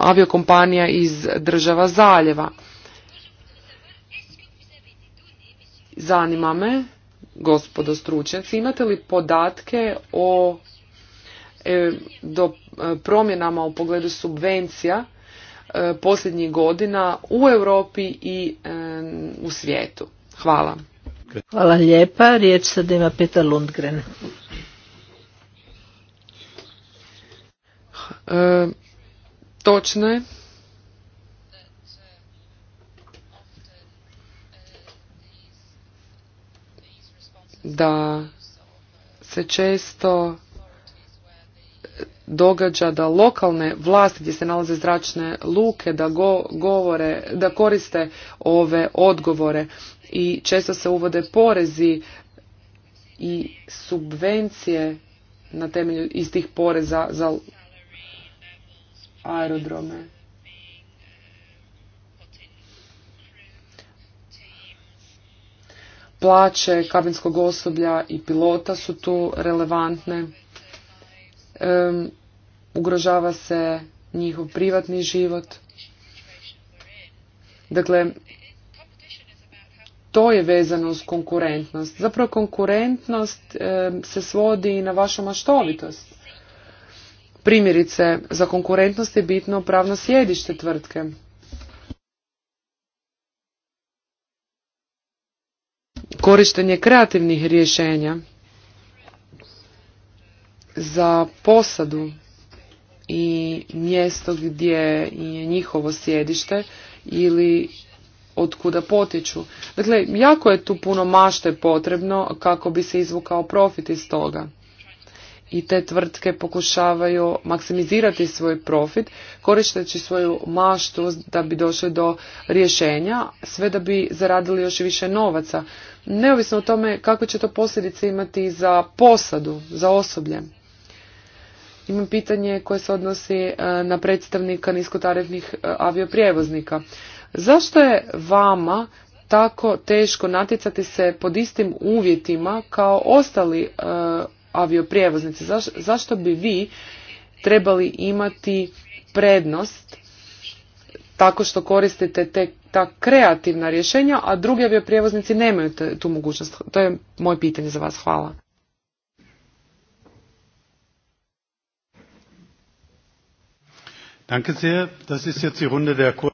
aviokompanija iz država zaljeva. Zanima me gospodo stručnjaci, imate li podatke o e, do e, promjenama u pogledu subvencija e, posljednjih godina u Europi i u svijetu? Hvala. Hvala lijepa. Riječ sada ima Peter Lundgren. Točno je da se često događa da lokalne vlasti gdje se nalaze zračne luke da go, govore, da koriste ove odgovore i često se uvode porezi i subvencije na temelju istih poreza za aerodrome. plaće kabinskog osoblja i pilota su tu relevantne. ugrožava se njihov privatni život. Dakle, to je vezano uz konkurentnost. Zapravo konkurentnost se svodi i na vašu maštovitost. Primjerice, za konkurentnost je bitno pravno sjedište tvrtke. korištenje kreativnih rješenja za posadu i mjesto gdje je njihovo sjedište ili od kuda potiču. Dakle, jako je tu puno mašte potrebno kako bi se izvukao profit iz toga i te tvrtke pokušavaju maksimizirati svoj profit koristeći svoju maštu da bi došli do rješenja, sve da bi zaradili još više novaca, neovisno o tome kakve će to posljedice imati za posadu, za osoblje. Imam pitanje koje se odnosi e, na predstavnika niskotarifnih e, avioprijevoznika. Zašto je vama tako teško natjecati se pod istim uvjetima kao ostali e, avioprijevoznici. Zaš, zašto bi vi trebali imati prednost tako što koristite te, ta kreativna rješenja, a drugi avioprijevoznici nemaju tu mogućnost? To je moje pitanje za vas. Hvala.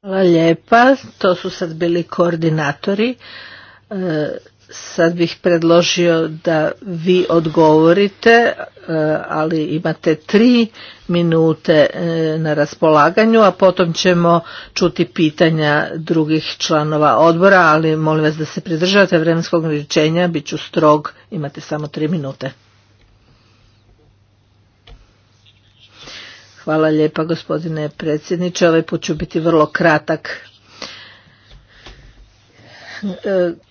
Hvala lijepa. To su sad bili koordinatori. E, sad bih predložio da vi odgovorite, e, ali imate tri minute e, na raspolaganju, a potom ćemo čuti pitanja drugih članova odbora, ali molim vas da se pridržavate vremenskog ograničenja, bit ću strog, imate samo tri minute. Hvala lijepa gospodine predsjedniče, ovaj put ću biti vrlo kratak e,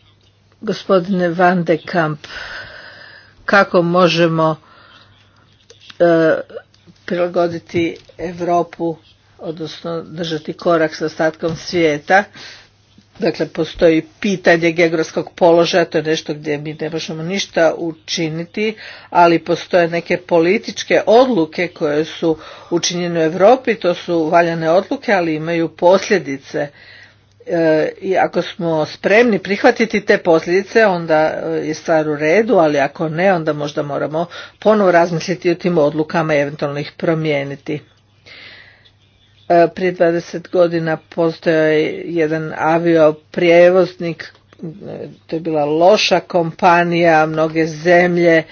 Gospodine Van de Kamp, kako možemo e, prilagoditi Europu, odnosno držati korak sa ostatkom svijeta? Dakle, postoji pitanje geografskog položaja, to je nešto gdje mi ne možemo ništa učiniti, ali postoje neke političke odluke koje su učinjene u Europi, to su valjane odluke, ali imaju posljedice. E, i ako smo spremni prihvatiti te posljedice onda e, je stvar u redu, ali ako ne onda možda moramo ponovo razmisliti o tim odlukama i eventualno ih promijeniti. E, prije 20 godina postojao je jedan avioprijevoznik, to je bila loša kompanija, mnoge zemlje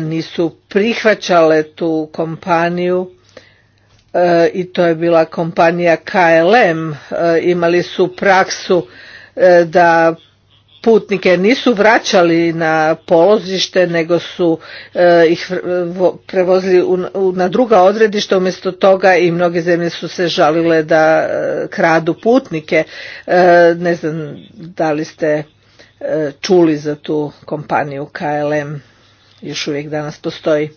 nisu prihvaćale tu kompaniju E, i to je bila kompanija KLM, e, imali su praksu e, da putnike nisu vraćali na polozište nego su ih prevozili na druga odredišta umjesto toga i mnoge zemlje su se žalile da kradu putnike ne znam da li ste čuli za tu kompaniju KLM još uvijek danas postoji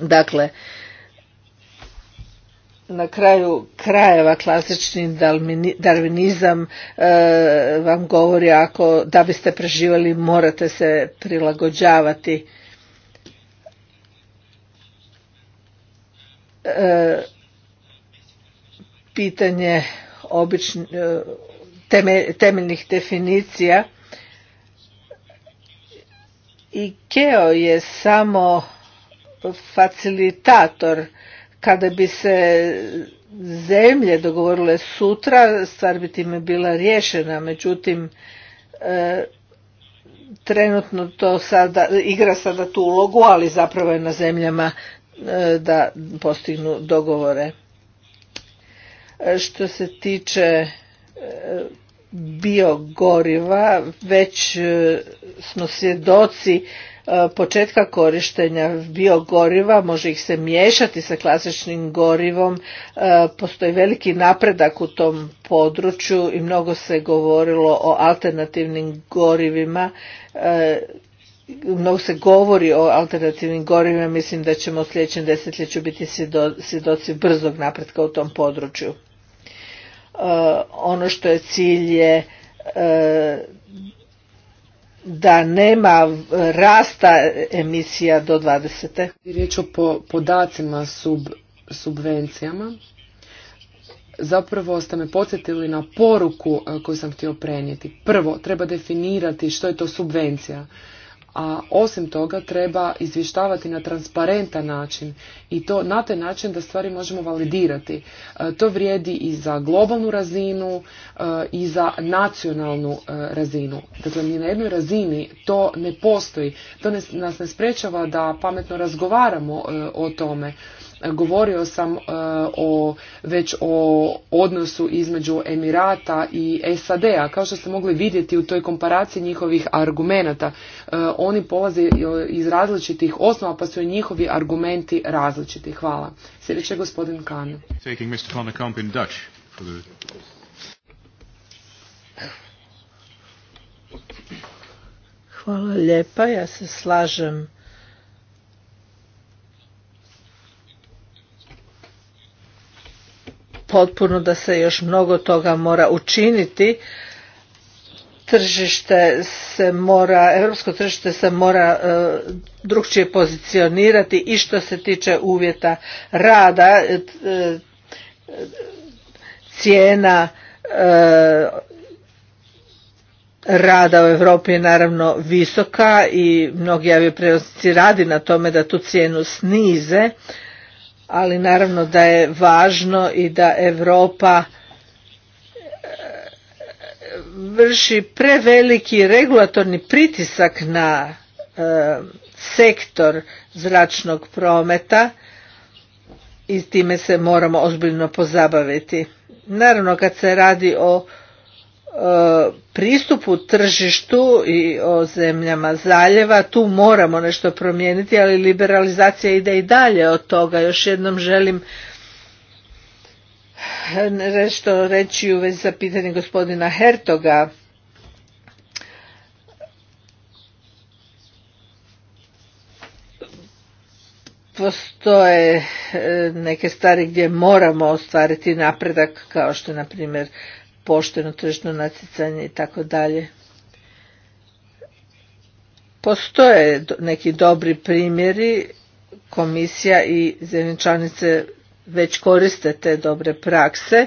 dakle na kraju krajeva klasični darvinizam e, vam govori ako da biste preživjeli morate se prilagođavati e, pitanje e, temeljnih definicija I IKEO je samo facilitator kada bi se zemlje dogovorile sutra, stvar bi time bila riješena, međutim e, trenutno to sada, igra sada tu ulogu, ali zapravo je na zemljama e, da postignu dogovore. E, što se tiče biogoriva, već smo svjedoci početka korištenja biogoriva, može ih se miješati sa klasičnim gorivom, e, postoji veliki napredak u tom području i mnogo se govorilo o alternativnim gorivima, e, mnogo se govori o alternativnim gorivima, mislim da ćemo u sljedećem desetljeću biti svjedoci brzog napretka u tom području. E, ono što je cilj je da nema rasta emisija do 20. Riječ o podacima sub, subvencijama. Zapravo ste me podsjetili na poruku koju sam htio prenijeti. Prvo, treba definirati što je to subvencija a osim toga treba izvještavati na transparentan način i to na taj način da stvari možemo validirati. E, to vrijedi i za globalnu razinu e, i za nacionalnu e, razinu. Dakle, ni na jednoj razini to ne postoji. To nas ne sprečava da pametno razgovaramo o tome. Govorio sam e, o, već o odnosu između Emirata i SAD-a. Kao što ste mogli vidjeti u toj komparaciji njihovih argumenata, e, oni polaze iz različitih osnova, pa su i njihovi argumenti različiti. Hvala. Sljedeće gospodin Kahn. Hvala lijepa, ja se slažem potpuno da se još mnogo toga mora učiniti tržište se mora europsko tržište se mora e, drugčije drukčije pozicionirati i što se tiče uvjeta rada e, e, cijena rada u Europi je naravno visoka i mnogi avioprijevoznici radi na tome da tu cijenu snize ali naravno da je važno i da Europa e, vrši preveliki regulatorni pritisak na e, sektor zračnog prometa i s time se moramo ozbiljno pozabaviti. Naravno kad se radi o pristupu tržištu i o zemljama zaljeva tu moramo nešto promijeniti ali liberalizacija ide i dalje od toga još jednom želim nešto reći u vezi sa pitanjem gospodina Hertoga postoje e, neke stvari gdje moramo ostvariti napredak kao što je na primjer pošteno tržno natjecanje i tako dalje. Postoje neki dobri primjeri, komisija i zemljičanice već koriste te dobre prakse,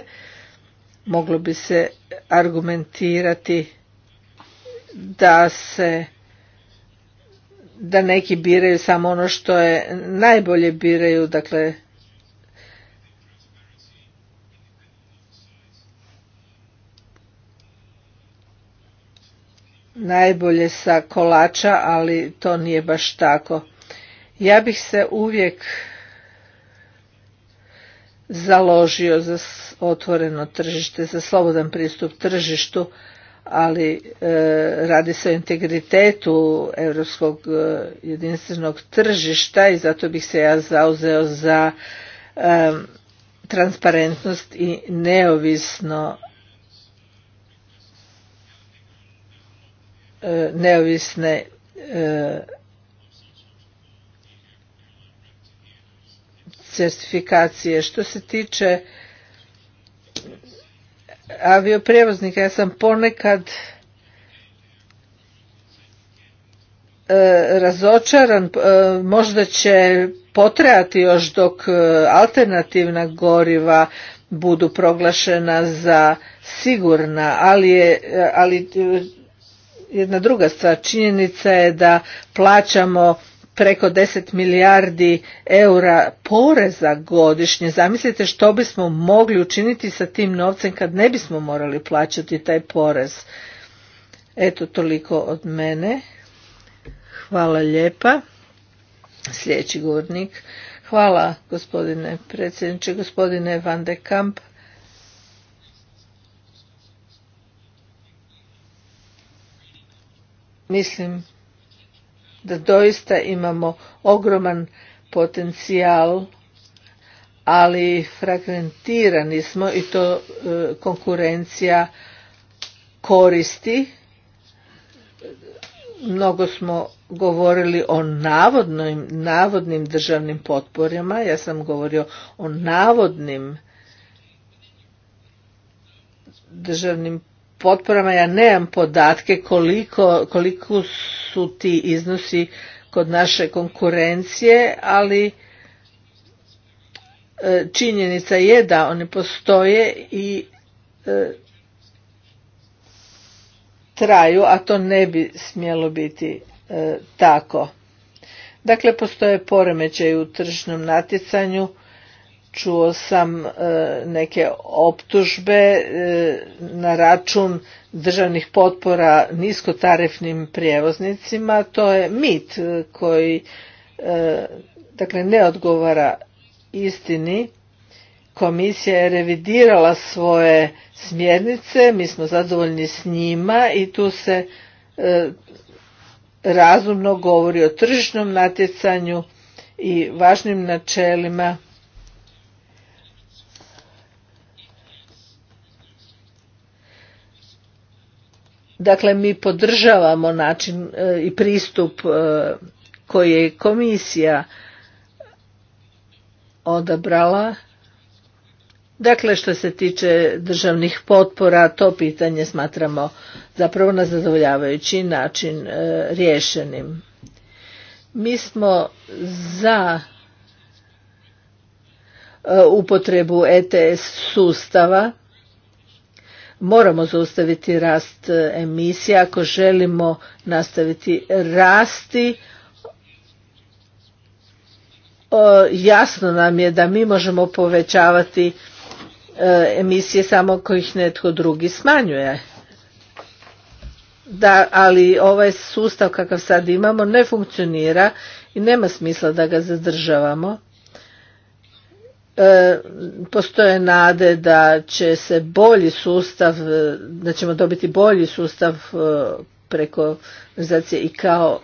moglo bi se argumentirati da se da neki biraju samo ono što je najbolje biraju, dakle najbolje sa kolača, ali to nije baš tako. Ja bih se uvijek založio za otvoreno tržište, za slobodan pristup tržištu, ali e, radi se o integritetu europskog e, jedinstvenog tržišta i zato bih se ja zauzeo za e, transparentnost i neovisno E, neovisne e, certifikacije. Što se tiče avioprijevoznika, ja sam ponekad e, razočaran, možda će potrajati još dok alternativna goriva budu proglašena za sigurna, ali, je, ali jedna druga stvar. Činjenica je da plaćamo preko 10 milijardi eura poreza godišnje. Zamislite što bismo mogli učiniti sa tim novcem kad ne bismo morali plaćati taj porez. Eto toliko od mene. Hvala lijepa. Sljedeći govornik. Hvala gospodine predsjedniče, gospodine Van de Kamp. mislim da doista imamo ogroman potencijal ali fragmentirani smo i to e, konkurencija koristi mnogo smo govorili o navodnim, navodnim državnim potporama ja sam govorio o navodnim državnim potporama ja nemam podatke koliko, koliko su ti iznosi kod naše konkurencije, ali e, činjenica je da oni postoje i e, traju, a to ne bi smjelo biti e, tako. Dakle, postoje poremećaj u tržnom natjecanju čuo sam e, neke optužbe e, na račun državnih potpora niskotarifnim prijevoznicima to je mit e, koji dakle ne odgovara istini komisija je revidirala svoje smjernice mi smo zadovoljni s njima i tu se razumno govori o tržišnom natjecanju i važnim načelima Dakle, mi podržavamo način e, i pristup e, koji je komisija odabrala. Dakle, što se tiče državnih potpora, to pitanje smatramo zapravo na zadovoljavajući način e, rješenim. Mi smo za upotrebu ETS sustava moramo zaustaviti rast e, emisija ako želimo nastaviti rasti jasno nam je da mi možemo povećavati e, emisije samo kojih netko drugi smanjuje da ali ovaj sustav kakav sad imamo ne funkcionira i nema smisla da ga zadržavamo E, postoje nade da će se bolji sustav, e, da ćemo dobiti bolji sustav e, preko organizacije i kao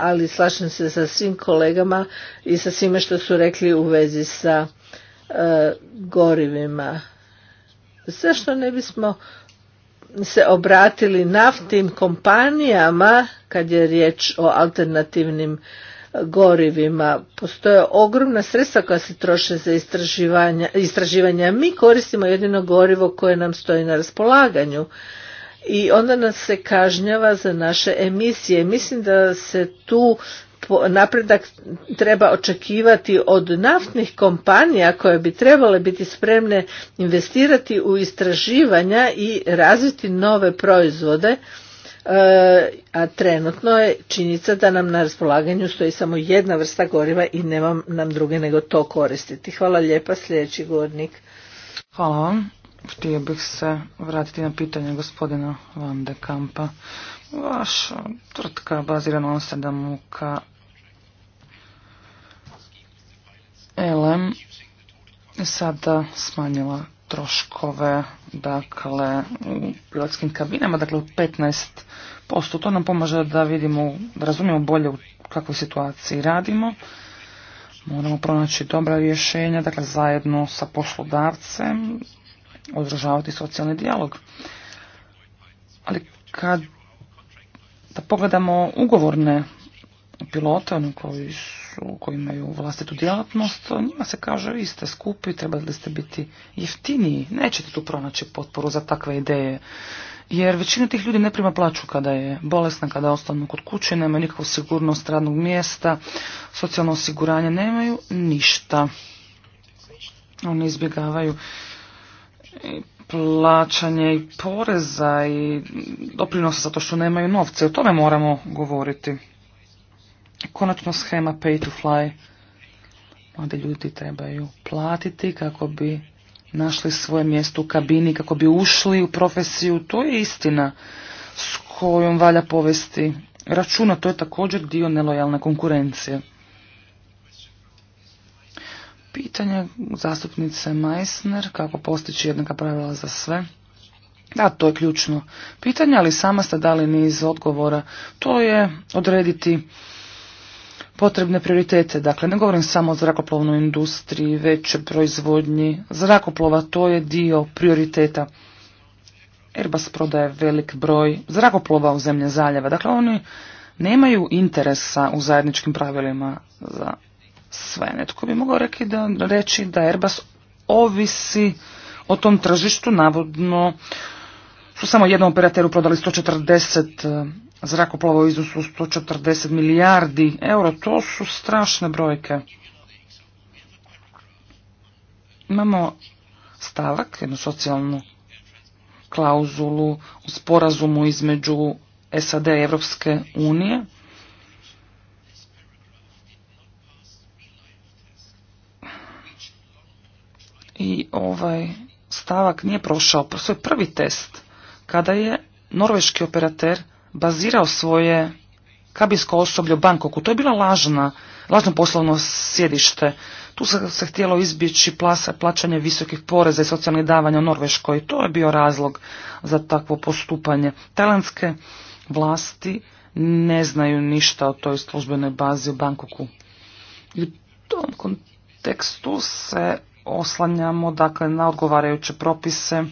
ali slažem se sa svim kolegama i sa svime što su rekli u vezi sa gorivima. Zašto ne bismo se obratili naftnim kompanijama kad je riječ o alternativnim gorivima. Postoje ogromna sredstva koja se troše za istraživanja, istraživanja. Mi koristimo jedino gorivo koje nam stoji na raspolaganju i onda nas se kažnjava za naše emisije. Mislim da se tu napredak treba očekivati od naftnih kompanija koje bi trebale biti spremne investirati u istraživanja i razviti nove proizvode E, a trenutno je činjenica da nam na raspolaganju stoji samo jedna vrsta goriva i nemam nam druge nego to koristiti. Hvala lijepa, sljedeći govornik. Hvala vam. Htio bih se vratiti na pitanje gospodina Van de Kampa. Vaša tvrtka bazirana u Amsterdamu ka LM sada smanjila troškove dakle, u pilotskim kabinama, dakle u 15%. To nam pomaže da vidimo, da razumijemo bolje u kakvoj situaciji radimo. Moramo pronaći dobra rješenja, dakle zajedno sa poslodavcem, održavati socijalni dijalog. Ali kad da pogledamo ugovorne pilote, oni koji su koji imaju vlastitu djelatnost, njima se kaže, vi ste skupi, trebali ste biti jeftiniji, nećete tu pronaći potporu za takve ideje. Jer većina tih ljudi ne prima plaću kada je bolesna, kada ostanu kod kuće, nemaju nikakvu sigurnost radnog mjesta, socijalno osiguranje, nemaju ništa. Oni izbjegavaju plaćanje i poreza i doprinosa zato što nemaju novce. O tome moramo govoriti. Konačno schema pay to fly. Onda ljudi trebaju platiti kako bi našli svoje mjesto u kabini, kako bi ušli u profesiju. To je istina s kojom valja povesti računa. To je također dio nelojalne konkurencije. Pitanje zastupnice Meissner, kako postići jednaka pravila za sve. Da, to je ključno pitanje, ali sama ste dali niz odgovora. To je odrediti potrebne prioritete. Dakle, ne govorim samo o zrakoplovnoj industriji, već proizvodnji zrakoplova, to je dio prioriteta. Airbus prodaje velik broj zrakoplova u zemlje zaljeva. Dakle, oni nemaju interesa u zajedničkim pravilima za sve. Netko bi mogao reći da, reći da Airbus ovisi o tom tržištu, navodno su samo jednom operateru prodali 140 zrakoplova u iznosu 140 milijardi euro. To su strašne brojke. Imamo stavak, jednu socijalnu klauzulu u sporazumu između SAD i Evropske unije. I ovaj stavak nije prošao svoj prvi test kada je norveški operater bazirao svoje kabinsko osoblje u Bankoku. To je bila lažna, lažno poslovno sjedište. Tu se, se htjelo izbjeći plaćanje visokih poreza i socijalnih davanja u Norveškoj. To je bio razlog za takvo postupanje. Tajlandske vlasti ne znaju ništa o toj službenoj bazi u Bankoku. I u tom kontekstu se oslanjamo dakle, na odgovarajuće propise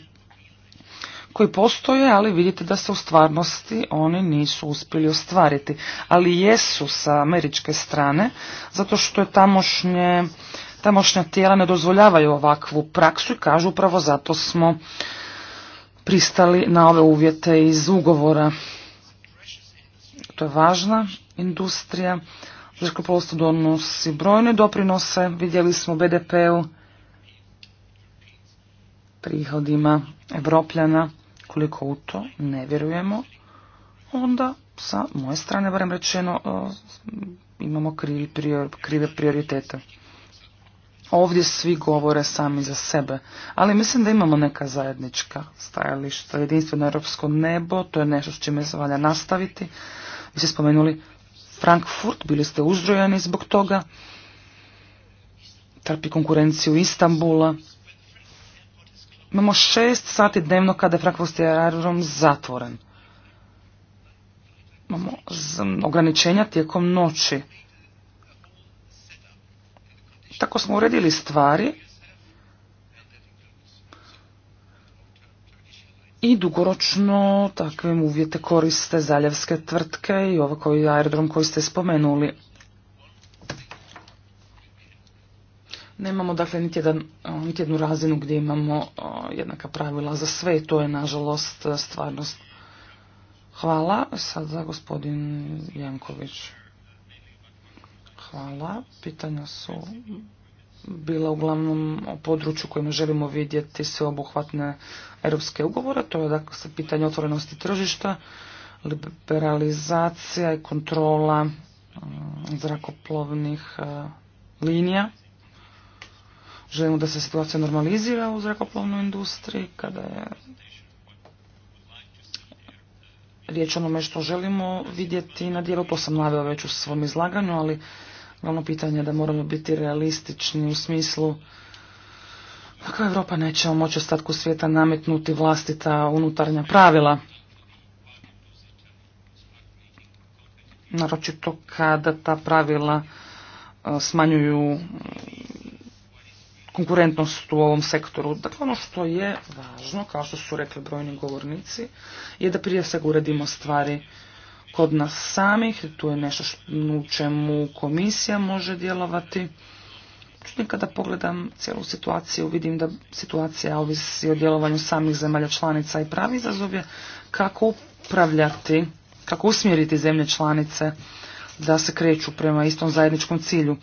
koji postoje, ali vidite da se u stvarnosti oni nisu uspjeli ostvariti. Ali jesu sa američke strane, zato što je tamošnje, tamošnja tijela ne dozvoljavaju ovakvu praksu i kažu upravo zato smo pristali na ove uvjete iz ugovora. To je važna industrija. Zrakoplovstvo donosi brojne doprinose, vidjeli smo BDP-u, prihodima Evropljana ukoliko u to ne vjerujemo, onda sa moje strane, barem rečeno, e, imamo krive prioritete. Ovdje svi govore sami za sebe, ali mislim da imamo neka zajednička stajališta. Jedinstveno europsko nebo, to je nešto s čime se valja nastaviti. Vi ste spomenuli Frankfurt, bili ste uzrojeni zbog toga. Trpi konkurenciju Istambula. Imamo šest sati dnevno kada je Frankfurt aerodrom zatvoren. Imamo ograničenja tijekom noći. Tako smo uredili stvari i dugoročno takve uvjete koriste zaljevske tvrtke i ovaj aerodrom koji ste spomenuli. Nemamo dakle niti, jedan, e, niti jednu razinu gdje imamo e, jednaka pravila za sve i to je nažalost stvarnost. Hvala. Sada gospodin Janković. Hvala. Pitanja su bila uglavnom o području kojima želimo vidjeti sveobuhvatne europske ugovore. To je dakle pitanje otvorenosti tržišta, liberalizacija i kontrola e, zrakoplovnih linija. Želimo da se situacija normalizira u zrakoplovnoj industriji kada je riječ o onome što želimo vidjeti na dijelu. To sam naveo već u svom izlaganju, ali glavno pitanje je da moramo biti realistični u smislu kako Europa neće moći ostatku svijeta nametnuti vlastita unutarnja pravila. Naročito kada ta pravila e, smanjuju konkurentnost u ovom sektoru. Dakle, ono što je važno, kao što su rekli brojni govornici, je da prije svega uredimo stvari kod nas samih, tu je nešto u čemu komisija može djelovati. kada pogledam cijelu situaciju, vidim da situacija ovisi o djelovanju samih zemalja članica i pravi izazov je kako upravljati, kako usmjeriti zemlje članice da se kreću prema istom zajedničkom cilju.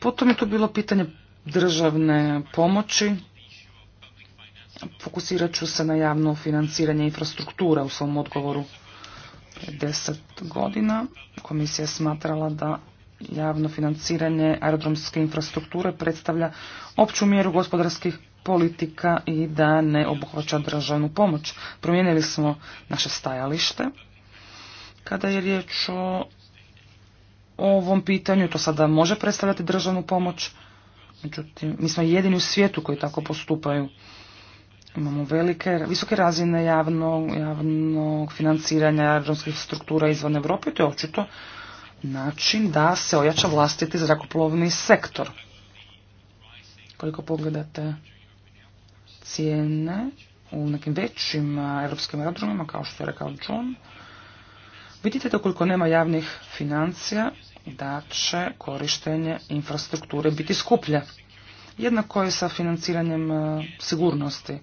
Potom je to bilo pitanje državne pomoći. Fokusirat ću se na javno financiranje infrastruktura u svom odgovoru. deset godina komisija je smatrala da javno financiranje aerodromske infrastrukture predstavlja opću mjeru gospodarskih politika i da ne obuhvaća državnu pomoć. Promijenili smo naše stajalište. Kada je riječ o ovom pitanju, to sada može predstavljati državnu pomoć, Međutim, mi smo jedini u svijetu koji tako postupaju. Imamo velike, visoke razine javnog, javnog financiranja aerodromskih struktura izvan Europe to je očito način da se ojača vlastiti zrakoplovni sektor. Koliko pogledate cijene u nekim većim europskim aerodromima, kao što je rekao John, vidite da koliko nema javnih financija, da će korištenje infrastrukture biti skuplje. Jednako je sa financiranjem e, sigurnosti.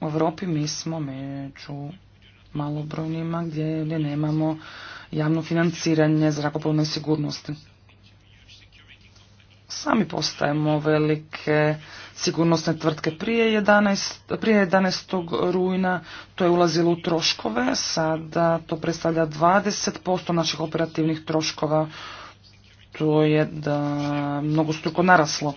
U Europi mi smo među malobrojnima gdje nemamo javno financiranje zrakoplovne sigurnosti. Sami postajemo velike sigurnosne tvrtke prije 11, prije 11. rujna, to je ulazilo u troškove, sada to predstavlja 20% naših operativnih troškova, to je da mnogo struko naraslo.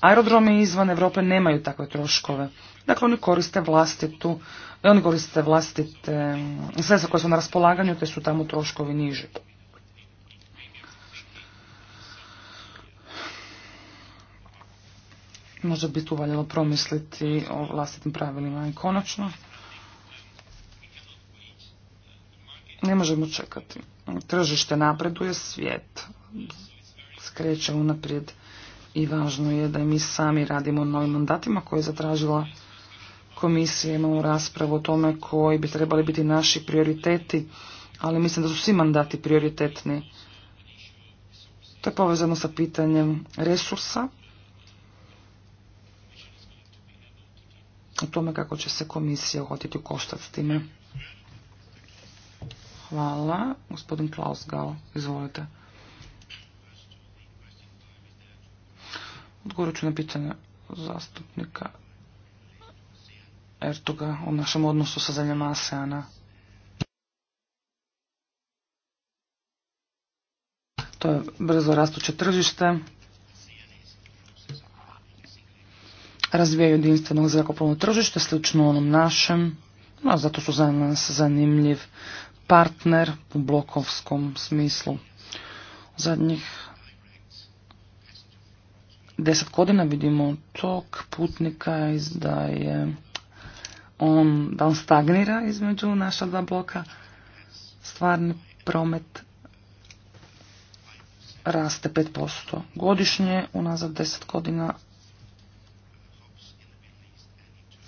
Aerodromi izvan Europe nemaju takve troškove. Dakle, oni koriste vlastitu, oni koriste vlastite sredstva koje su na raspolaganju, te su tamo troškovi niži. Možda bi tu valjalo promisliti o vlastitim pravilima i konačno. Ne možemo čekati. Tržište napreduje, svijet skreće unaprijed i važno je da i mi sami radimo novim mandatima koje je zatražila komisija. Imamo raspravu o tome koji bi trebali biti naši prioriteti, ali mislim da su svi mandati prioritetni. To je povezano sa pitanjem resursa, o tome kako će se komisija uhvatiti u koštac s time. Hvala. Gospodin Klaus Gao, izvolite. Odgovorit ću na pitanje zastupnika Ertuga o našem odnosu sa zemljama ASEANA. To je brzo rastuće tržište. razvijaju jedinstveno zrakoplovno tržište, slično onom našem, no, zato su za nas zanimljiv partner u blokovskom smislu. Zadnjih deset godina vidimo tok putnika da je on, da on stagnira između naša dva bloka. Stvarni promet raste 5% godišnje, unazad deset godina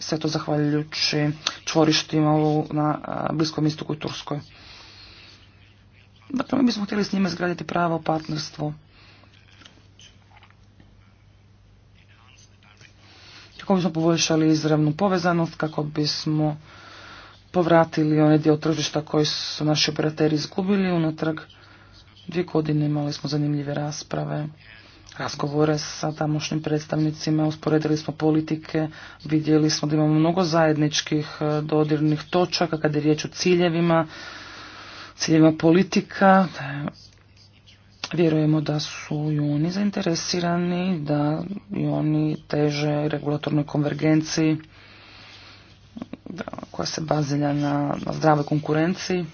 sve to zahvaljujući čvorištima na Bliskom istoku i Turskoj. Dakle, mi bismo htjeli s njima zgraditi pravo partnerstvo. Kako bismo poboljšali izravnu povezanost, kako bismo povratili onaj dio tržišta koji su naši operateri izgubili unatrag dvije godine imali smo zanimljive rasprave razgovore sa tamošnjim predstavnicima, usporedili smo politike, vidjeli smo da imamo mnogo zajedničkih e, dodirnih točaka kada je riječ o ciljevima, ciljevima politika. Vjerujemo da su i oni zainteresirani, da i oni teže regulatornoj konvergenciji koja se bazilja na, zdravoj konkurenciji.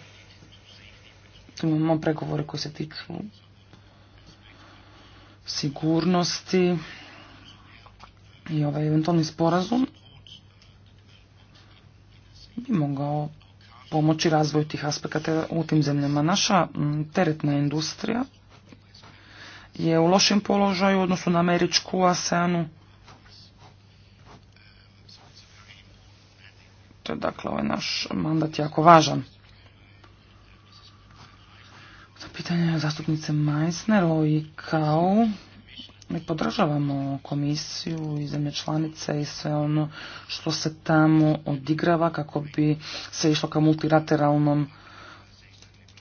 Imamo pregovore koji se tiču sigurnosti i ovaj eventualni sporazum bi mogao pomoći razvoju tih aspekata u tim zemljama. Naša teretna industrija je u lošem položaju u odnosu na američku ASEANu. To je dakle ovaj naš mandat jako važan. Pitanje zastupnice Majsner i kao Mi podržavamo komisiju i zemlje članice i sve ono što se tamo odigrava kako bi se išlo ka multilateralnom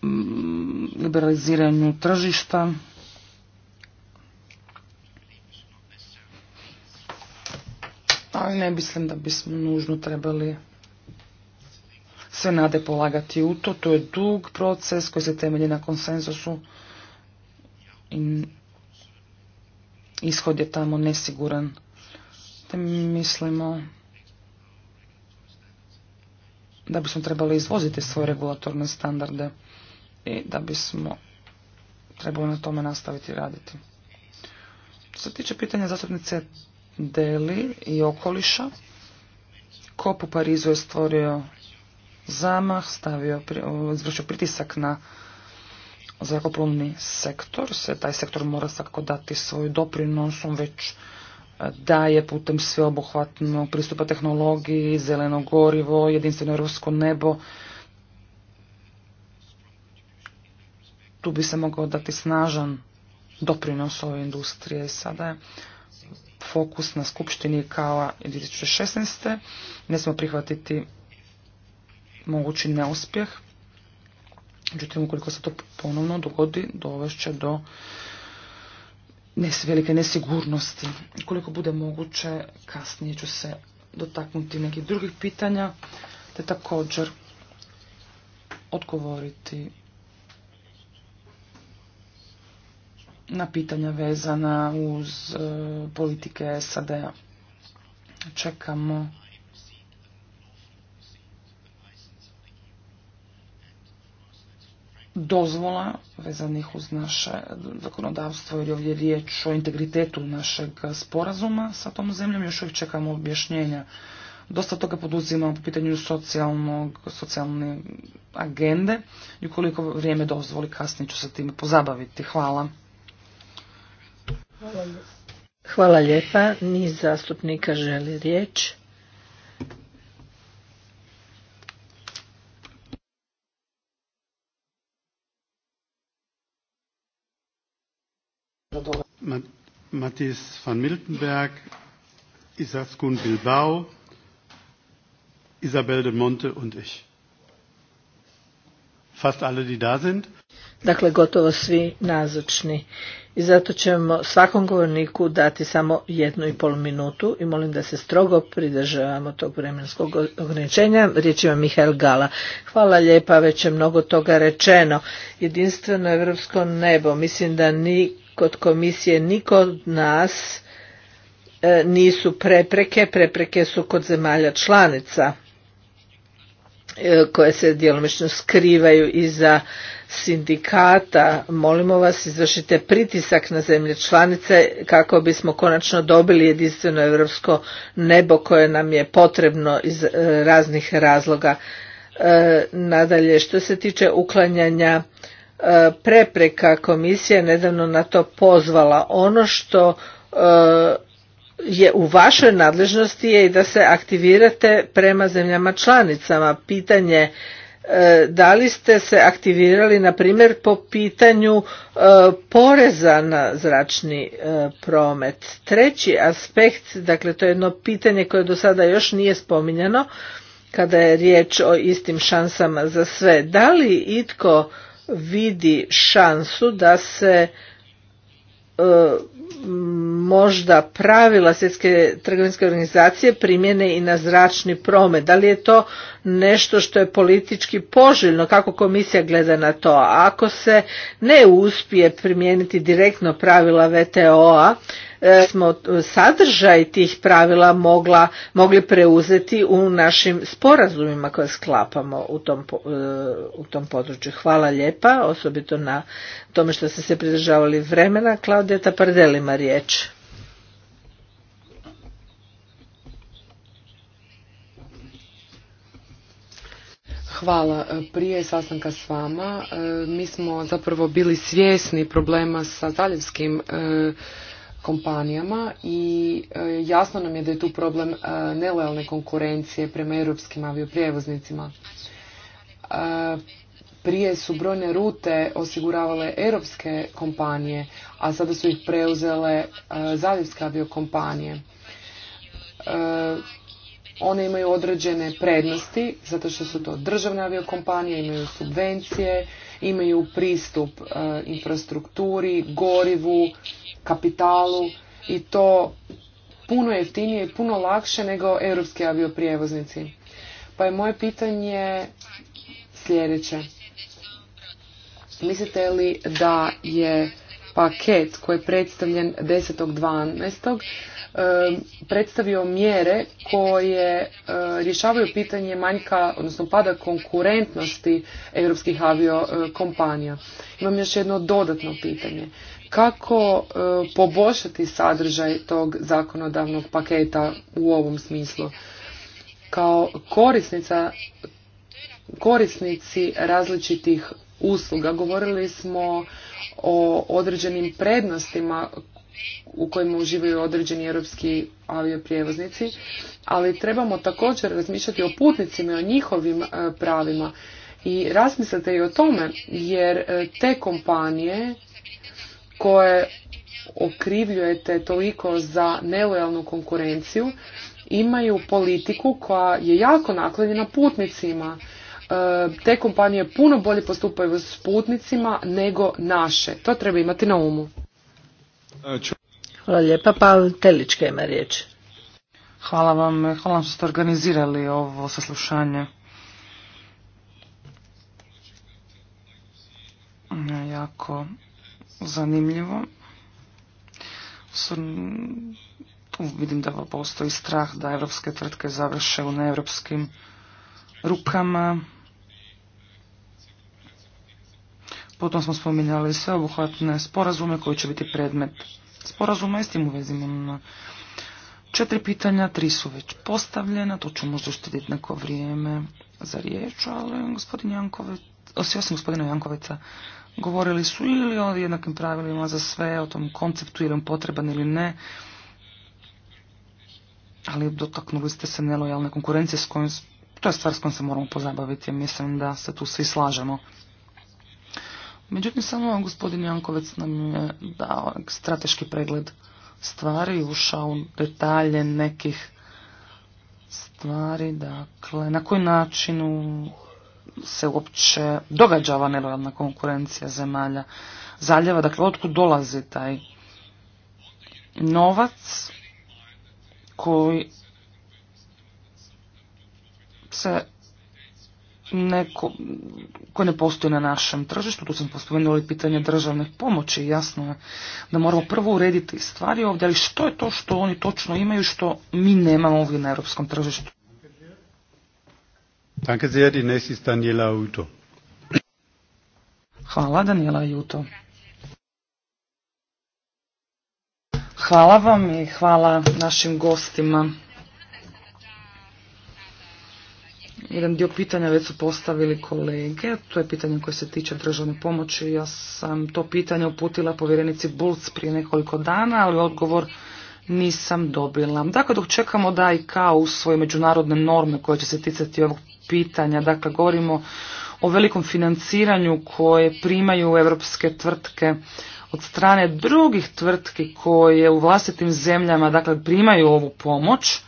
mm, liberaliziranju tržišta. Ali ne mislim da bismo nužno trebali nade polagati u to. To je dug proces koji se temelji na konsenzusu i ishod je tamo nesiguran. Te mislimo da bismo trebali izvoziti svoje regulatorne standarde i da bismo trebali na tome nastaviti raditi. Što se tiče pitanja zastupnice Deli i okoliša, Kop u Parizu je stvorio zamah, stavio, izvršio pritisak na zrakoplovni sektor. Se, taj sektor mora svakako dati svoj doprinos, on već e, daje putem sveobuhvatnog pristupa tehnologiji, zeleno gorivo, jedinstveno rusko nebo. Tu bi se mogao dati snažan doprinos ove industrije. Sada je fokus na skupštini kao 2016. Ne smo prihvatiti mogući neuspjeh. Međutim, ukoliko se to ponovno dogodi, dovešće do velike nesigurnosti. Koliko bude moguće, kasnije ću se dotaknuti nekih drugih pitanja, te također odgovoriti na pitanja vezana uz e, politike SAD-a. Čekamo dozvola vezanih uz naše zakonodavstvo jer ovdje riječ o integritetu našeg sporazuma sa tom zemljom. Još uvijek čekamo objašnjenja. Dosta toga poduzimamo po pitanju socijalne agende i ukoliko vrijeme dozvoli kasnije ću se time pozabaviti. Hvala. Hvala lijepa. Niz zastupnika želi riječ. Matthias van Miltenberg, Isaskun Bilbao, Isabel de Monte Dakle, gotovo svi nazočni. I zato ćemo svakom govorniku dati samo jednu i pol minutu i molim da se strogo pridržavamo tog vremenskog ograničenja. Riječ ima Mihael Gala. Hvala lijepa, već je mnogo toga rečeno. Jedinstveno evropsko nebo, mislim da ni kod komisije ni nas e, nisu prepreke, prepreke su kod zemalja članica e, koje se djelomično skrivaju iza sindikata. Molimo vas izvršite pritisak na zemlje članice kako bismo konačno dobili jedinstveno europsko nebo koje nam je potrebno iz e, raznih razloga. Nadalje, što se tiče uklanjanja E, prepreka komisija nedavno na to pozvala. Ono što e, je u vašoj nadležnosti je i da se aktivirate prema zemljama članicama. Pitanje e, da li ste se aktivirali na primjer po pitanju poreza na zračni promet. Treći aspekt, dakle to je jedno pitanje koje do sada još nije spominjano kada je riječ o istim šansama za sve. Da li itko vidi šansu da se e, možda pravila svjetske trgovinske organizacije primjene i na zračni promet. Da li je to nešto što je politički poželjno, kako komisija gleda na to? ako se ne uspije primijeniti direktno pravila VTO-a, E, smo e, sadržaj tih pravila mogla, mogli preuzeti u našim sporazumima koje sklapamo u tom, e, u tom području. Hvala lijepa, osobito na tome što ste se pridržavali vremena. Klaudija Tapardelima, riječ. Hvala. Prije sastanka s vama mi smo zapravo bili svjesni problema sa zaljevskim kompanijama i e, jasno nam je da je tu problem e, nelojalne konkurencije prema europskim avioprijevoznicima. E, prije su brojne rute osiguravale europske kompanije, a sada su ih preuzele zaljevske aviokompanije. One imaju određene prednosti, zato što su to državne aviokompanije, imaju subvencije, imaju pristup e, infrastrukturi, gorivu, kapitalu i to puno jeftinije i puno lakše nego europski avioprijevoznici. Pa je moje pitanje sljedeće. Mislite li da je paket koji je predstavljen 10.12 predstavio mjere koje eh, rješavaju pitanje manjka, odnosno pada konkurentnosti europskih aviokompanija. Eh, Imam još jedno dodatno pitanje. Kako eh, poboljšati sadržaj tog zakonodavnog paketa u ovom smislu? Kao korisnica, korisnici različitih usluga govorili smo o određenim prednostima u kojima uživaju određeni europski avioprijevoznici, ali trebamo također razmišljati o putnicima i o njihovim e, pravima. I razmislite i o tome, jer e, te kompanije koje okrivljujete toliko za nelojalnu konkurenciju imaju politiku koja je jako naklonjena putnicima. E, te kompanije puno bolje postupaju s putnicima nego naše. To treba imati na umu. Hvala lijepa. Pa Telička ima riječ. Hvala vam. Hvala vam što ste organizirali ovo saslušanje. Jako zanimljivo. vidim da postoji strah da evropske tvrtke završe u neevropskim rukama. Potom smo spominjali sve obuhvatne sporazume koji će biti predmet sporazuma i s tim u na e, četiri pitanja, tri su već postavljena, to ću možda uštediti neko vrijeme za riječ, ali gospodin Janković, osim gospodina Jankovica govorili su ili o jednakim pravilima za sve, o tom konceptu, ili on potreban ili ne, ali dotaknuli ste se nelojalne konkurencije s kojim, to je stvar s kojom se moramo pozabaviti, mislim da se tu svi slažemo. Međutim, samo gospodin Jankovec nam je dao strateški pregled stvari, ušao u detalje nekih stvari, dakle, na koji način se uopće događava ova konkurencija zemalja zaljeva, dakle, otkud dolazi taj novac koji se neko koje ne postoji na našem tržištu, tu sam pospomenula i pitanje državne pomoći, jasno je da moramo prvo urediti stvari ovdje, ali što je to što oni točno imaju što mi nemamo ovdje na europskom tržištu? Danke sehr, die Hvala, Daniela Juto. Hvala vam i hvala našim gostima. Jedan dio pitanja već su postavili kolege, to je pitanje koje se tiče državne pomoći. Ja sam to pitanje uputila povjerenici Bulc prije nekoliko dana, ali odgovor nisam dobila. Dakle, dok čekamo da i kao svoje međunarodne norme koje će se ticati ovog pitanja, dakle, govorimo o velikom financiranju koje primaju europske tvrtke od strane drugih tvrtki koje u vlastitim zemljama, dakle, primaju ovu pomoć,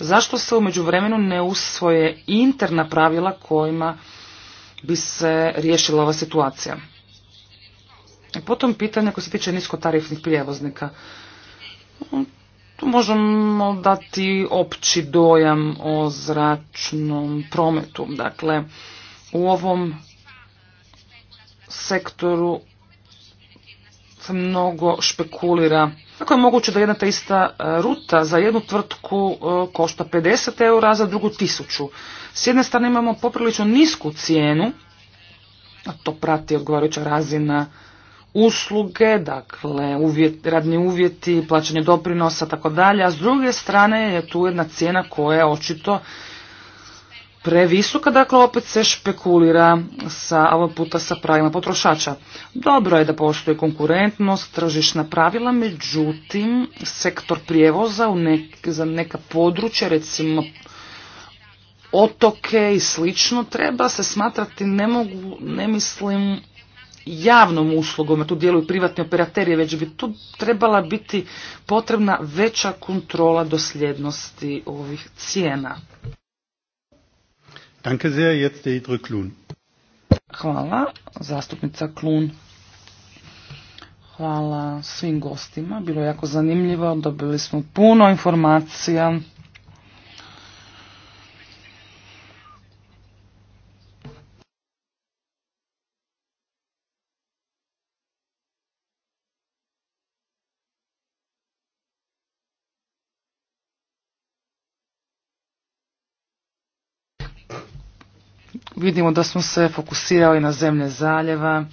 zašto se u međuvremenu ne usvoje interna pravila kojima bi se riješila ova situacija? E, potom pitanje koje se tiče niskotarifnih prijevoznika. Mm, tu možemo dati opći dojam o zračnom prometu. Dakle, u ovom sektoru se mnogo špekulira kako je moguće da jedna ta ista e, ruta za jednu tvrtku e, košta 50 eura, a za drugu tisuću. S jedne strane imamo poprilično nisku cijenu, a to prati odgovarajuća razina usluge, dakle radni uvjeti, plaćanje doprinosa, tako dalje, a s druge strane je tu jedna cijena koja je očito previsoka, dakle opet se špekulira sa, ovog puta sa pravima potrošača. Dobro je da postoji konkurentnost, tržišna pravila, međutim sektor prijevoza u za neka područja, recimo otoke i slično, treba se smatrati, ne mogu, ne mislim, javnom uslugom, tu djeluju privatni operateri, već bi tu trebala biti potrebna veća kontrola dosljednosti ovih cijena. Hvala, zastupnica Klun. Hvala svim gostima, bilo je jako zanimljivo, dobili smo puno informacija. Vidimo da smo se fokusirali na zemlje zaljeva,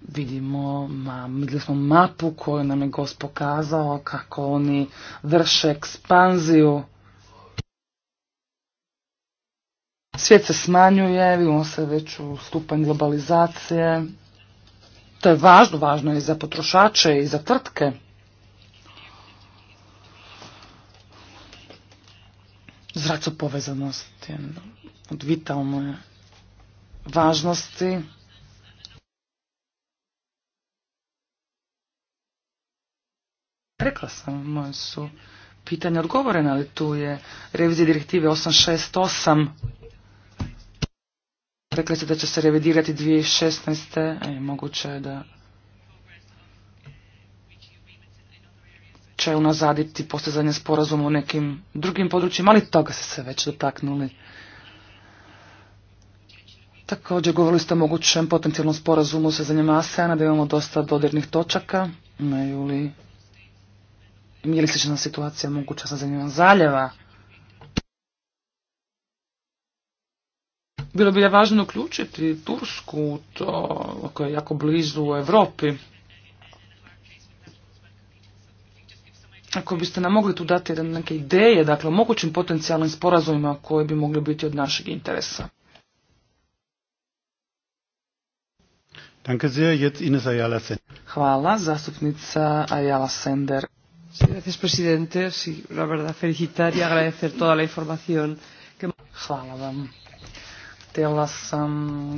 vidimo, ma, mapu koju nam je gost pokazao kako oni vrše ekspanziju. Svijet se smanjuje, vidimo se već stupanj globalizacije. To je važno, važno i za potrošače i za tvrtke. Zracopovezanost povezanost je od vitalne važnosti. Rekla sam, moje su pitanja odgovorena, ali tu je revizija direktive 868. Rekla ste da će se revidirati 2016. E, moguće je da će unazaditi postizanje sporazuma u nekim drugim područjima, ali toga ste se već dotaknuli. Također govorili ste o mogućem potencijalnom sporazumu sa zemljama ASEAN-a da imamo dosta dodirnih točaka. Imaju li, je li slična situacija moguća sa zemljama zaljeva? Bilo bi je važno uključiti Tursku, to je jako blizu u Europi. Ako biste nam mogli tu dati neke ideje, dakle, o mogućim potencijalnim sporazumima koji bi mogli biti od našeg interesa. Hvala, zastupnica Ayala Sender. presidente. Sí, la Hvala vam. Htjela sam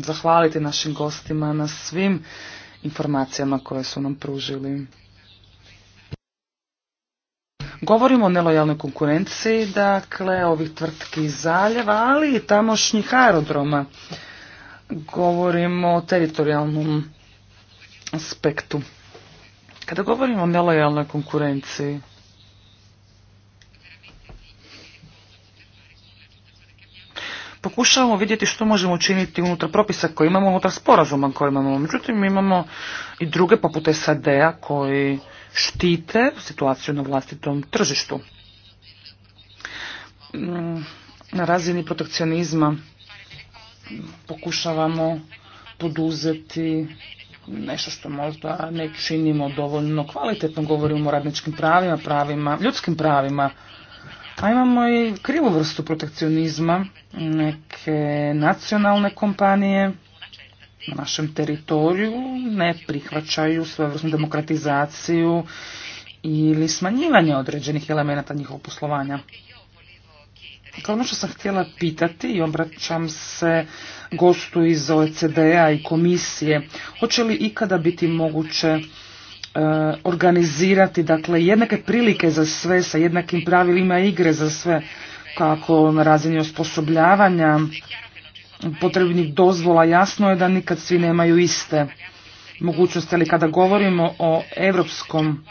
zahvaliti našim gostima na svim informacijama koje su nam pružili. Govorimo o nelojalnoj konkurenciji, dakle, ovih tvrtki zaljeva, ali i tamošnjih aerodroma govorimo o teritorijalnom aspektu. Kada govorimo o nelojalnoj konkurenciji, pokušavamo vidjeti što možemo učiniti unutar propisa koje imamo, unutar sporazuma koje imamo. Međutim, imamo i druge poput SAD-a koji štite situaciju na vlastitom tržištu. Mm, na razini protekcionizma pokušavamo poduzeti nešto što možda ne činimo dovoljno kvalitetno, govorimo o radničkim pravima, pravima, ljudskim pravima, a imamo i krivu vrstu protekcionizma, neke nacionalne kompanije na našem teritoriju ne prihvaćaju svojevrsnu demokratizaciju ili smanjivanje određenih elemenata njihovog poslovanja. Dakle, ono što sam htjela pitati i obraćam se gostu iz OECD-a i komisije, hoće li ikada biti moguće e, organizirati dakle, jednake prilike za sve sa jednakim pravilima igre za sve kako na razini osposobljavanja potrebnih dozvola jasno je da nikad svi nemaju iste mogućnosti, ali kada govorimo o europskom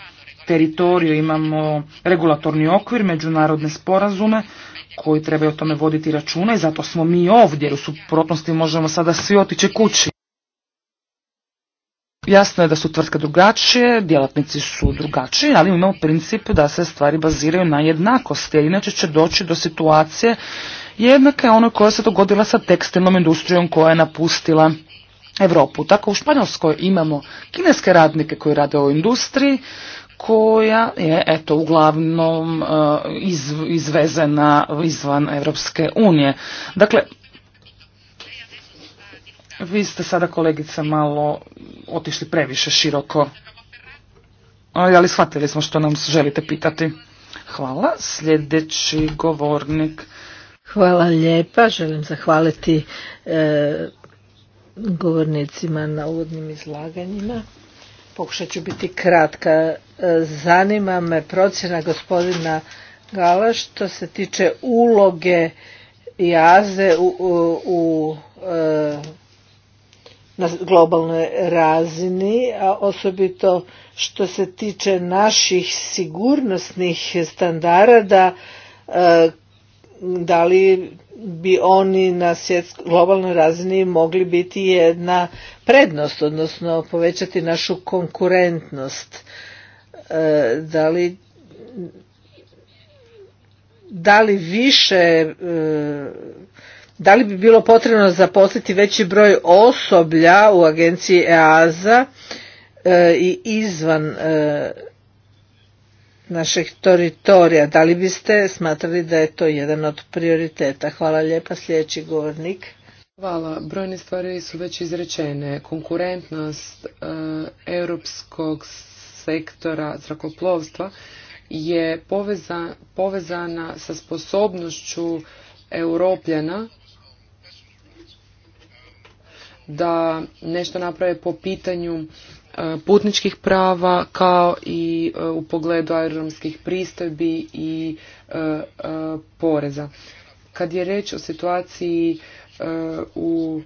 teritoriju imamo regulatorni okvir, međunarodne sporazume koji trebaju o tome voditi računa i zato smo mi ovdje, jer u suprotnosti možemo sada svi otići kući. Jasno je da su tvrtke drugačije, djelatnici su drugačiji, ali imamo princip da se stvari baziraju na jednakosti, jer inače će doći do situacije jednaka onoj ono koja se dogodila sa tekstilnom industrijom koja je napustila Europu. Tako u Španjolskoj imamo kineske radnike koji rade u industriji, koja je eto uglavnom e, iz, izvezena izvan Europske unije. Dakle, vi ste sada kolegica malo otišli previše široko, ali shvatili smo što nam želite pitati. Hvala. Sljedeći govornik. Hvala lijepa. Želim zahvaliti e, govornicima na uvodnim izlaganjima. Pokušat ću biti kratka zanima me procjena gospodina Gala što se tiče uloge jaze u, e, na globalnoj razini, a osobito što se tiče naših sigurnosnih standarda, e, da li bi oni na globalnoj razini mogli biti jedna prednost, odnosno povećati našu konkurentnost. E, da li da li više e, da li bi bilo potrebno zaposliti veći broj osoblja u agenciji EASA e, i izvan našeg teritorija. Da li biste smatrali da je to jedan od prioriteta? Hvala lijepa sljedeći govornik. Hvala. Brojne stvari su već izrečene. Konkurentnost europskog sektora zrakoplovstva je povezana sa sposobnošću europljana da nešto naprave po pitanju e, putničkih prava kao i e, u pogledu aeronomskih pristojbi i e, poreza. Kad je reč o situaciji u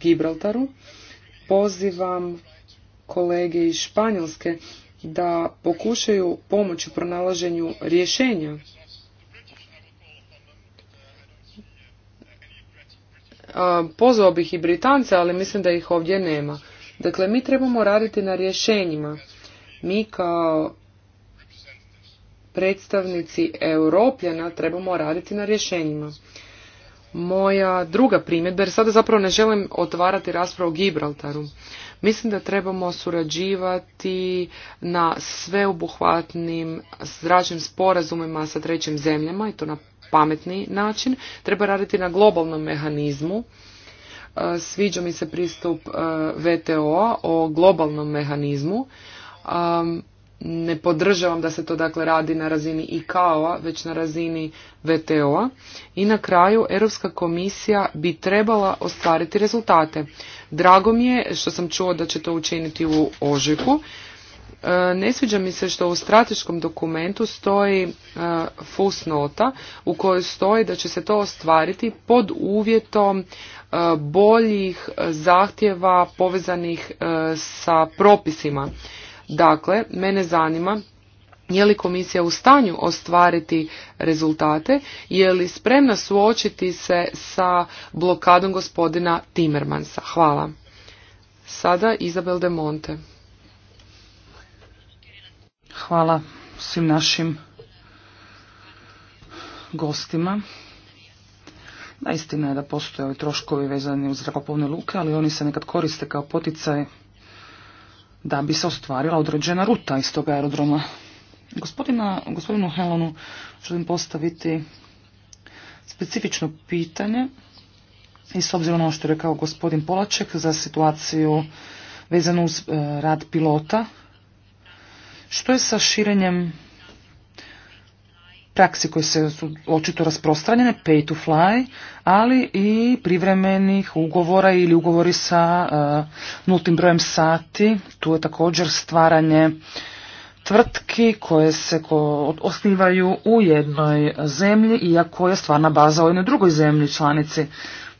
Gibraltaru, pozivam kolege iz Španjolske da pokušaju pomoći u pronalaženju rješenja. Pozvao bih i Britance, ali mislim da ih ovdje nema. Dakle, mi trebamo raditi na rješenjima. Mi kao predstavnici Europljana trebamo raditi na rješenjima. Moja druga primjedba, jer sada zapravo ne želim otvarati raspravu o Gibraltaru. Mislim da trebamo surađivati na sveobuhvatnim zračnim sporazumima sa trećim zemljama i to na pametni način. Treba raditi na globalnom mehanizmu. E, sviđa mi se pristup e, VTO-a o globalnom mehanizmu. E, ne podržavam da se to dakle radi na razini ICAO-a, već na razini VTO-a. I na kraju, Europska komisija bi trebala ostvariti rezultate. Drago mi je što sam čuo da će to učiniti u ožiku. E, ne sviđa mi se što u strateškom dokumentu stoji e, fusnota u kojoj stoji da će se to ostvariti pod uvjetom e, boljih zahtjeva povezanih sa propisima. Dakle, mene zanima je li komisija u stanju ostvariti rezultate? Je li spremna suočiti se sa blokadom gospodina Timmermansa? Hvala. Sada Izabel de Monte. Hvala svim našim gostima. Da, istina je da postoje ovi troškovi vezani uz zrakoplovne luke, ali oni se nekad koriste kao poticaj da bi se ostvarila određena ruta iz tog aerodroma. Gospodina, gospodinu Helonu želim postaviti specifično pitanje i s obzirom na ono što je rekao gospodin Polaček za situaciju vezanu uz e, rad pilota, što je sa širenjem praksi koje se su očito rasprostranjene, pay to fly, ali i privremenih ugovora ili ugovori sa e, nultim brojem sati. Tu je također stvaranje tvrtki koje se ko osnivaju u jednoj zemlji, iako je stvarna baza u jednoj drugoj zemlji članici.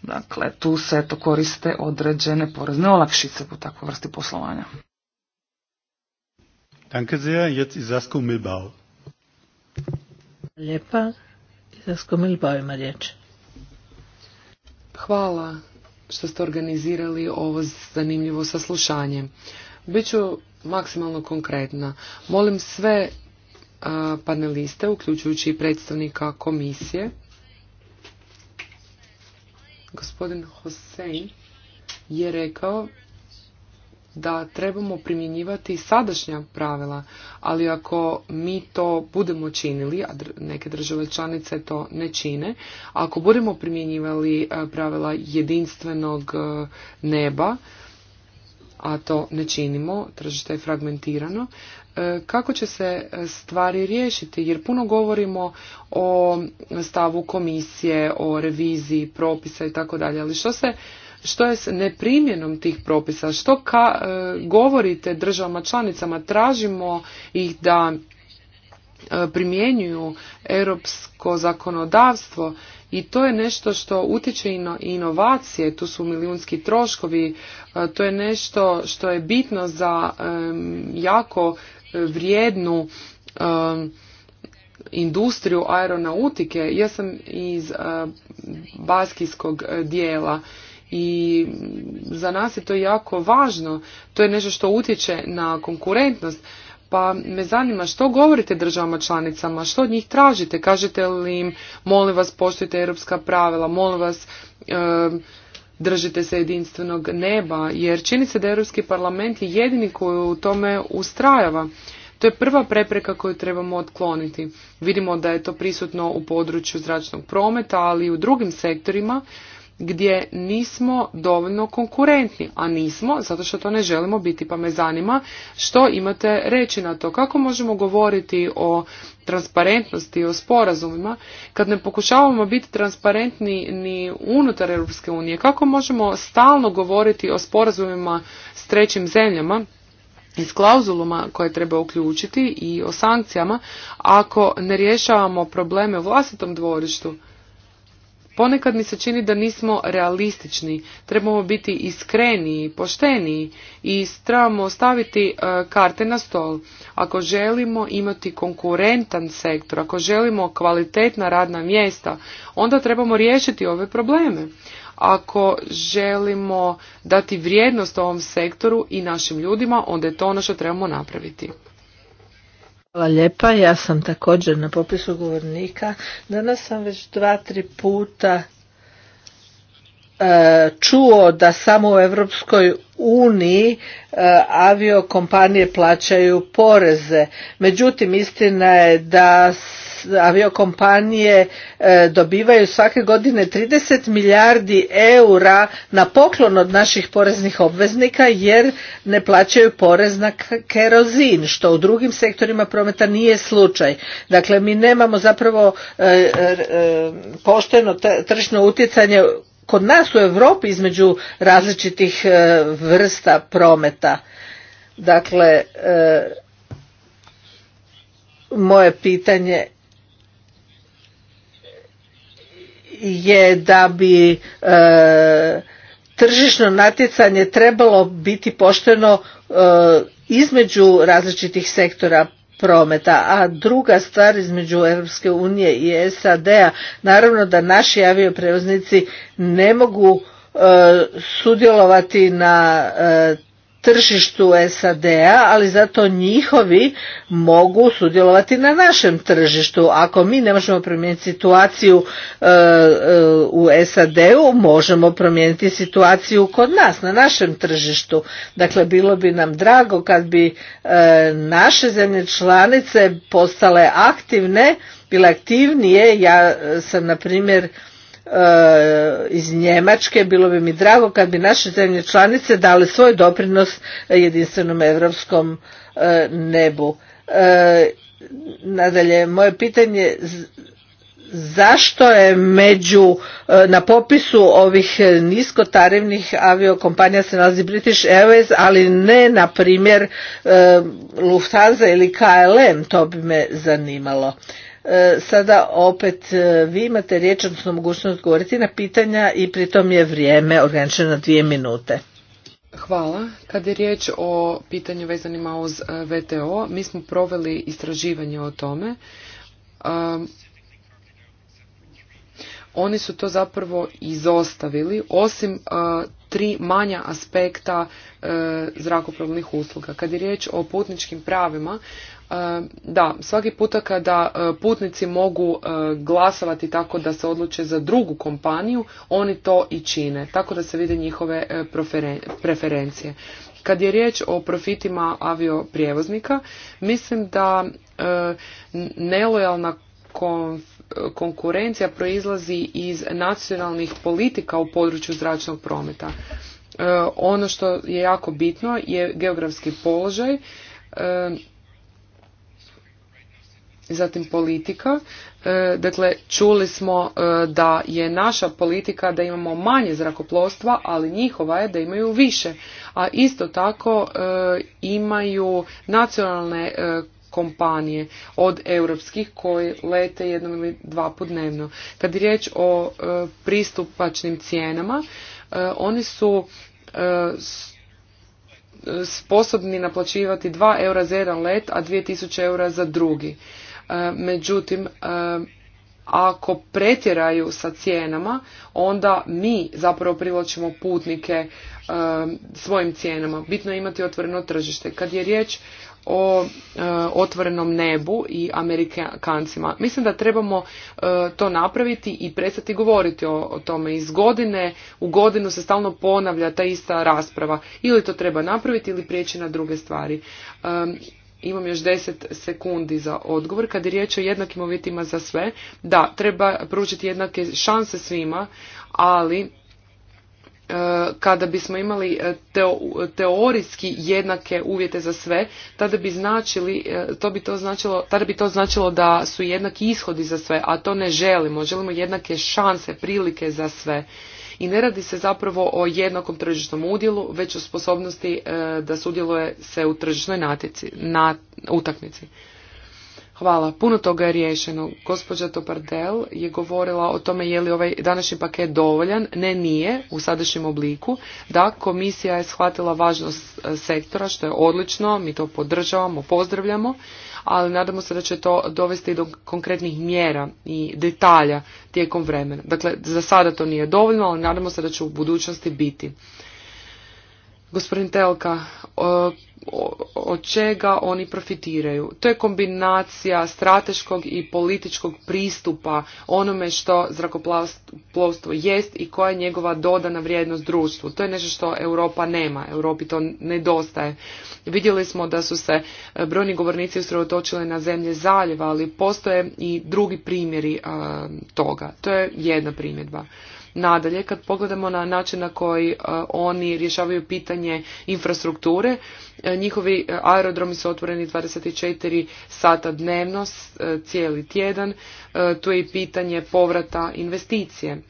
Dakle, tu se to koriste određene porezne olakšice u takvoj vrsti poslovanja. Danke sehr, jetzt Isasko Milbao. Lijepa, Isasko Milbao ima riječ. Hvala što ste organizirali ovo zanimljivo saslušanje. Biću maksimalno konkretna. Molim sve paneliste, uključujući i predstavnika komisije, gospodin Hosein je rekao da trebamo primjenjivati sadašnja pravila, ali ako mi to budemo činili, a neke države članice to ne čine, ako budemo primjenjivali pravila jedinstvenog neba, a to ne činimo, tržište je fragmentirano, e, kako će se e, stvari riješiti? Jer puno govorimo o stavu komisije, o reviziji propisa i tako dalje, ali što se što je s neprimjenom tih propisa? Što ka, e, govorite državama članicama? Tražimo ih da primjenjuju europsko zakonodavstvo i to je nešto što utječe i na inovacije, tu su milijunski troškovi, e, to je nešto što je bitno za jako vrijednu industriju aeronautike. Ja sam iz e, baskijskog dijela i za nas je to jako važno. To je nešto što utječe na konkurentnost pa me zanima što govorite državama članicama, što od njih tražite, kažete li im molim vas poštujte europska pravila, molim vas držite se jedinstvenog neba, jer čini se da Europski parlament je jedini koji u tome ustrajava. To je prva prepreka koju trebamo otkloniti. Vidimo da je to prisutno u području zračnog prometa, ali i u drugim sektorima gdje nismo dovoljno konkurentni, a nismo zato što to ne želimo biti, pa me zanima što imate reći na to. Kako možemo govoriti o transparentnosti o sporazumima kad ne pokušavamo biti transparentni ni unutar Europske unije? Kako možemo stalno govoriti o sporazumima s trećim zemljama? i s klauzulama koje treba uključiti i o sankcijama ako ne rješavamo probleme u vlastitom dvorištu Ponekad mi se čini da nismo realistični, trebamo biti iskreniji, pošteniji i trebamo staviti e, karte na stol. Ako želimo imati konkurentan sektor, ako želimo kvalitetna radna mjesta, onda trebamo riješiti ove probleme. Ako želimo dati vrijednost ovom sektoru i našim ljudima, onda je to ono što trebamo napraviti. Hvala lijepa, ja sam također na popisu govornika. Danas sam već dva, tri puta e, čuo da samo u Europskoj uniji e, aviokompanije plaćaju poreze. Međutim, istina je da aviokompanije e, dobivaju svake godine 30 milijardi eura na poklon od naših poreznih obveznika jer ne plaćaju porez na kerozin što u drugim sektorima prometa nije slučaj. Dakle mi nemamo zapravo e, e, pošteno tržno utjecanje kod nas u Europi između različitih vrsta prometa. Dakle moje pitanje je da bi e, tržišno natjecanje trebalo biti pošteno e, između različitih sektora prometa, a druga stvar između Europske unije i SAD-a, naravno da naši avioprevoznici ne mogu e, sudjelovati na tržištu SAD-a, ali zato njihovi mogu sudjelovati na našem tržištu. Ako mi ne možemo promijeniti situaciju e, e, u SAD-u, možemo promijeniti situaciju kod nas, na našem tržištu. Dakle, bilo bi nam drago kad bi e, naše zemlje članice postale aktivne, bile aktivnije. Ja sam, na primjer, E, iz Njemačke. Bilo bi mi drago kad bi naše zemlje članice dale svoj doprinos jedinstvenom europskom e, nebu. E, nadalje, moje pitanje zašto je među na popisu ovih niskotarivnih aviokompanija se nalazi British Airways, ali ne na primjer Lufthansa ili KLM, to bi me zanimalo. E, sada opet e, vi imate riječ, odnosno mogućnost govoriti na pitanja i pritom je vrijeme ograničeno na dvije minute. Hvala. Kad je riječ o pitanju vezanima uz e, VTO, mi smo proveli istraživanje o tome. oni su to zapravo izostavili, osim tri manja aspekta uh, zrakoplovnih usluga. Kad je riječ o putničkim pravima, E, da, svaki puta kada e, putnici mogu e, glasovati tako da se odluče za drugu kompaniju, oni to i čine, tako da se vide njihove preferencije. Kad je riječ o profitima avioprijevoznika, mislim da nelojalna konkurencija proizlazi iz nacionalnih politika u području zračnog prometa. Ono što je jako bitno je geografski položaj Zatim politika. E, dakle, čuli smo e, da je naša politika da imamo manje zrakoplovstva, ali njihova je da imaju više. A isto tako e, imaju nacionalne kompanije od europskih koji lete jednom ili dva put dnevno. Kad je riječ o pristupačnim cijenama, oni su sposobni naplaćivati 2 eura za jedan let, a 2000 eura za drugi. E, međutim e, ako pretjeraju sa cijenama, onda mi zapravo privlačimo putnike e, svojim cijenama. Bitno je imati otvoreno tržište. Kad je riječ o otvorenom nebu i Amerikancima. Mislim da trebamo to napraviti i prestati govoriti o, tome. Iz godine u godinu se stalno ponavlja ta ista rasprava. Ili to treba napraviti ili prijeći na druge stvari. Imam još 10 sekundi za odgovor. Kad je riječ o jednakim uvjetima za sve, da, treba pružiti jednake šanse svima, ali e, kada bismo imali e, teorijski jednake uvjete za sve, tada bi značili, e, to bi to značilo, tada bi to značilo da su jednaki ishodi za sve, a to ne želimo. Želimo jednake šanse, prilike za sve. I ne radi se zapravo o jednakom tržišnom udjelu, već o sposobnosti e, da sudjeluje se u tržišnoj natjeci, na, utakmici. Hvala. Puno toga je riješeno. Gospođa Topardel je govorila o tome je li ovaj današnji paket dovoljan. Ne, nije u sadašnjem obliku. Da, komisija je shvatila važnost e, sektora, što je odlično, mi to podržavamo, pozdravljamo ali nadamo se da će to dovesti do konkretnih mjera i detalja tijekom vremena. Dakle, za sada to nije dovoljno, ali nadamo se da će u budućnosti biti. Gospodin Telka, od čega oni profitiraju? To je kombinacija strateškog i političkog pristupa onome što zrakoplovstvo jest i koja je njegova dodana vrijednost društvu. To je nešto što Europa nema, Europi to nedostaje. Vidjeli smo da su se e, brojni govornici usredotočili na zemlje zaljeva, ali postoje i drugi primjeri toga. To je jedna primjedba. Nadalje, kad pogledamo na način na koji e, oni rješavaju pitanje infrastrukture, e, njihovi e, aerodromi su otvoreni 24 sata dnevno, cijeli tjedan. Tu je i pitanje povrata investicije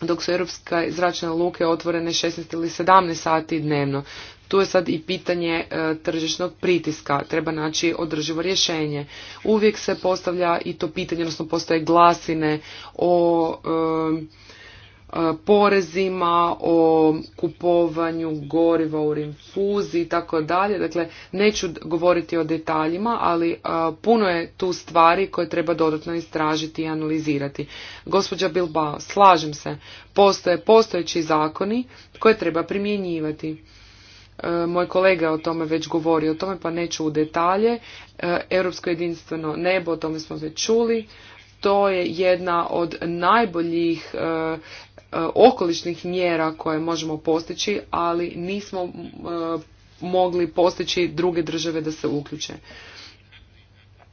dok su europske zračne luke otvorene 16 ili 17 sati dnevno. Tu je sad i pitanje tržišnog pritiska, treba naći održivo rješenje. Uvijek se postavlja i to pitanje, odnosno postoje glasine o E, porezima, o kupovanju goriva u rinfuzi i tako dalje. Dakle, neću govoriti o detaljima, ali e, puno je tu stvari koje treba dodatno istražiti i analizirati. Gospođa Bilbao, slažem se, postoje postojeći zakoni koje treba primjenjivati. E, moj kolega o tome već govori, o tome pa neću u detalje. Europsko jedinstveno nebo, o tome smo već čuli to je jedna od najboljih E, okolišnih mjera koje možemo postići, ali nismo e, mogli postići druge države da se uključe.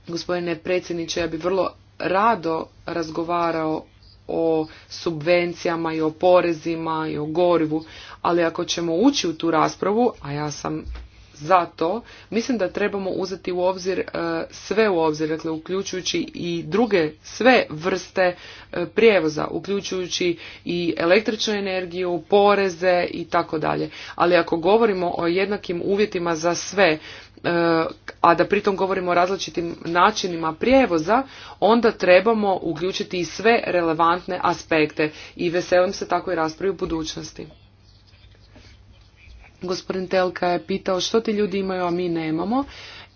Gospodine predsjedniče, ja bi vrlo rado razgovarao o subvencijama i o porezima i o gorivu, ali ako ćemo ući u tu raspravu, a ja sam zato mislim da trebamo uzeti u obzir e, sve u obzir, dakle uključujući i druge sve vrste e, prijevoza, uključujući i električnu energiju, poreze i tako dalje. Ali ako govorimo o jednakim uvjetima za sve, e, a da pritom govorimo o različitim načinima prijevoza, onda trebamo uključiti i sve relevantne aspekte i veselim se takvoj raspravi u budućnosti. Gospodin Telka je pitao što ti ljudi imaju, a mi nemamo.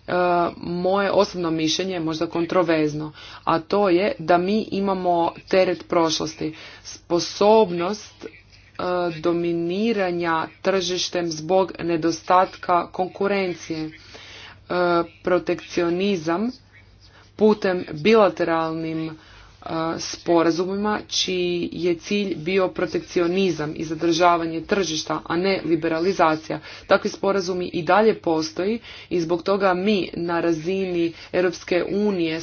E, moje osobno mišljenje je možda kontrovezno, a to je da mi imamo teret prošlosti. Sposobnost e, dominiranja tržištem zbog nedostatka konkurencije. E, protekcionizam putem bilateralnim sporazumima čiji je cilj bio protekcionizam i zadržavanje tržišta, a ne liberalizacija. Takvi sporazumi i dalje postoji i zbog toga mi na razini Europske unije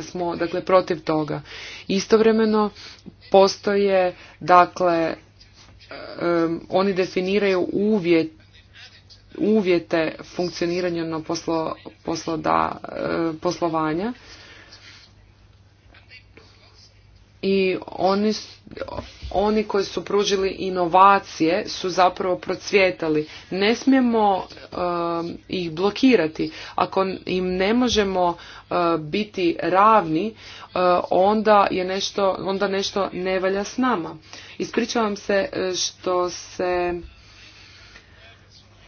smo dakle protiv toga. Istovremeno postoje dakle oni definiraju uvjet uvjete funkcioniranja na posloda, poslovanja i oni, oni koji su pružili inovacije su zapravo procvjetali. Ne smijemo um, ih blokirati. Ako im ne možemo uh, biti ravni, uh, onda je nešto, onda nešto ne valja s nama. Ispričavam se uh, što se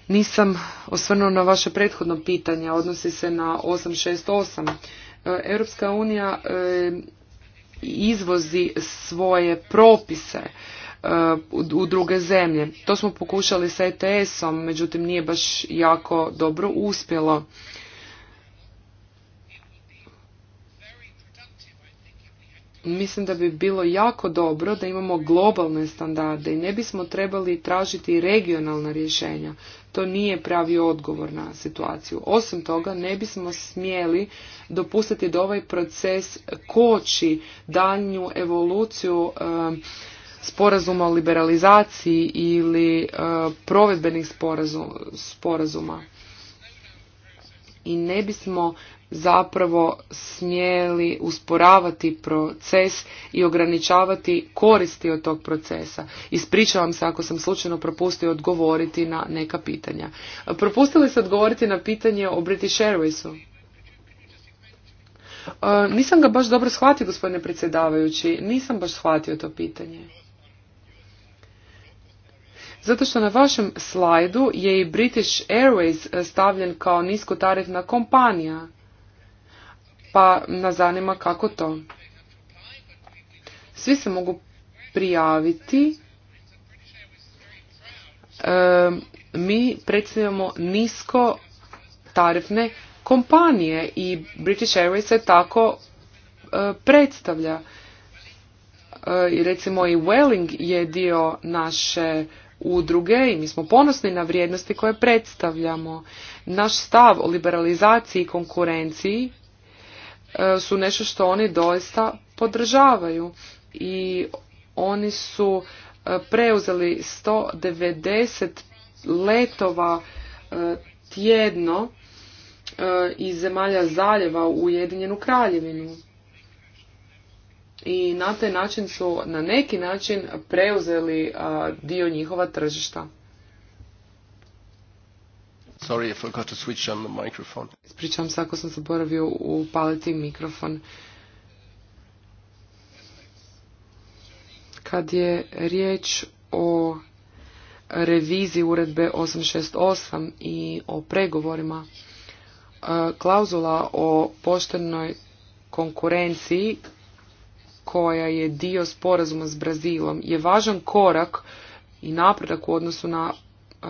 nisam osvrnuo na vaše prethodno pitanje, odnosi se na 868. Europska unija izvozi svoje propise e, u druge zemlje. To smo pokušali sa ETS-om, međutim nije baš jako dobro uspjelo. Mislim da bi bilo jako dobro da imamo globalne standarde i ne bismo trebali tražiti regionalna rješenja to nije pravi odgovor na situaciju. Osim toga, ne bismo smjeli dopustiti da ovaj proces koči daljnju evoluciju e, sporazuma o liberalizaciji ili e, provedbenih sporazuma. I ne bismo zapravo smjeli usporavati proces i ograničavati koristi od tog procesa. Ispričavam se ako sam slučajno propustio odgovoriti na neka pitanja. Propustili ste odgovoriti na pitanje o British Airwaysu? E, nisam ga baš dobro shvatio, gospodine predsjedavajući. Nisam baš shvatio to pitanje. Zato što na vašem slajdu je i British Airways stavljen kao niskotarifna kompanija pa nas zanima kako to. Svi se mogu prijaviti. E, mi predstavljamo nisko tarifne kompanije i British Airways se tako e, predstavlja. E, i recimo i Welling je dio naše udruge i mi smo ponosni na vrijednosti koje predstavljamo. Naš stav o liberalizaciji i konkurenciji su nešto što oni doista podržavaju i oni su e, preuzeli 190 letova e, tjedno e, iz zemalja zaljeva u Ujedinjenu kraljevinu. I na taj način su na neki način preuzeli dio njihova tržišta. Sorry, I forgot to switch on the microphone. Ispričavam se ako sam zaboravio upaliti mikrofon. Kad je riječ o reviziji uredbe 868 i o pregovorima, e, klauzula o poštenoj konkurenciji koja je dio sporazuma s Brazilom je važan korak i napredak u odnosu na e,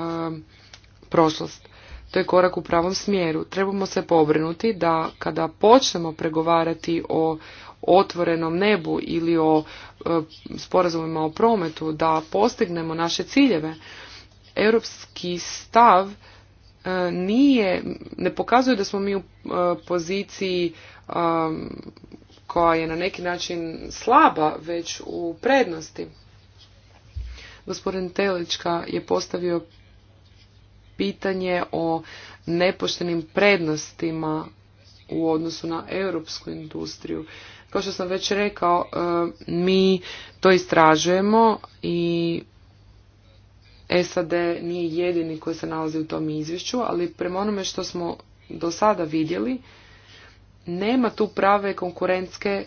prošlost to je korak u pravom smjeru. Trebamo se pobrinuti da kada počnemo pregovarati o otvorenom nebu ili o e, sporazumima o prometu, da postignemo naše ciljeve. Europski stav e, nije, ne pokazuje da smo mi u e, poziciji koja je na neki način slaba, već u prednosti. Gospodin Telička je postavio pitanje o nepoštenim prednostima u odnosu na europsku industriju. Kao što sam već rekao, e, mi to istražujemo i SAD nije jedini koji se nalazi u tom izvješću, ali prema onome što smo do sada vidjeli, nema tu prave konkurentske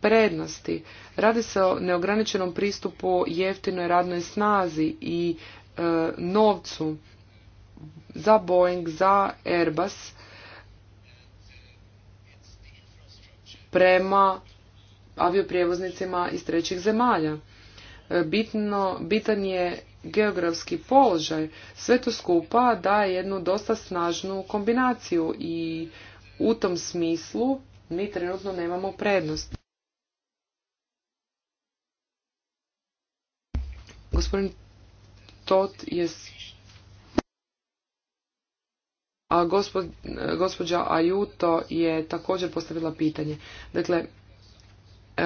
prednosti. Radi se o neograničenom pristupu jeftinoj radnoj snazi i e, novcu za Boeing, za Airbus prema avioprijevoznicima iz trećih zemalja. E, bitno, bitan je geografski položaj. Sve to skupa daje jednu dosta snažnu kombinaciju i u tom smislu mi trenutno nemamo prednost. Gospodin Tot je a gospođa Ajuto je također postavila pitanje. Dakle, e,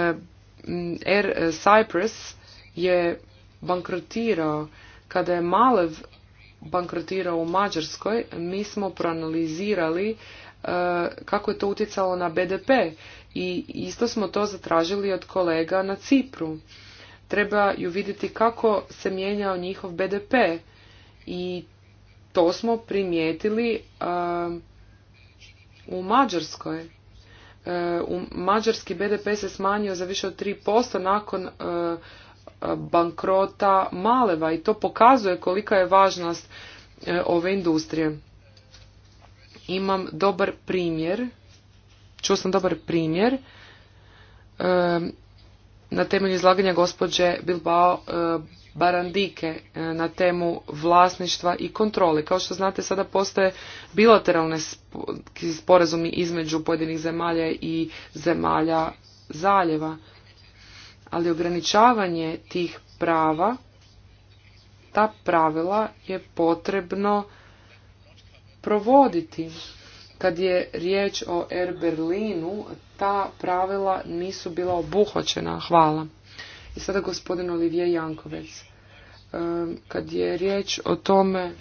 Air Cyprus je bankrotirao, kada je Malev bankrotirao u Mađarskoj, mi smo proanalizirali e, kako je to utjecalo na BDP i isto smo to zatražili od kolega na Cipru. Treba ju vidjeti kako se mijenjao njihov BDP i to smo primijetili u Mađarskoj. E, u Mađarski BDP se smanjio za više od 3% nakon e, bankrota Maleva i to pokazuje kolika je važnost e, ove industrije. Imam dobar primjer, čuo sam dobar primjer na temelju izlaganja gospođe Bilbao Barandike e, na temu vlasništva i kontrole. Kao što znate, sada postoje bilateralne sporazumi između pojedinih zemalja i zemalja zaljeva. Ali ograničavanje tih prava, ta pravila je potrebno provoditi. Kad je riječ o Air Berlinu, ta pravila nisu bila obuhvaćena. Hvala. I sada gospodin Olivije Jankovec. E, kad je riječ o tome e,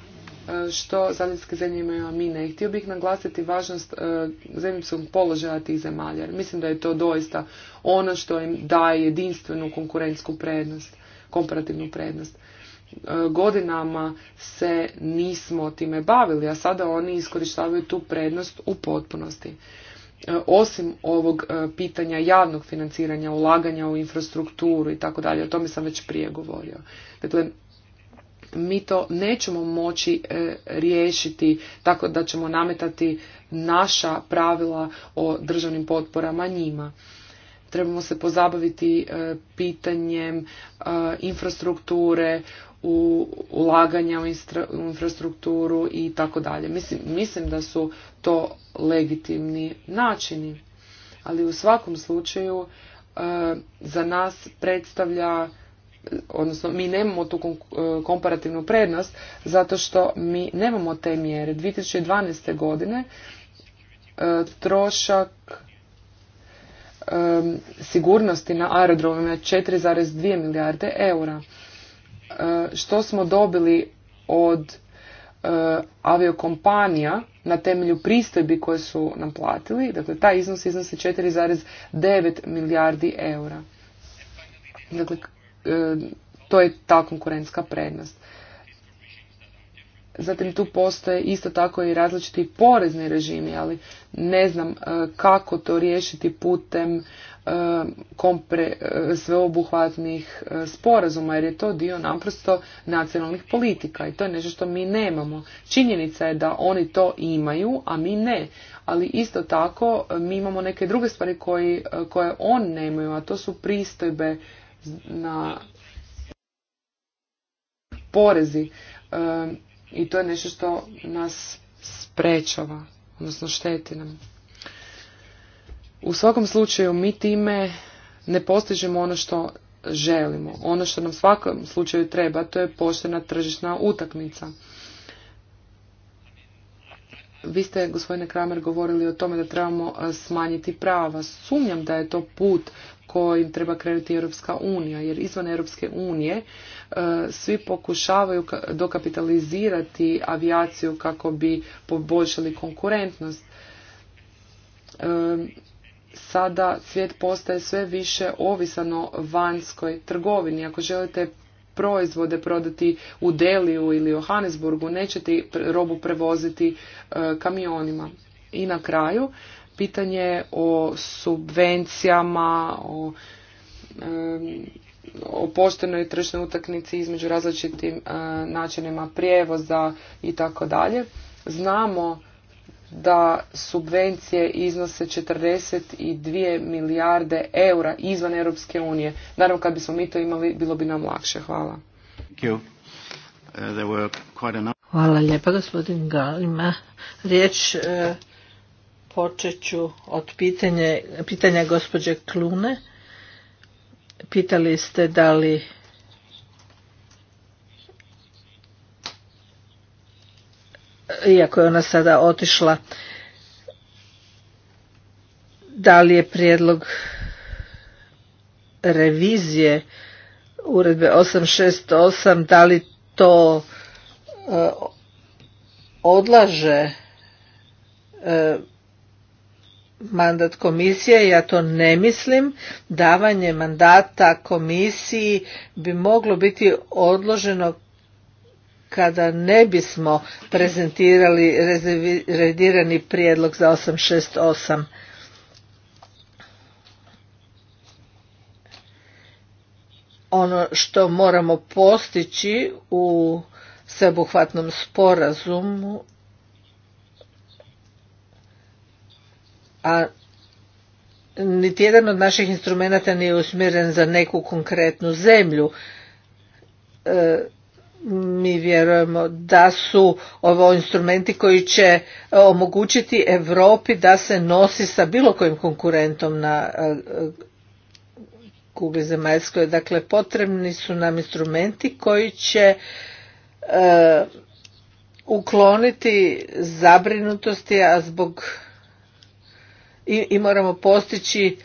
što zadnjske zemlje imaju, a mi ne. Htio bih naglasiti važnost e, zemljivskog položaja tih zemalja. mislim da je to doista ono što im daje jedinstvenu konkurentsku prednost, komparativnu prednost godinama se nismo time bavili, a sada oni iskorištavaju tu prednost u potpunosti osim ovog e, pitanja javnog financiranja, ulaganja u infrastrukturu i tako dalje, o tome sam već prije govorio. Dakle, mi to nećemo moći e, riješiti tako da ćemo nametati naša pravila o državnim potporama njima. Trebamo se pozabaviti e, pitanjem infrastrukture, u ulaganja u, infrastrukturu i tako dalje. Mislim, da su to legitimni načini, ali u svakom slučaju e, za nas predstavlja odnosno mi nemamo tu e, komparativnu prednost zato što mi nemamo te mjere. 2012. godine e, trošak sigurnosti na aerodromima je 4,2 milijarde eura. E, što smo dobili od e, aviokompanija na temelju pristojbi koje su nam platili. Dakle, taj iznos iznosi 4,9 milijardi eura. Dakle, e, to je ta konkurentska prednost. Zatim tu postoje isto tako i različiti porezni režimi, ali ne znam kako to riješiti putem E, kompre, e, sveobuhvatnih e, sporazuma jer je to dio naprosto nacionalnih politika i to je nešto što mi nemamo. Činjenica je da oni to imaju, a mi ne. Ali isto tako mi imamo neke druge stvari koji, koje on nemaju, a to su pristojbe na porezi. I to je nešto što nas sprečava, odnosno šteti nam. U svakom slučaju mi time ne postižemo ono što želimo. Ono što nam svakom slučaju treba, to je poštena tržišna utakmica. Vi ste, gospodine Kramer, govorili o tome da trebamo smanjiti prava. Sumnjam da je to put kojim treba krenuti Europska unija, jer izvan Europske unije svi pokušavaju dokapitalizirati avijaciju kako bi poboljšali konkurentnost sada svijet postaje sve više ovisan o vanjskoj trgovini. Ako želite proizvode prodati u Deliju ili Johannesburgu, nećete robu prevoziti e, kamionima. I na kraju, pitanje o subvencijama, o, e, o poštenoj tržnoj utakmici između različitim e, načinima prijevoza i tako dalje. Znamo da subvencije iznose 42 milijarde eura izvan Europske unije. Naravno, kad bismo mi to imali, bilo bi nam lakše. Hvala. Uh, Hvala lijepa, gospodin Galima. Riječ počeću uh, počet ću od pitanja, pitanja gospođe Klune. Pitali ste da li iako je ona sada otišla. Da li je prijedlog revizije uredbe 868, da li to e, odlaže e, mandat komisije, ja to ne mislim, davanje mandata komisiji bi moglo biti odloženo kada ne bismo prezentirali rezervirani prijedlog za 868. Ono što moramo postići u sveobuhvatnom sporazumu a niti jedan od naših instrumenata nije usmjeren za neku konkretnu zemlju. E, mi vjerujemo da su ovo instrumenti koji će e, omogućiti Europi da se nosi sa bilo kojim konkurentom na kugli e, zemaljskoj. Dakle, potrebni su nam instrumenti koji će e, ukloniti zabrinutosti, a zbog i, i moramo postići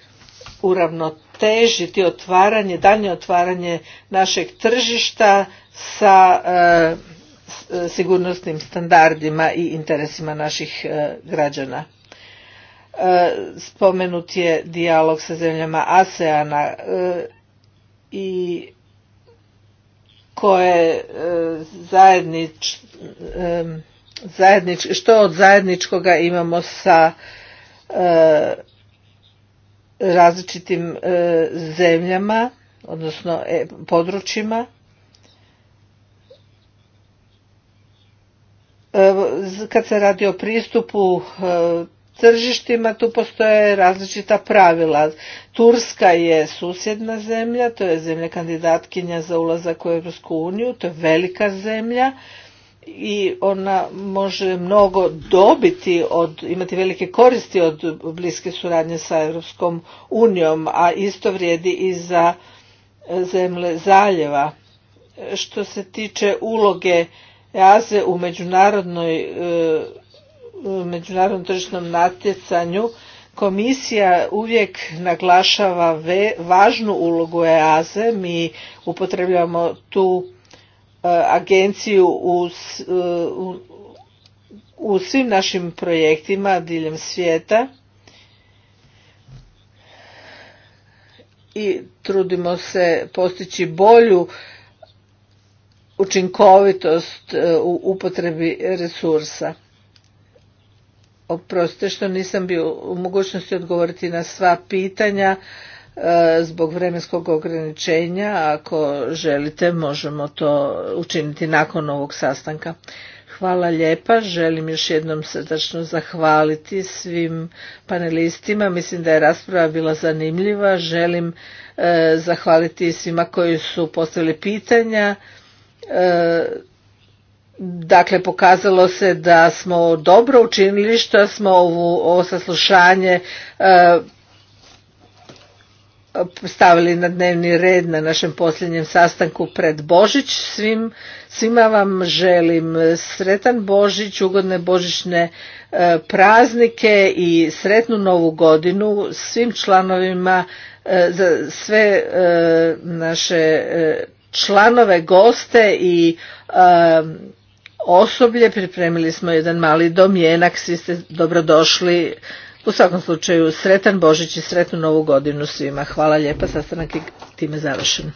uravnotežiti otvaranje, daljnje otvaranje našeg tržišta sa e, e, sigurnosnim standardima i interesima naših e, građana. Spomenut je dijalog sa zemljama ASEANA i koje što od zajedničkoga imamo sa različitim zemljama, odnosno područjima. kad se radi o pristupu e, tržištima tu postoje različita pravila. Turska je susjedna zemlja, to je zemlja kandidatkinja za ulazak u Europsku uniju, to je velika zemlja i ona može mnogo dobiti od imati velike koristi od bliske suradnje sa Europskom unijom, a isto vrijedi i za e, zemlje zaljeva. E, što se tiče uloge EASE u međunarodnoj e, međunarodnom tržišnom natjecanju komisija uvijek naglašava važnu ulogu EASE. Mi upotrebljamo tu e, agenciju e, u svim našim projektima diljem svijeta. I trudimo se postići bolju učinkovitost e, u upotrebi resursa. Oprostite što nisam bio u mogućnosti odgovoriti na sva pitanja e, zbog vremenskog ograničenja. Ako želite možemo to učiniti nakon ovog sastanka. Hvala lijepa. Želim još jednom srdačno zahvaliti svim panelistima. Mislim da je rasprava bila zanimljiva. Želim e, zahvaliti svima koji su postavili pitanja. E, dakle, pokazalo se da smo dobro učinili što smo ovo saslušanje e, stavili na dnevni red na našem posljednjem sastanku pred Božić. Svim, svima vam želim sretan Božić, ugodne božićne e, praznike i sretnu novu godinu svim članovima za sve naše članove, goste i osoblje pripremili smo jedan mali domjenak, svi ste dobrodošli. U svakom slučaju sretan Božić i sretnu Novu godinu svima. Hvala lijepa, sastanak je time završen.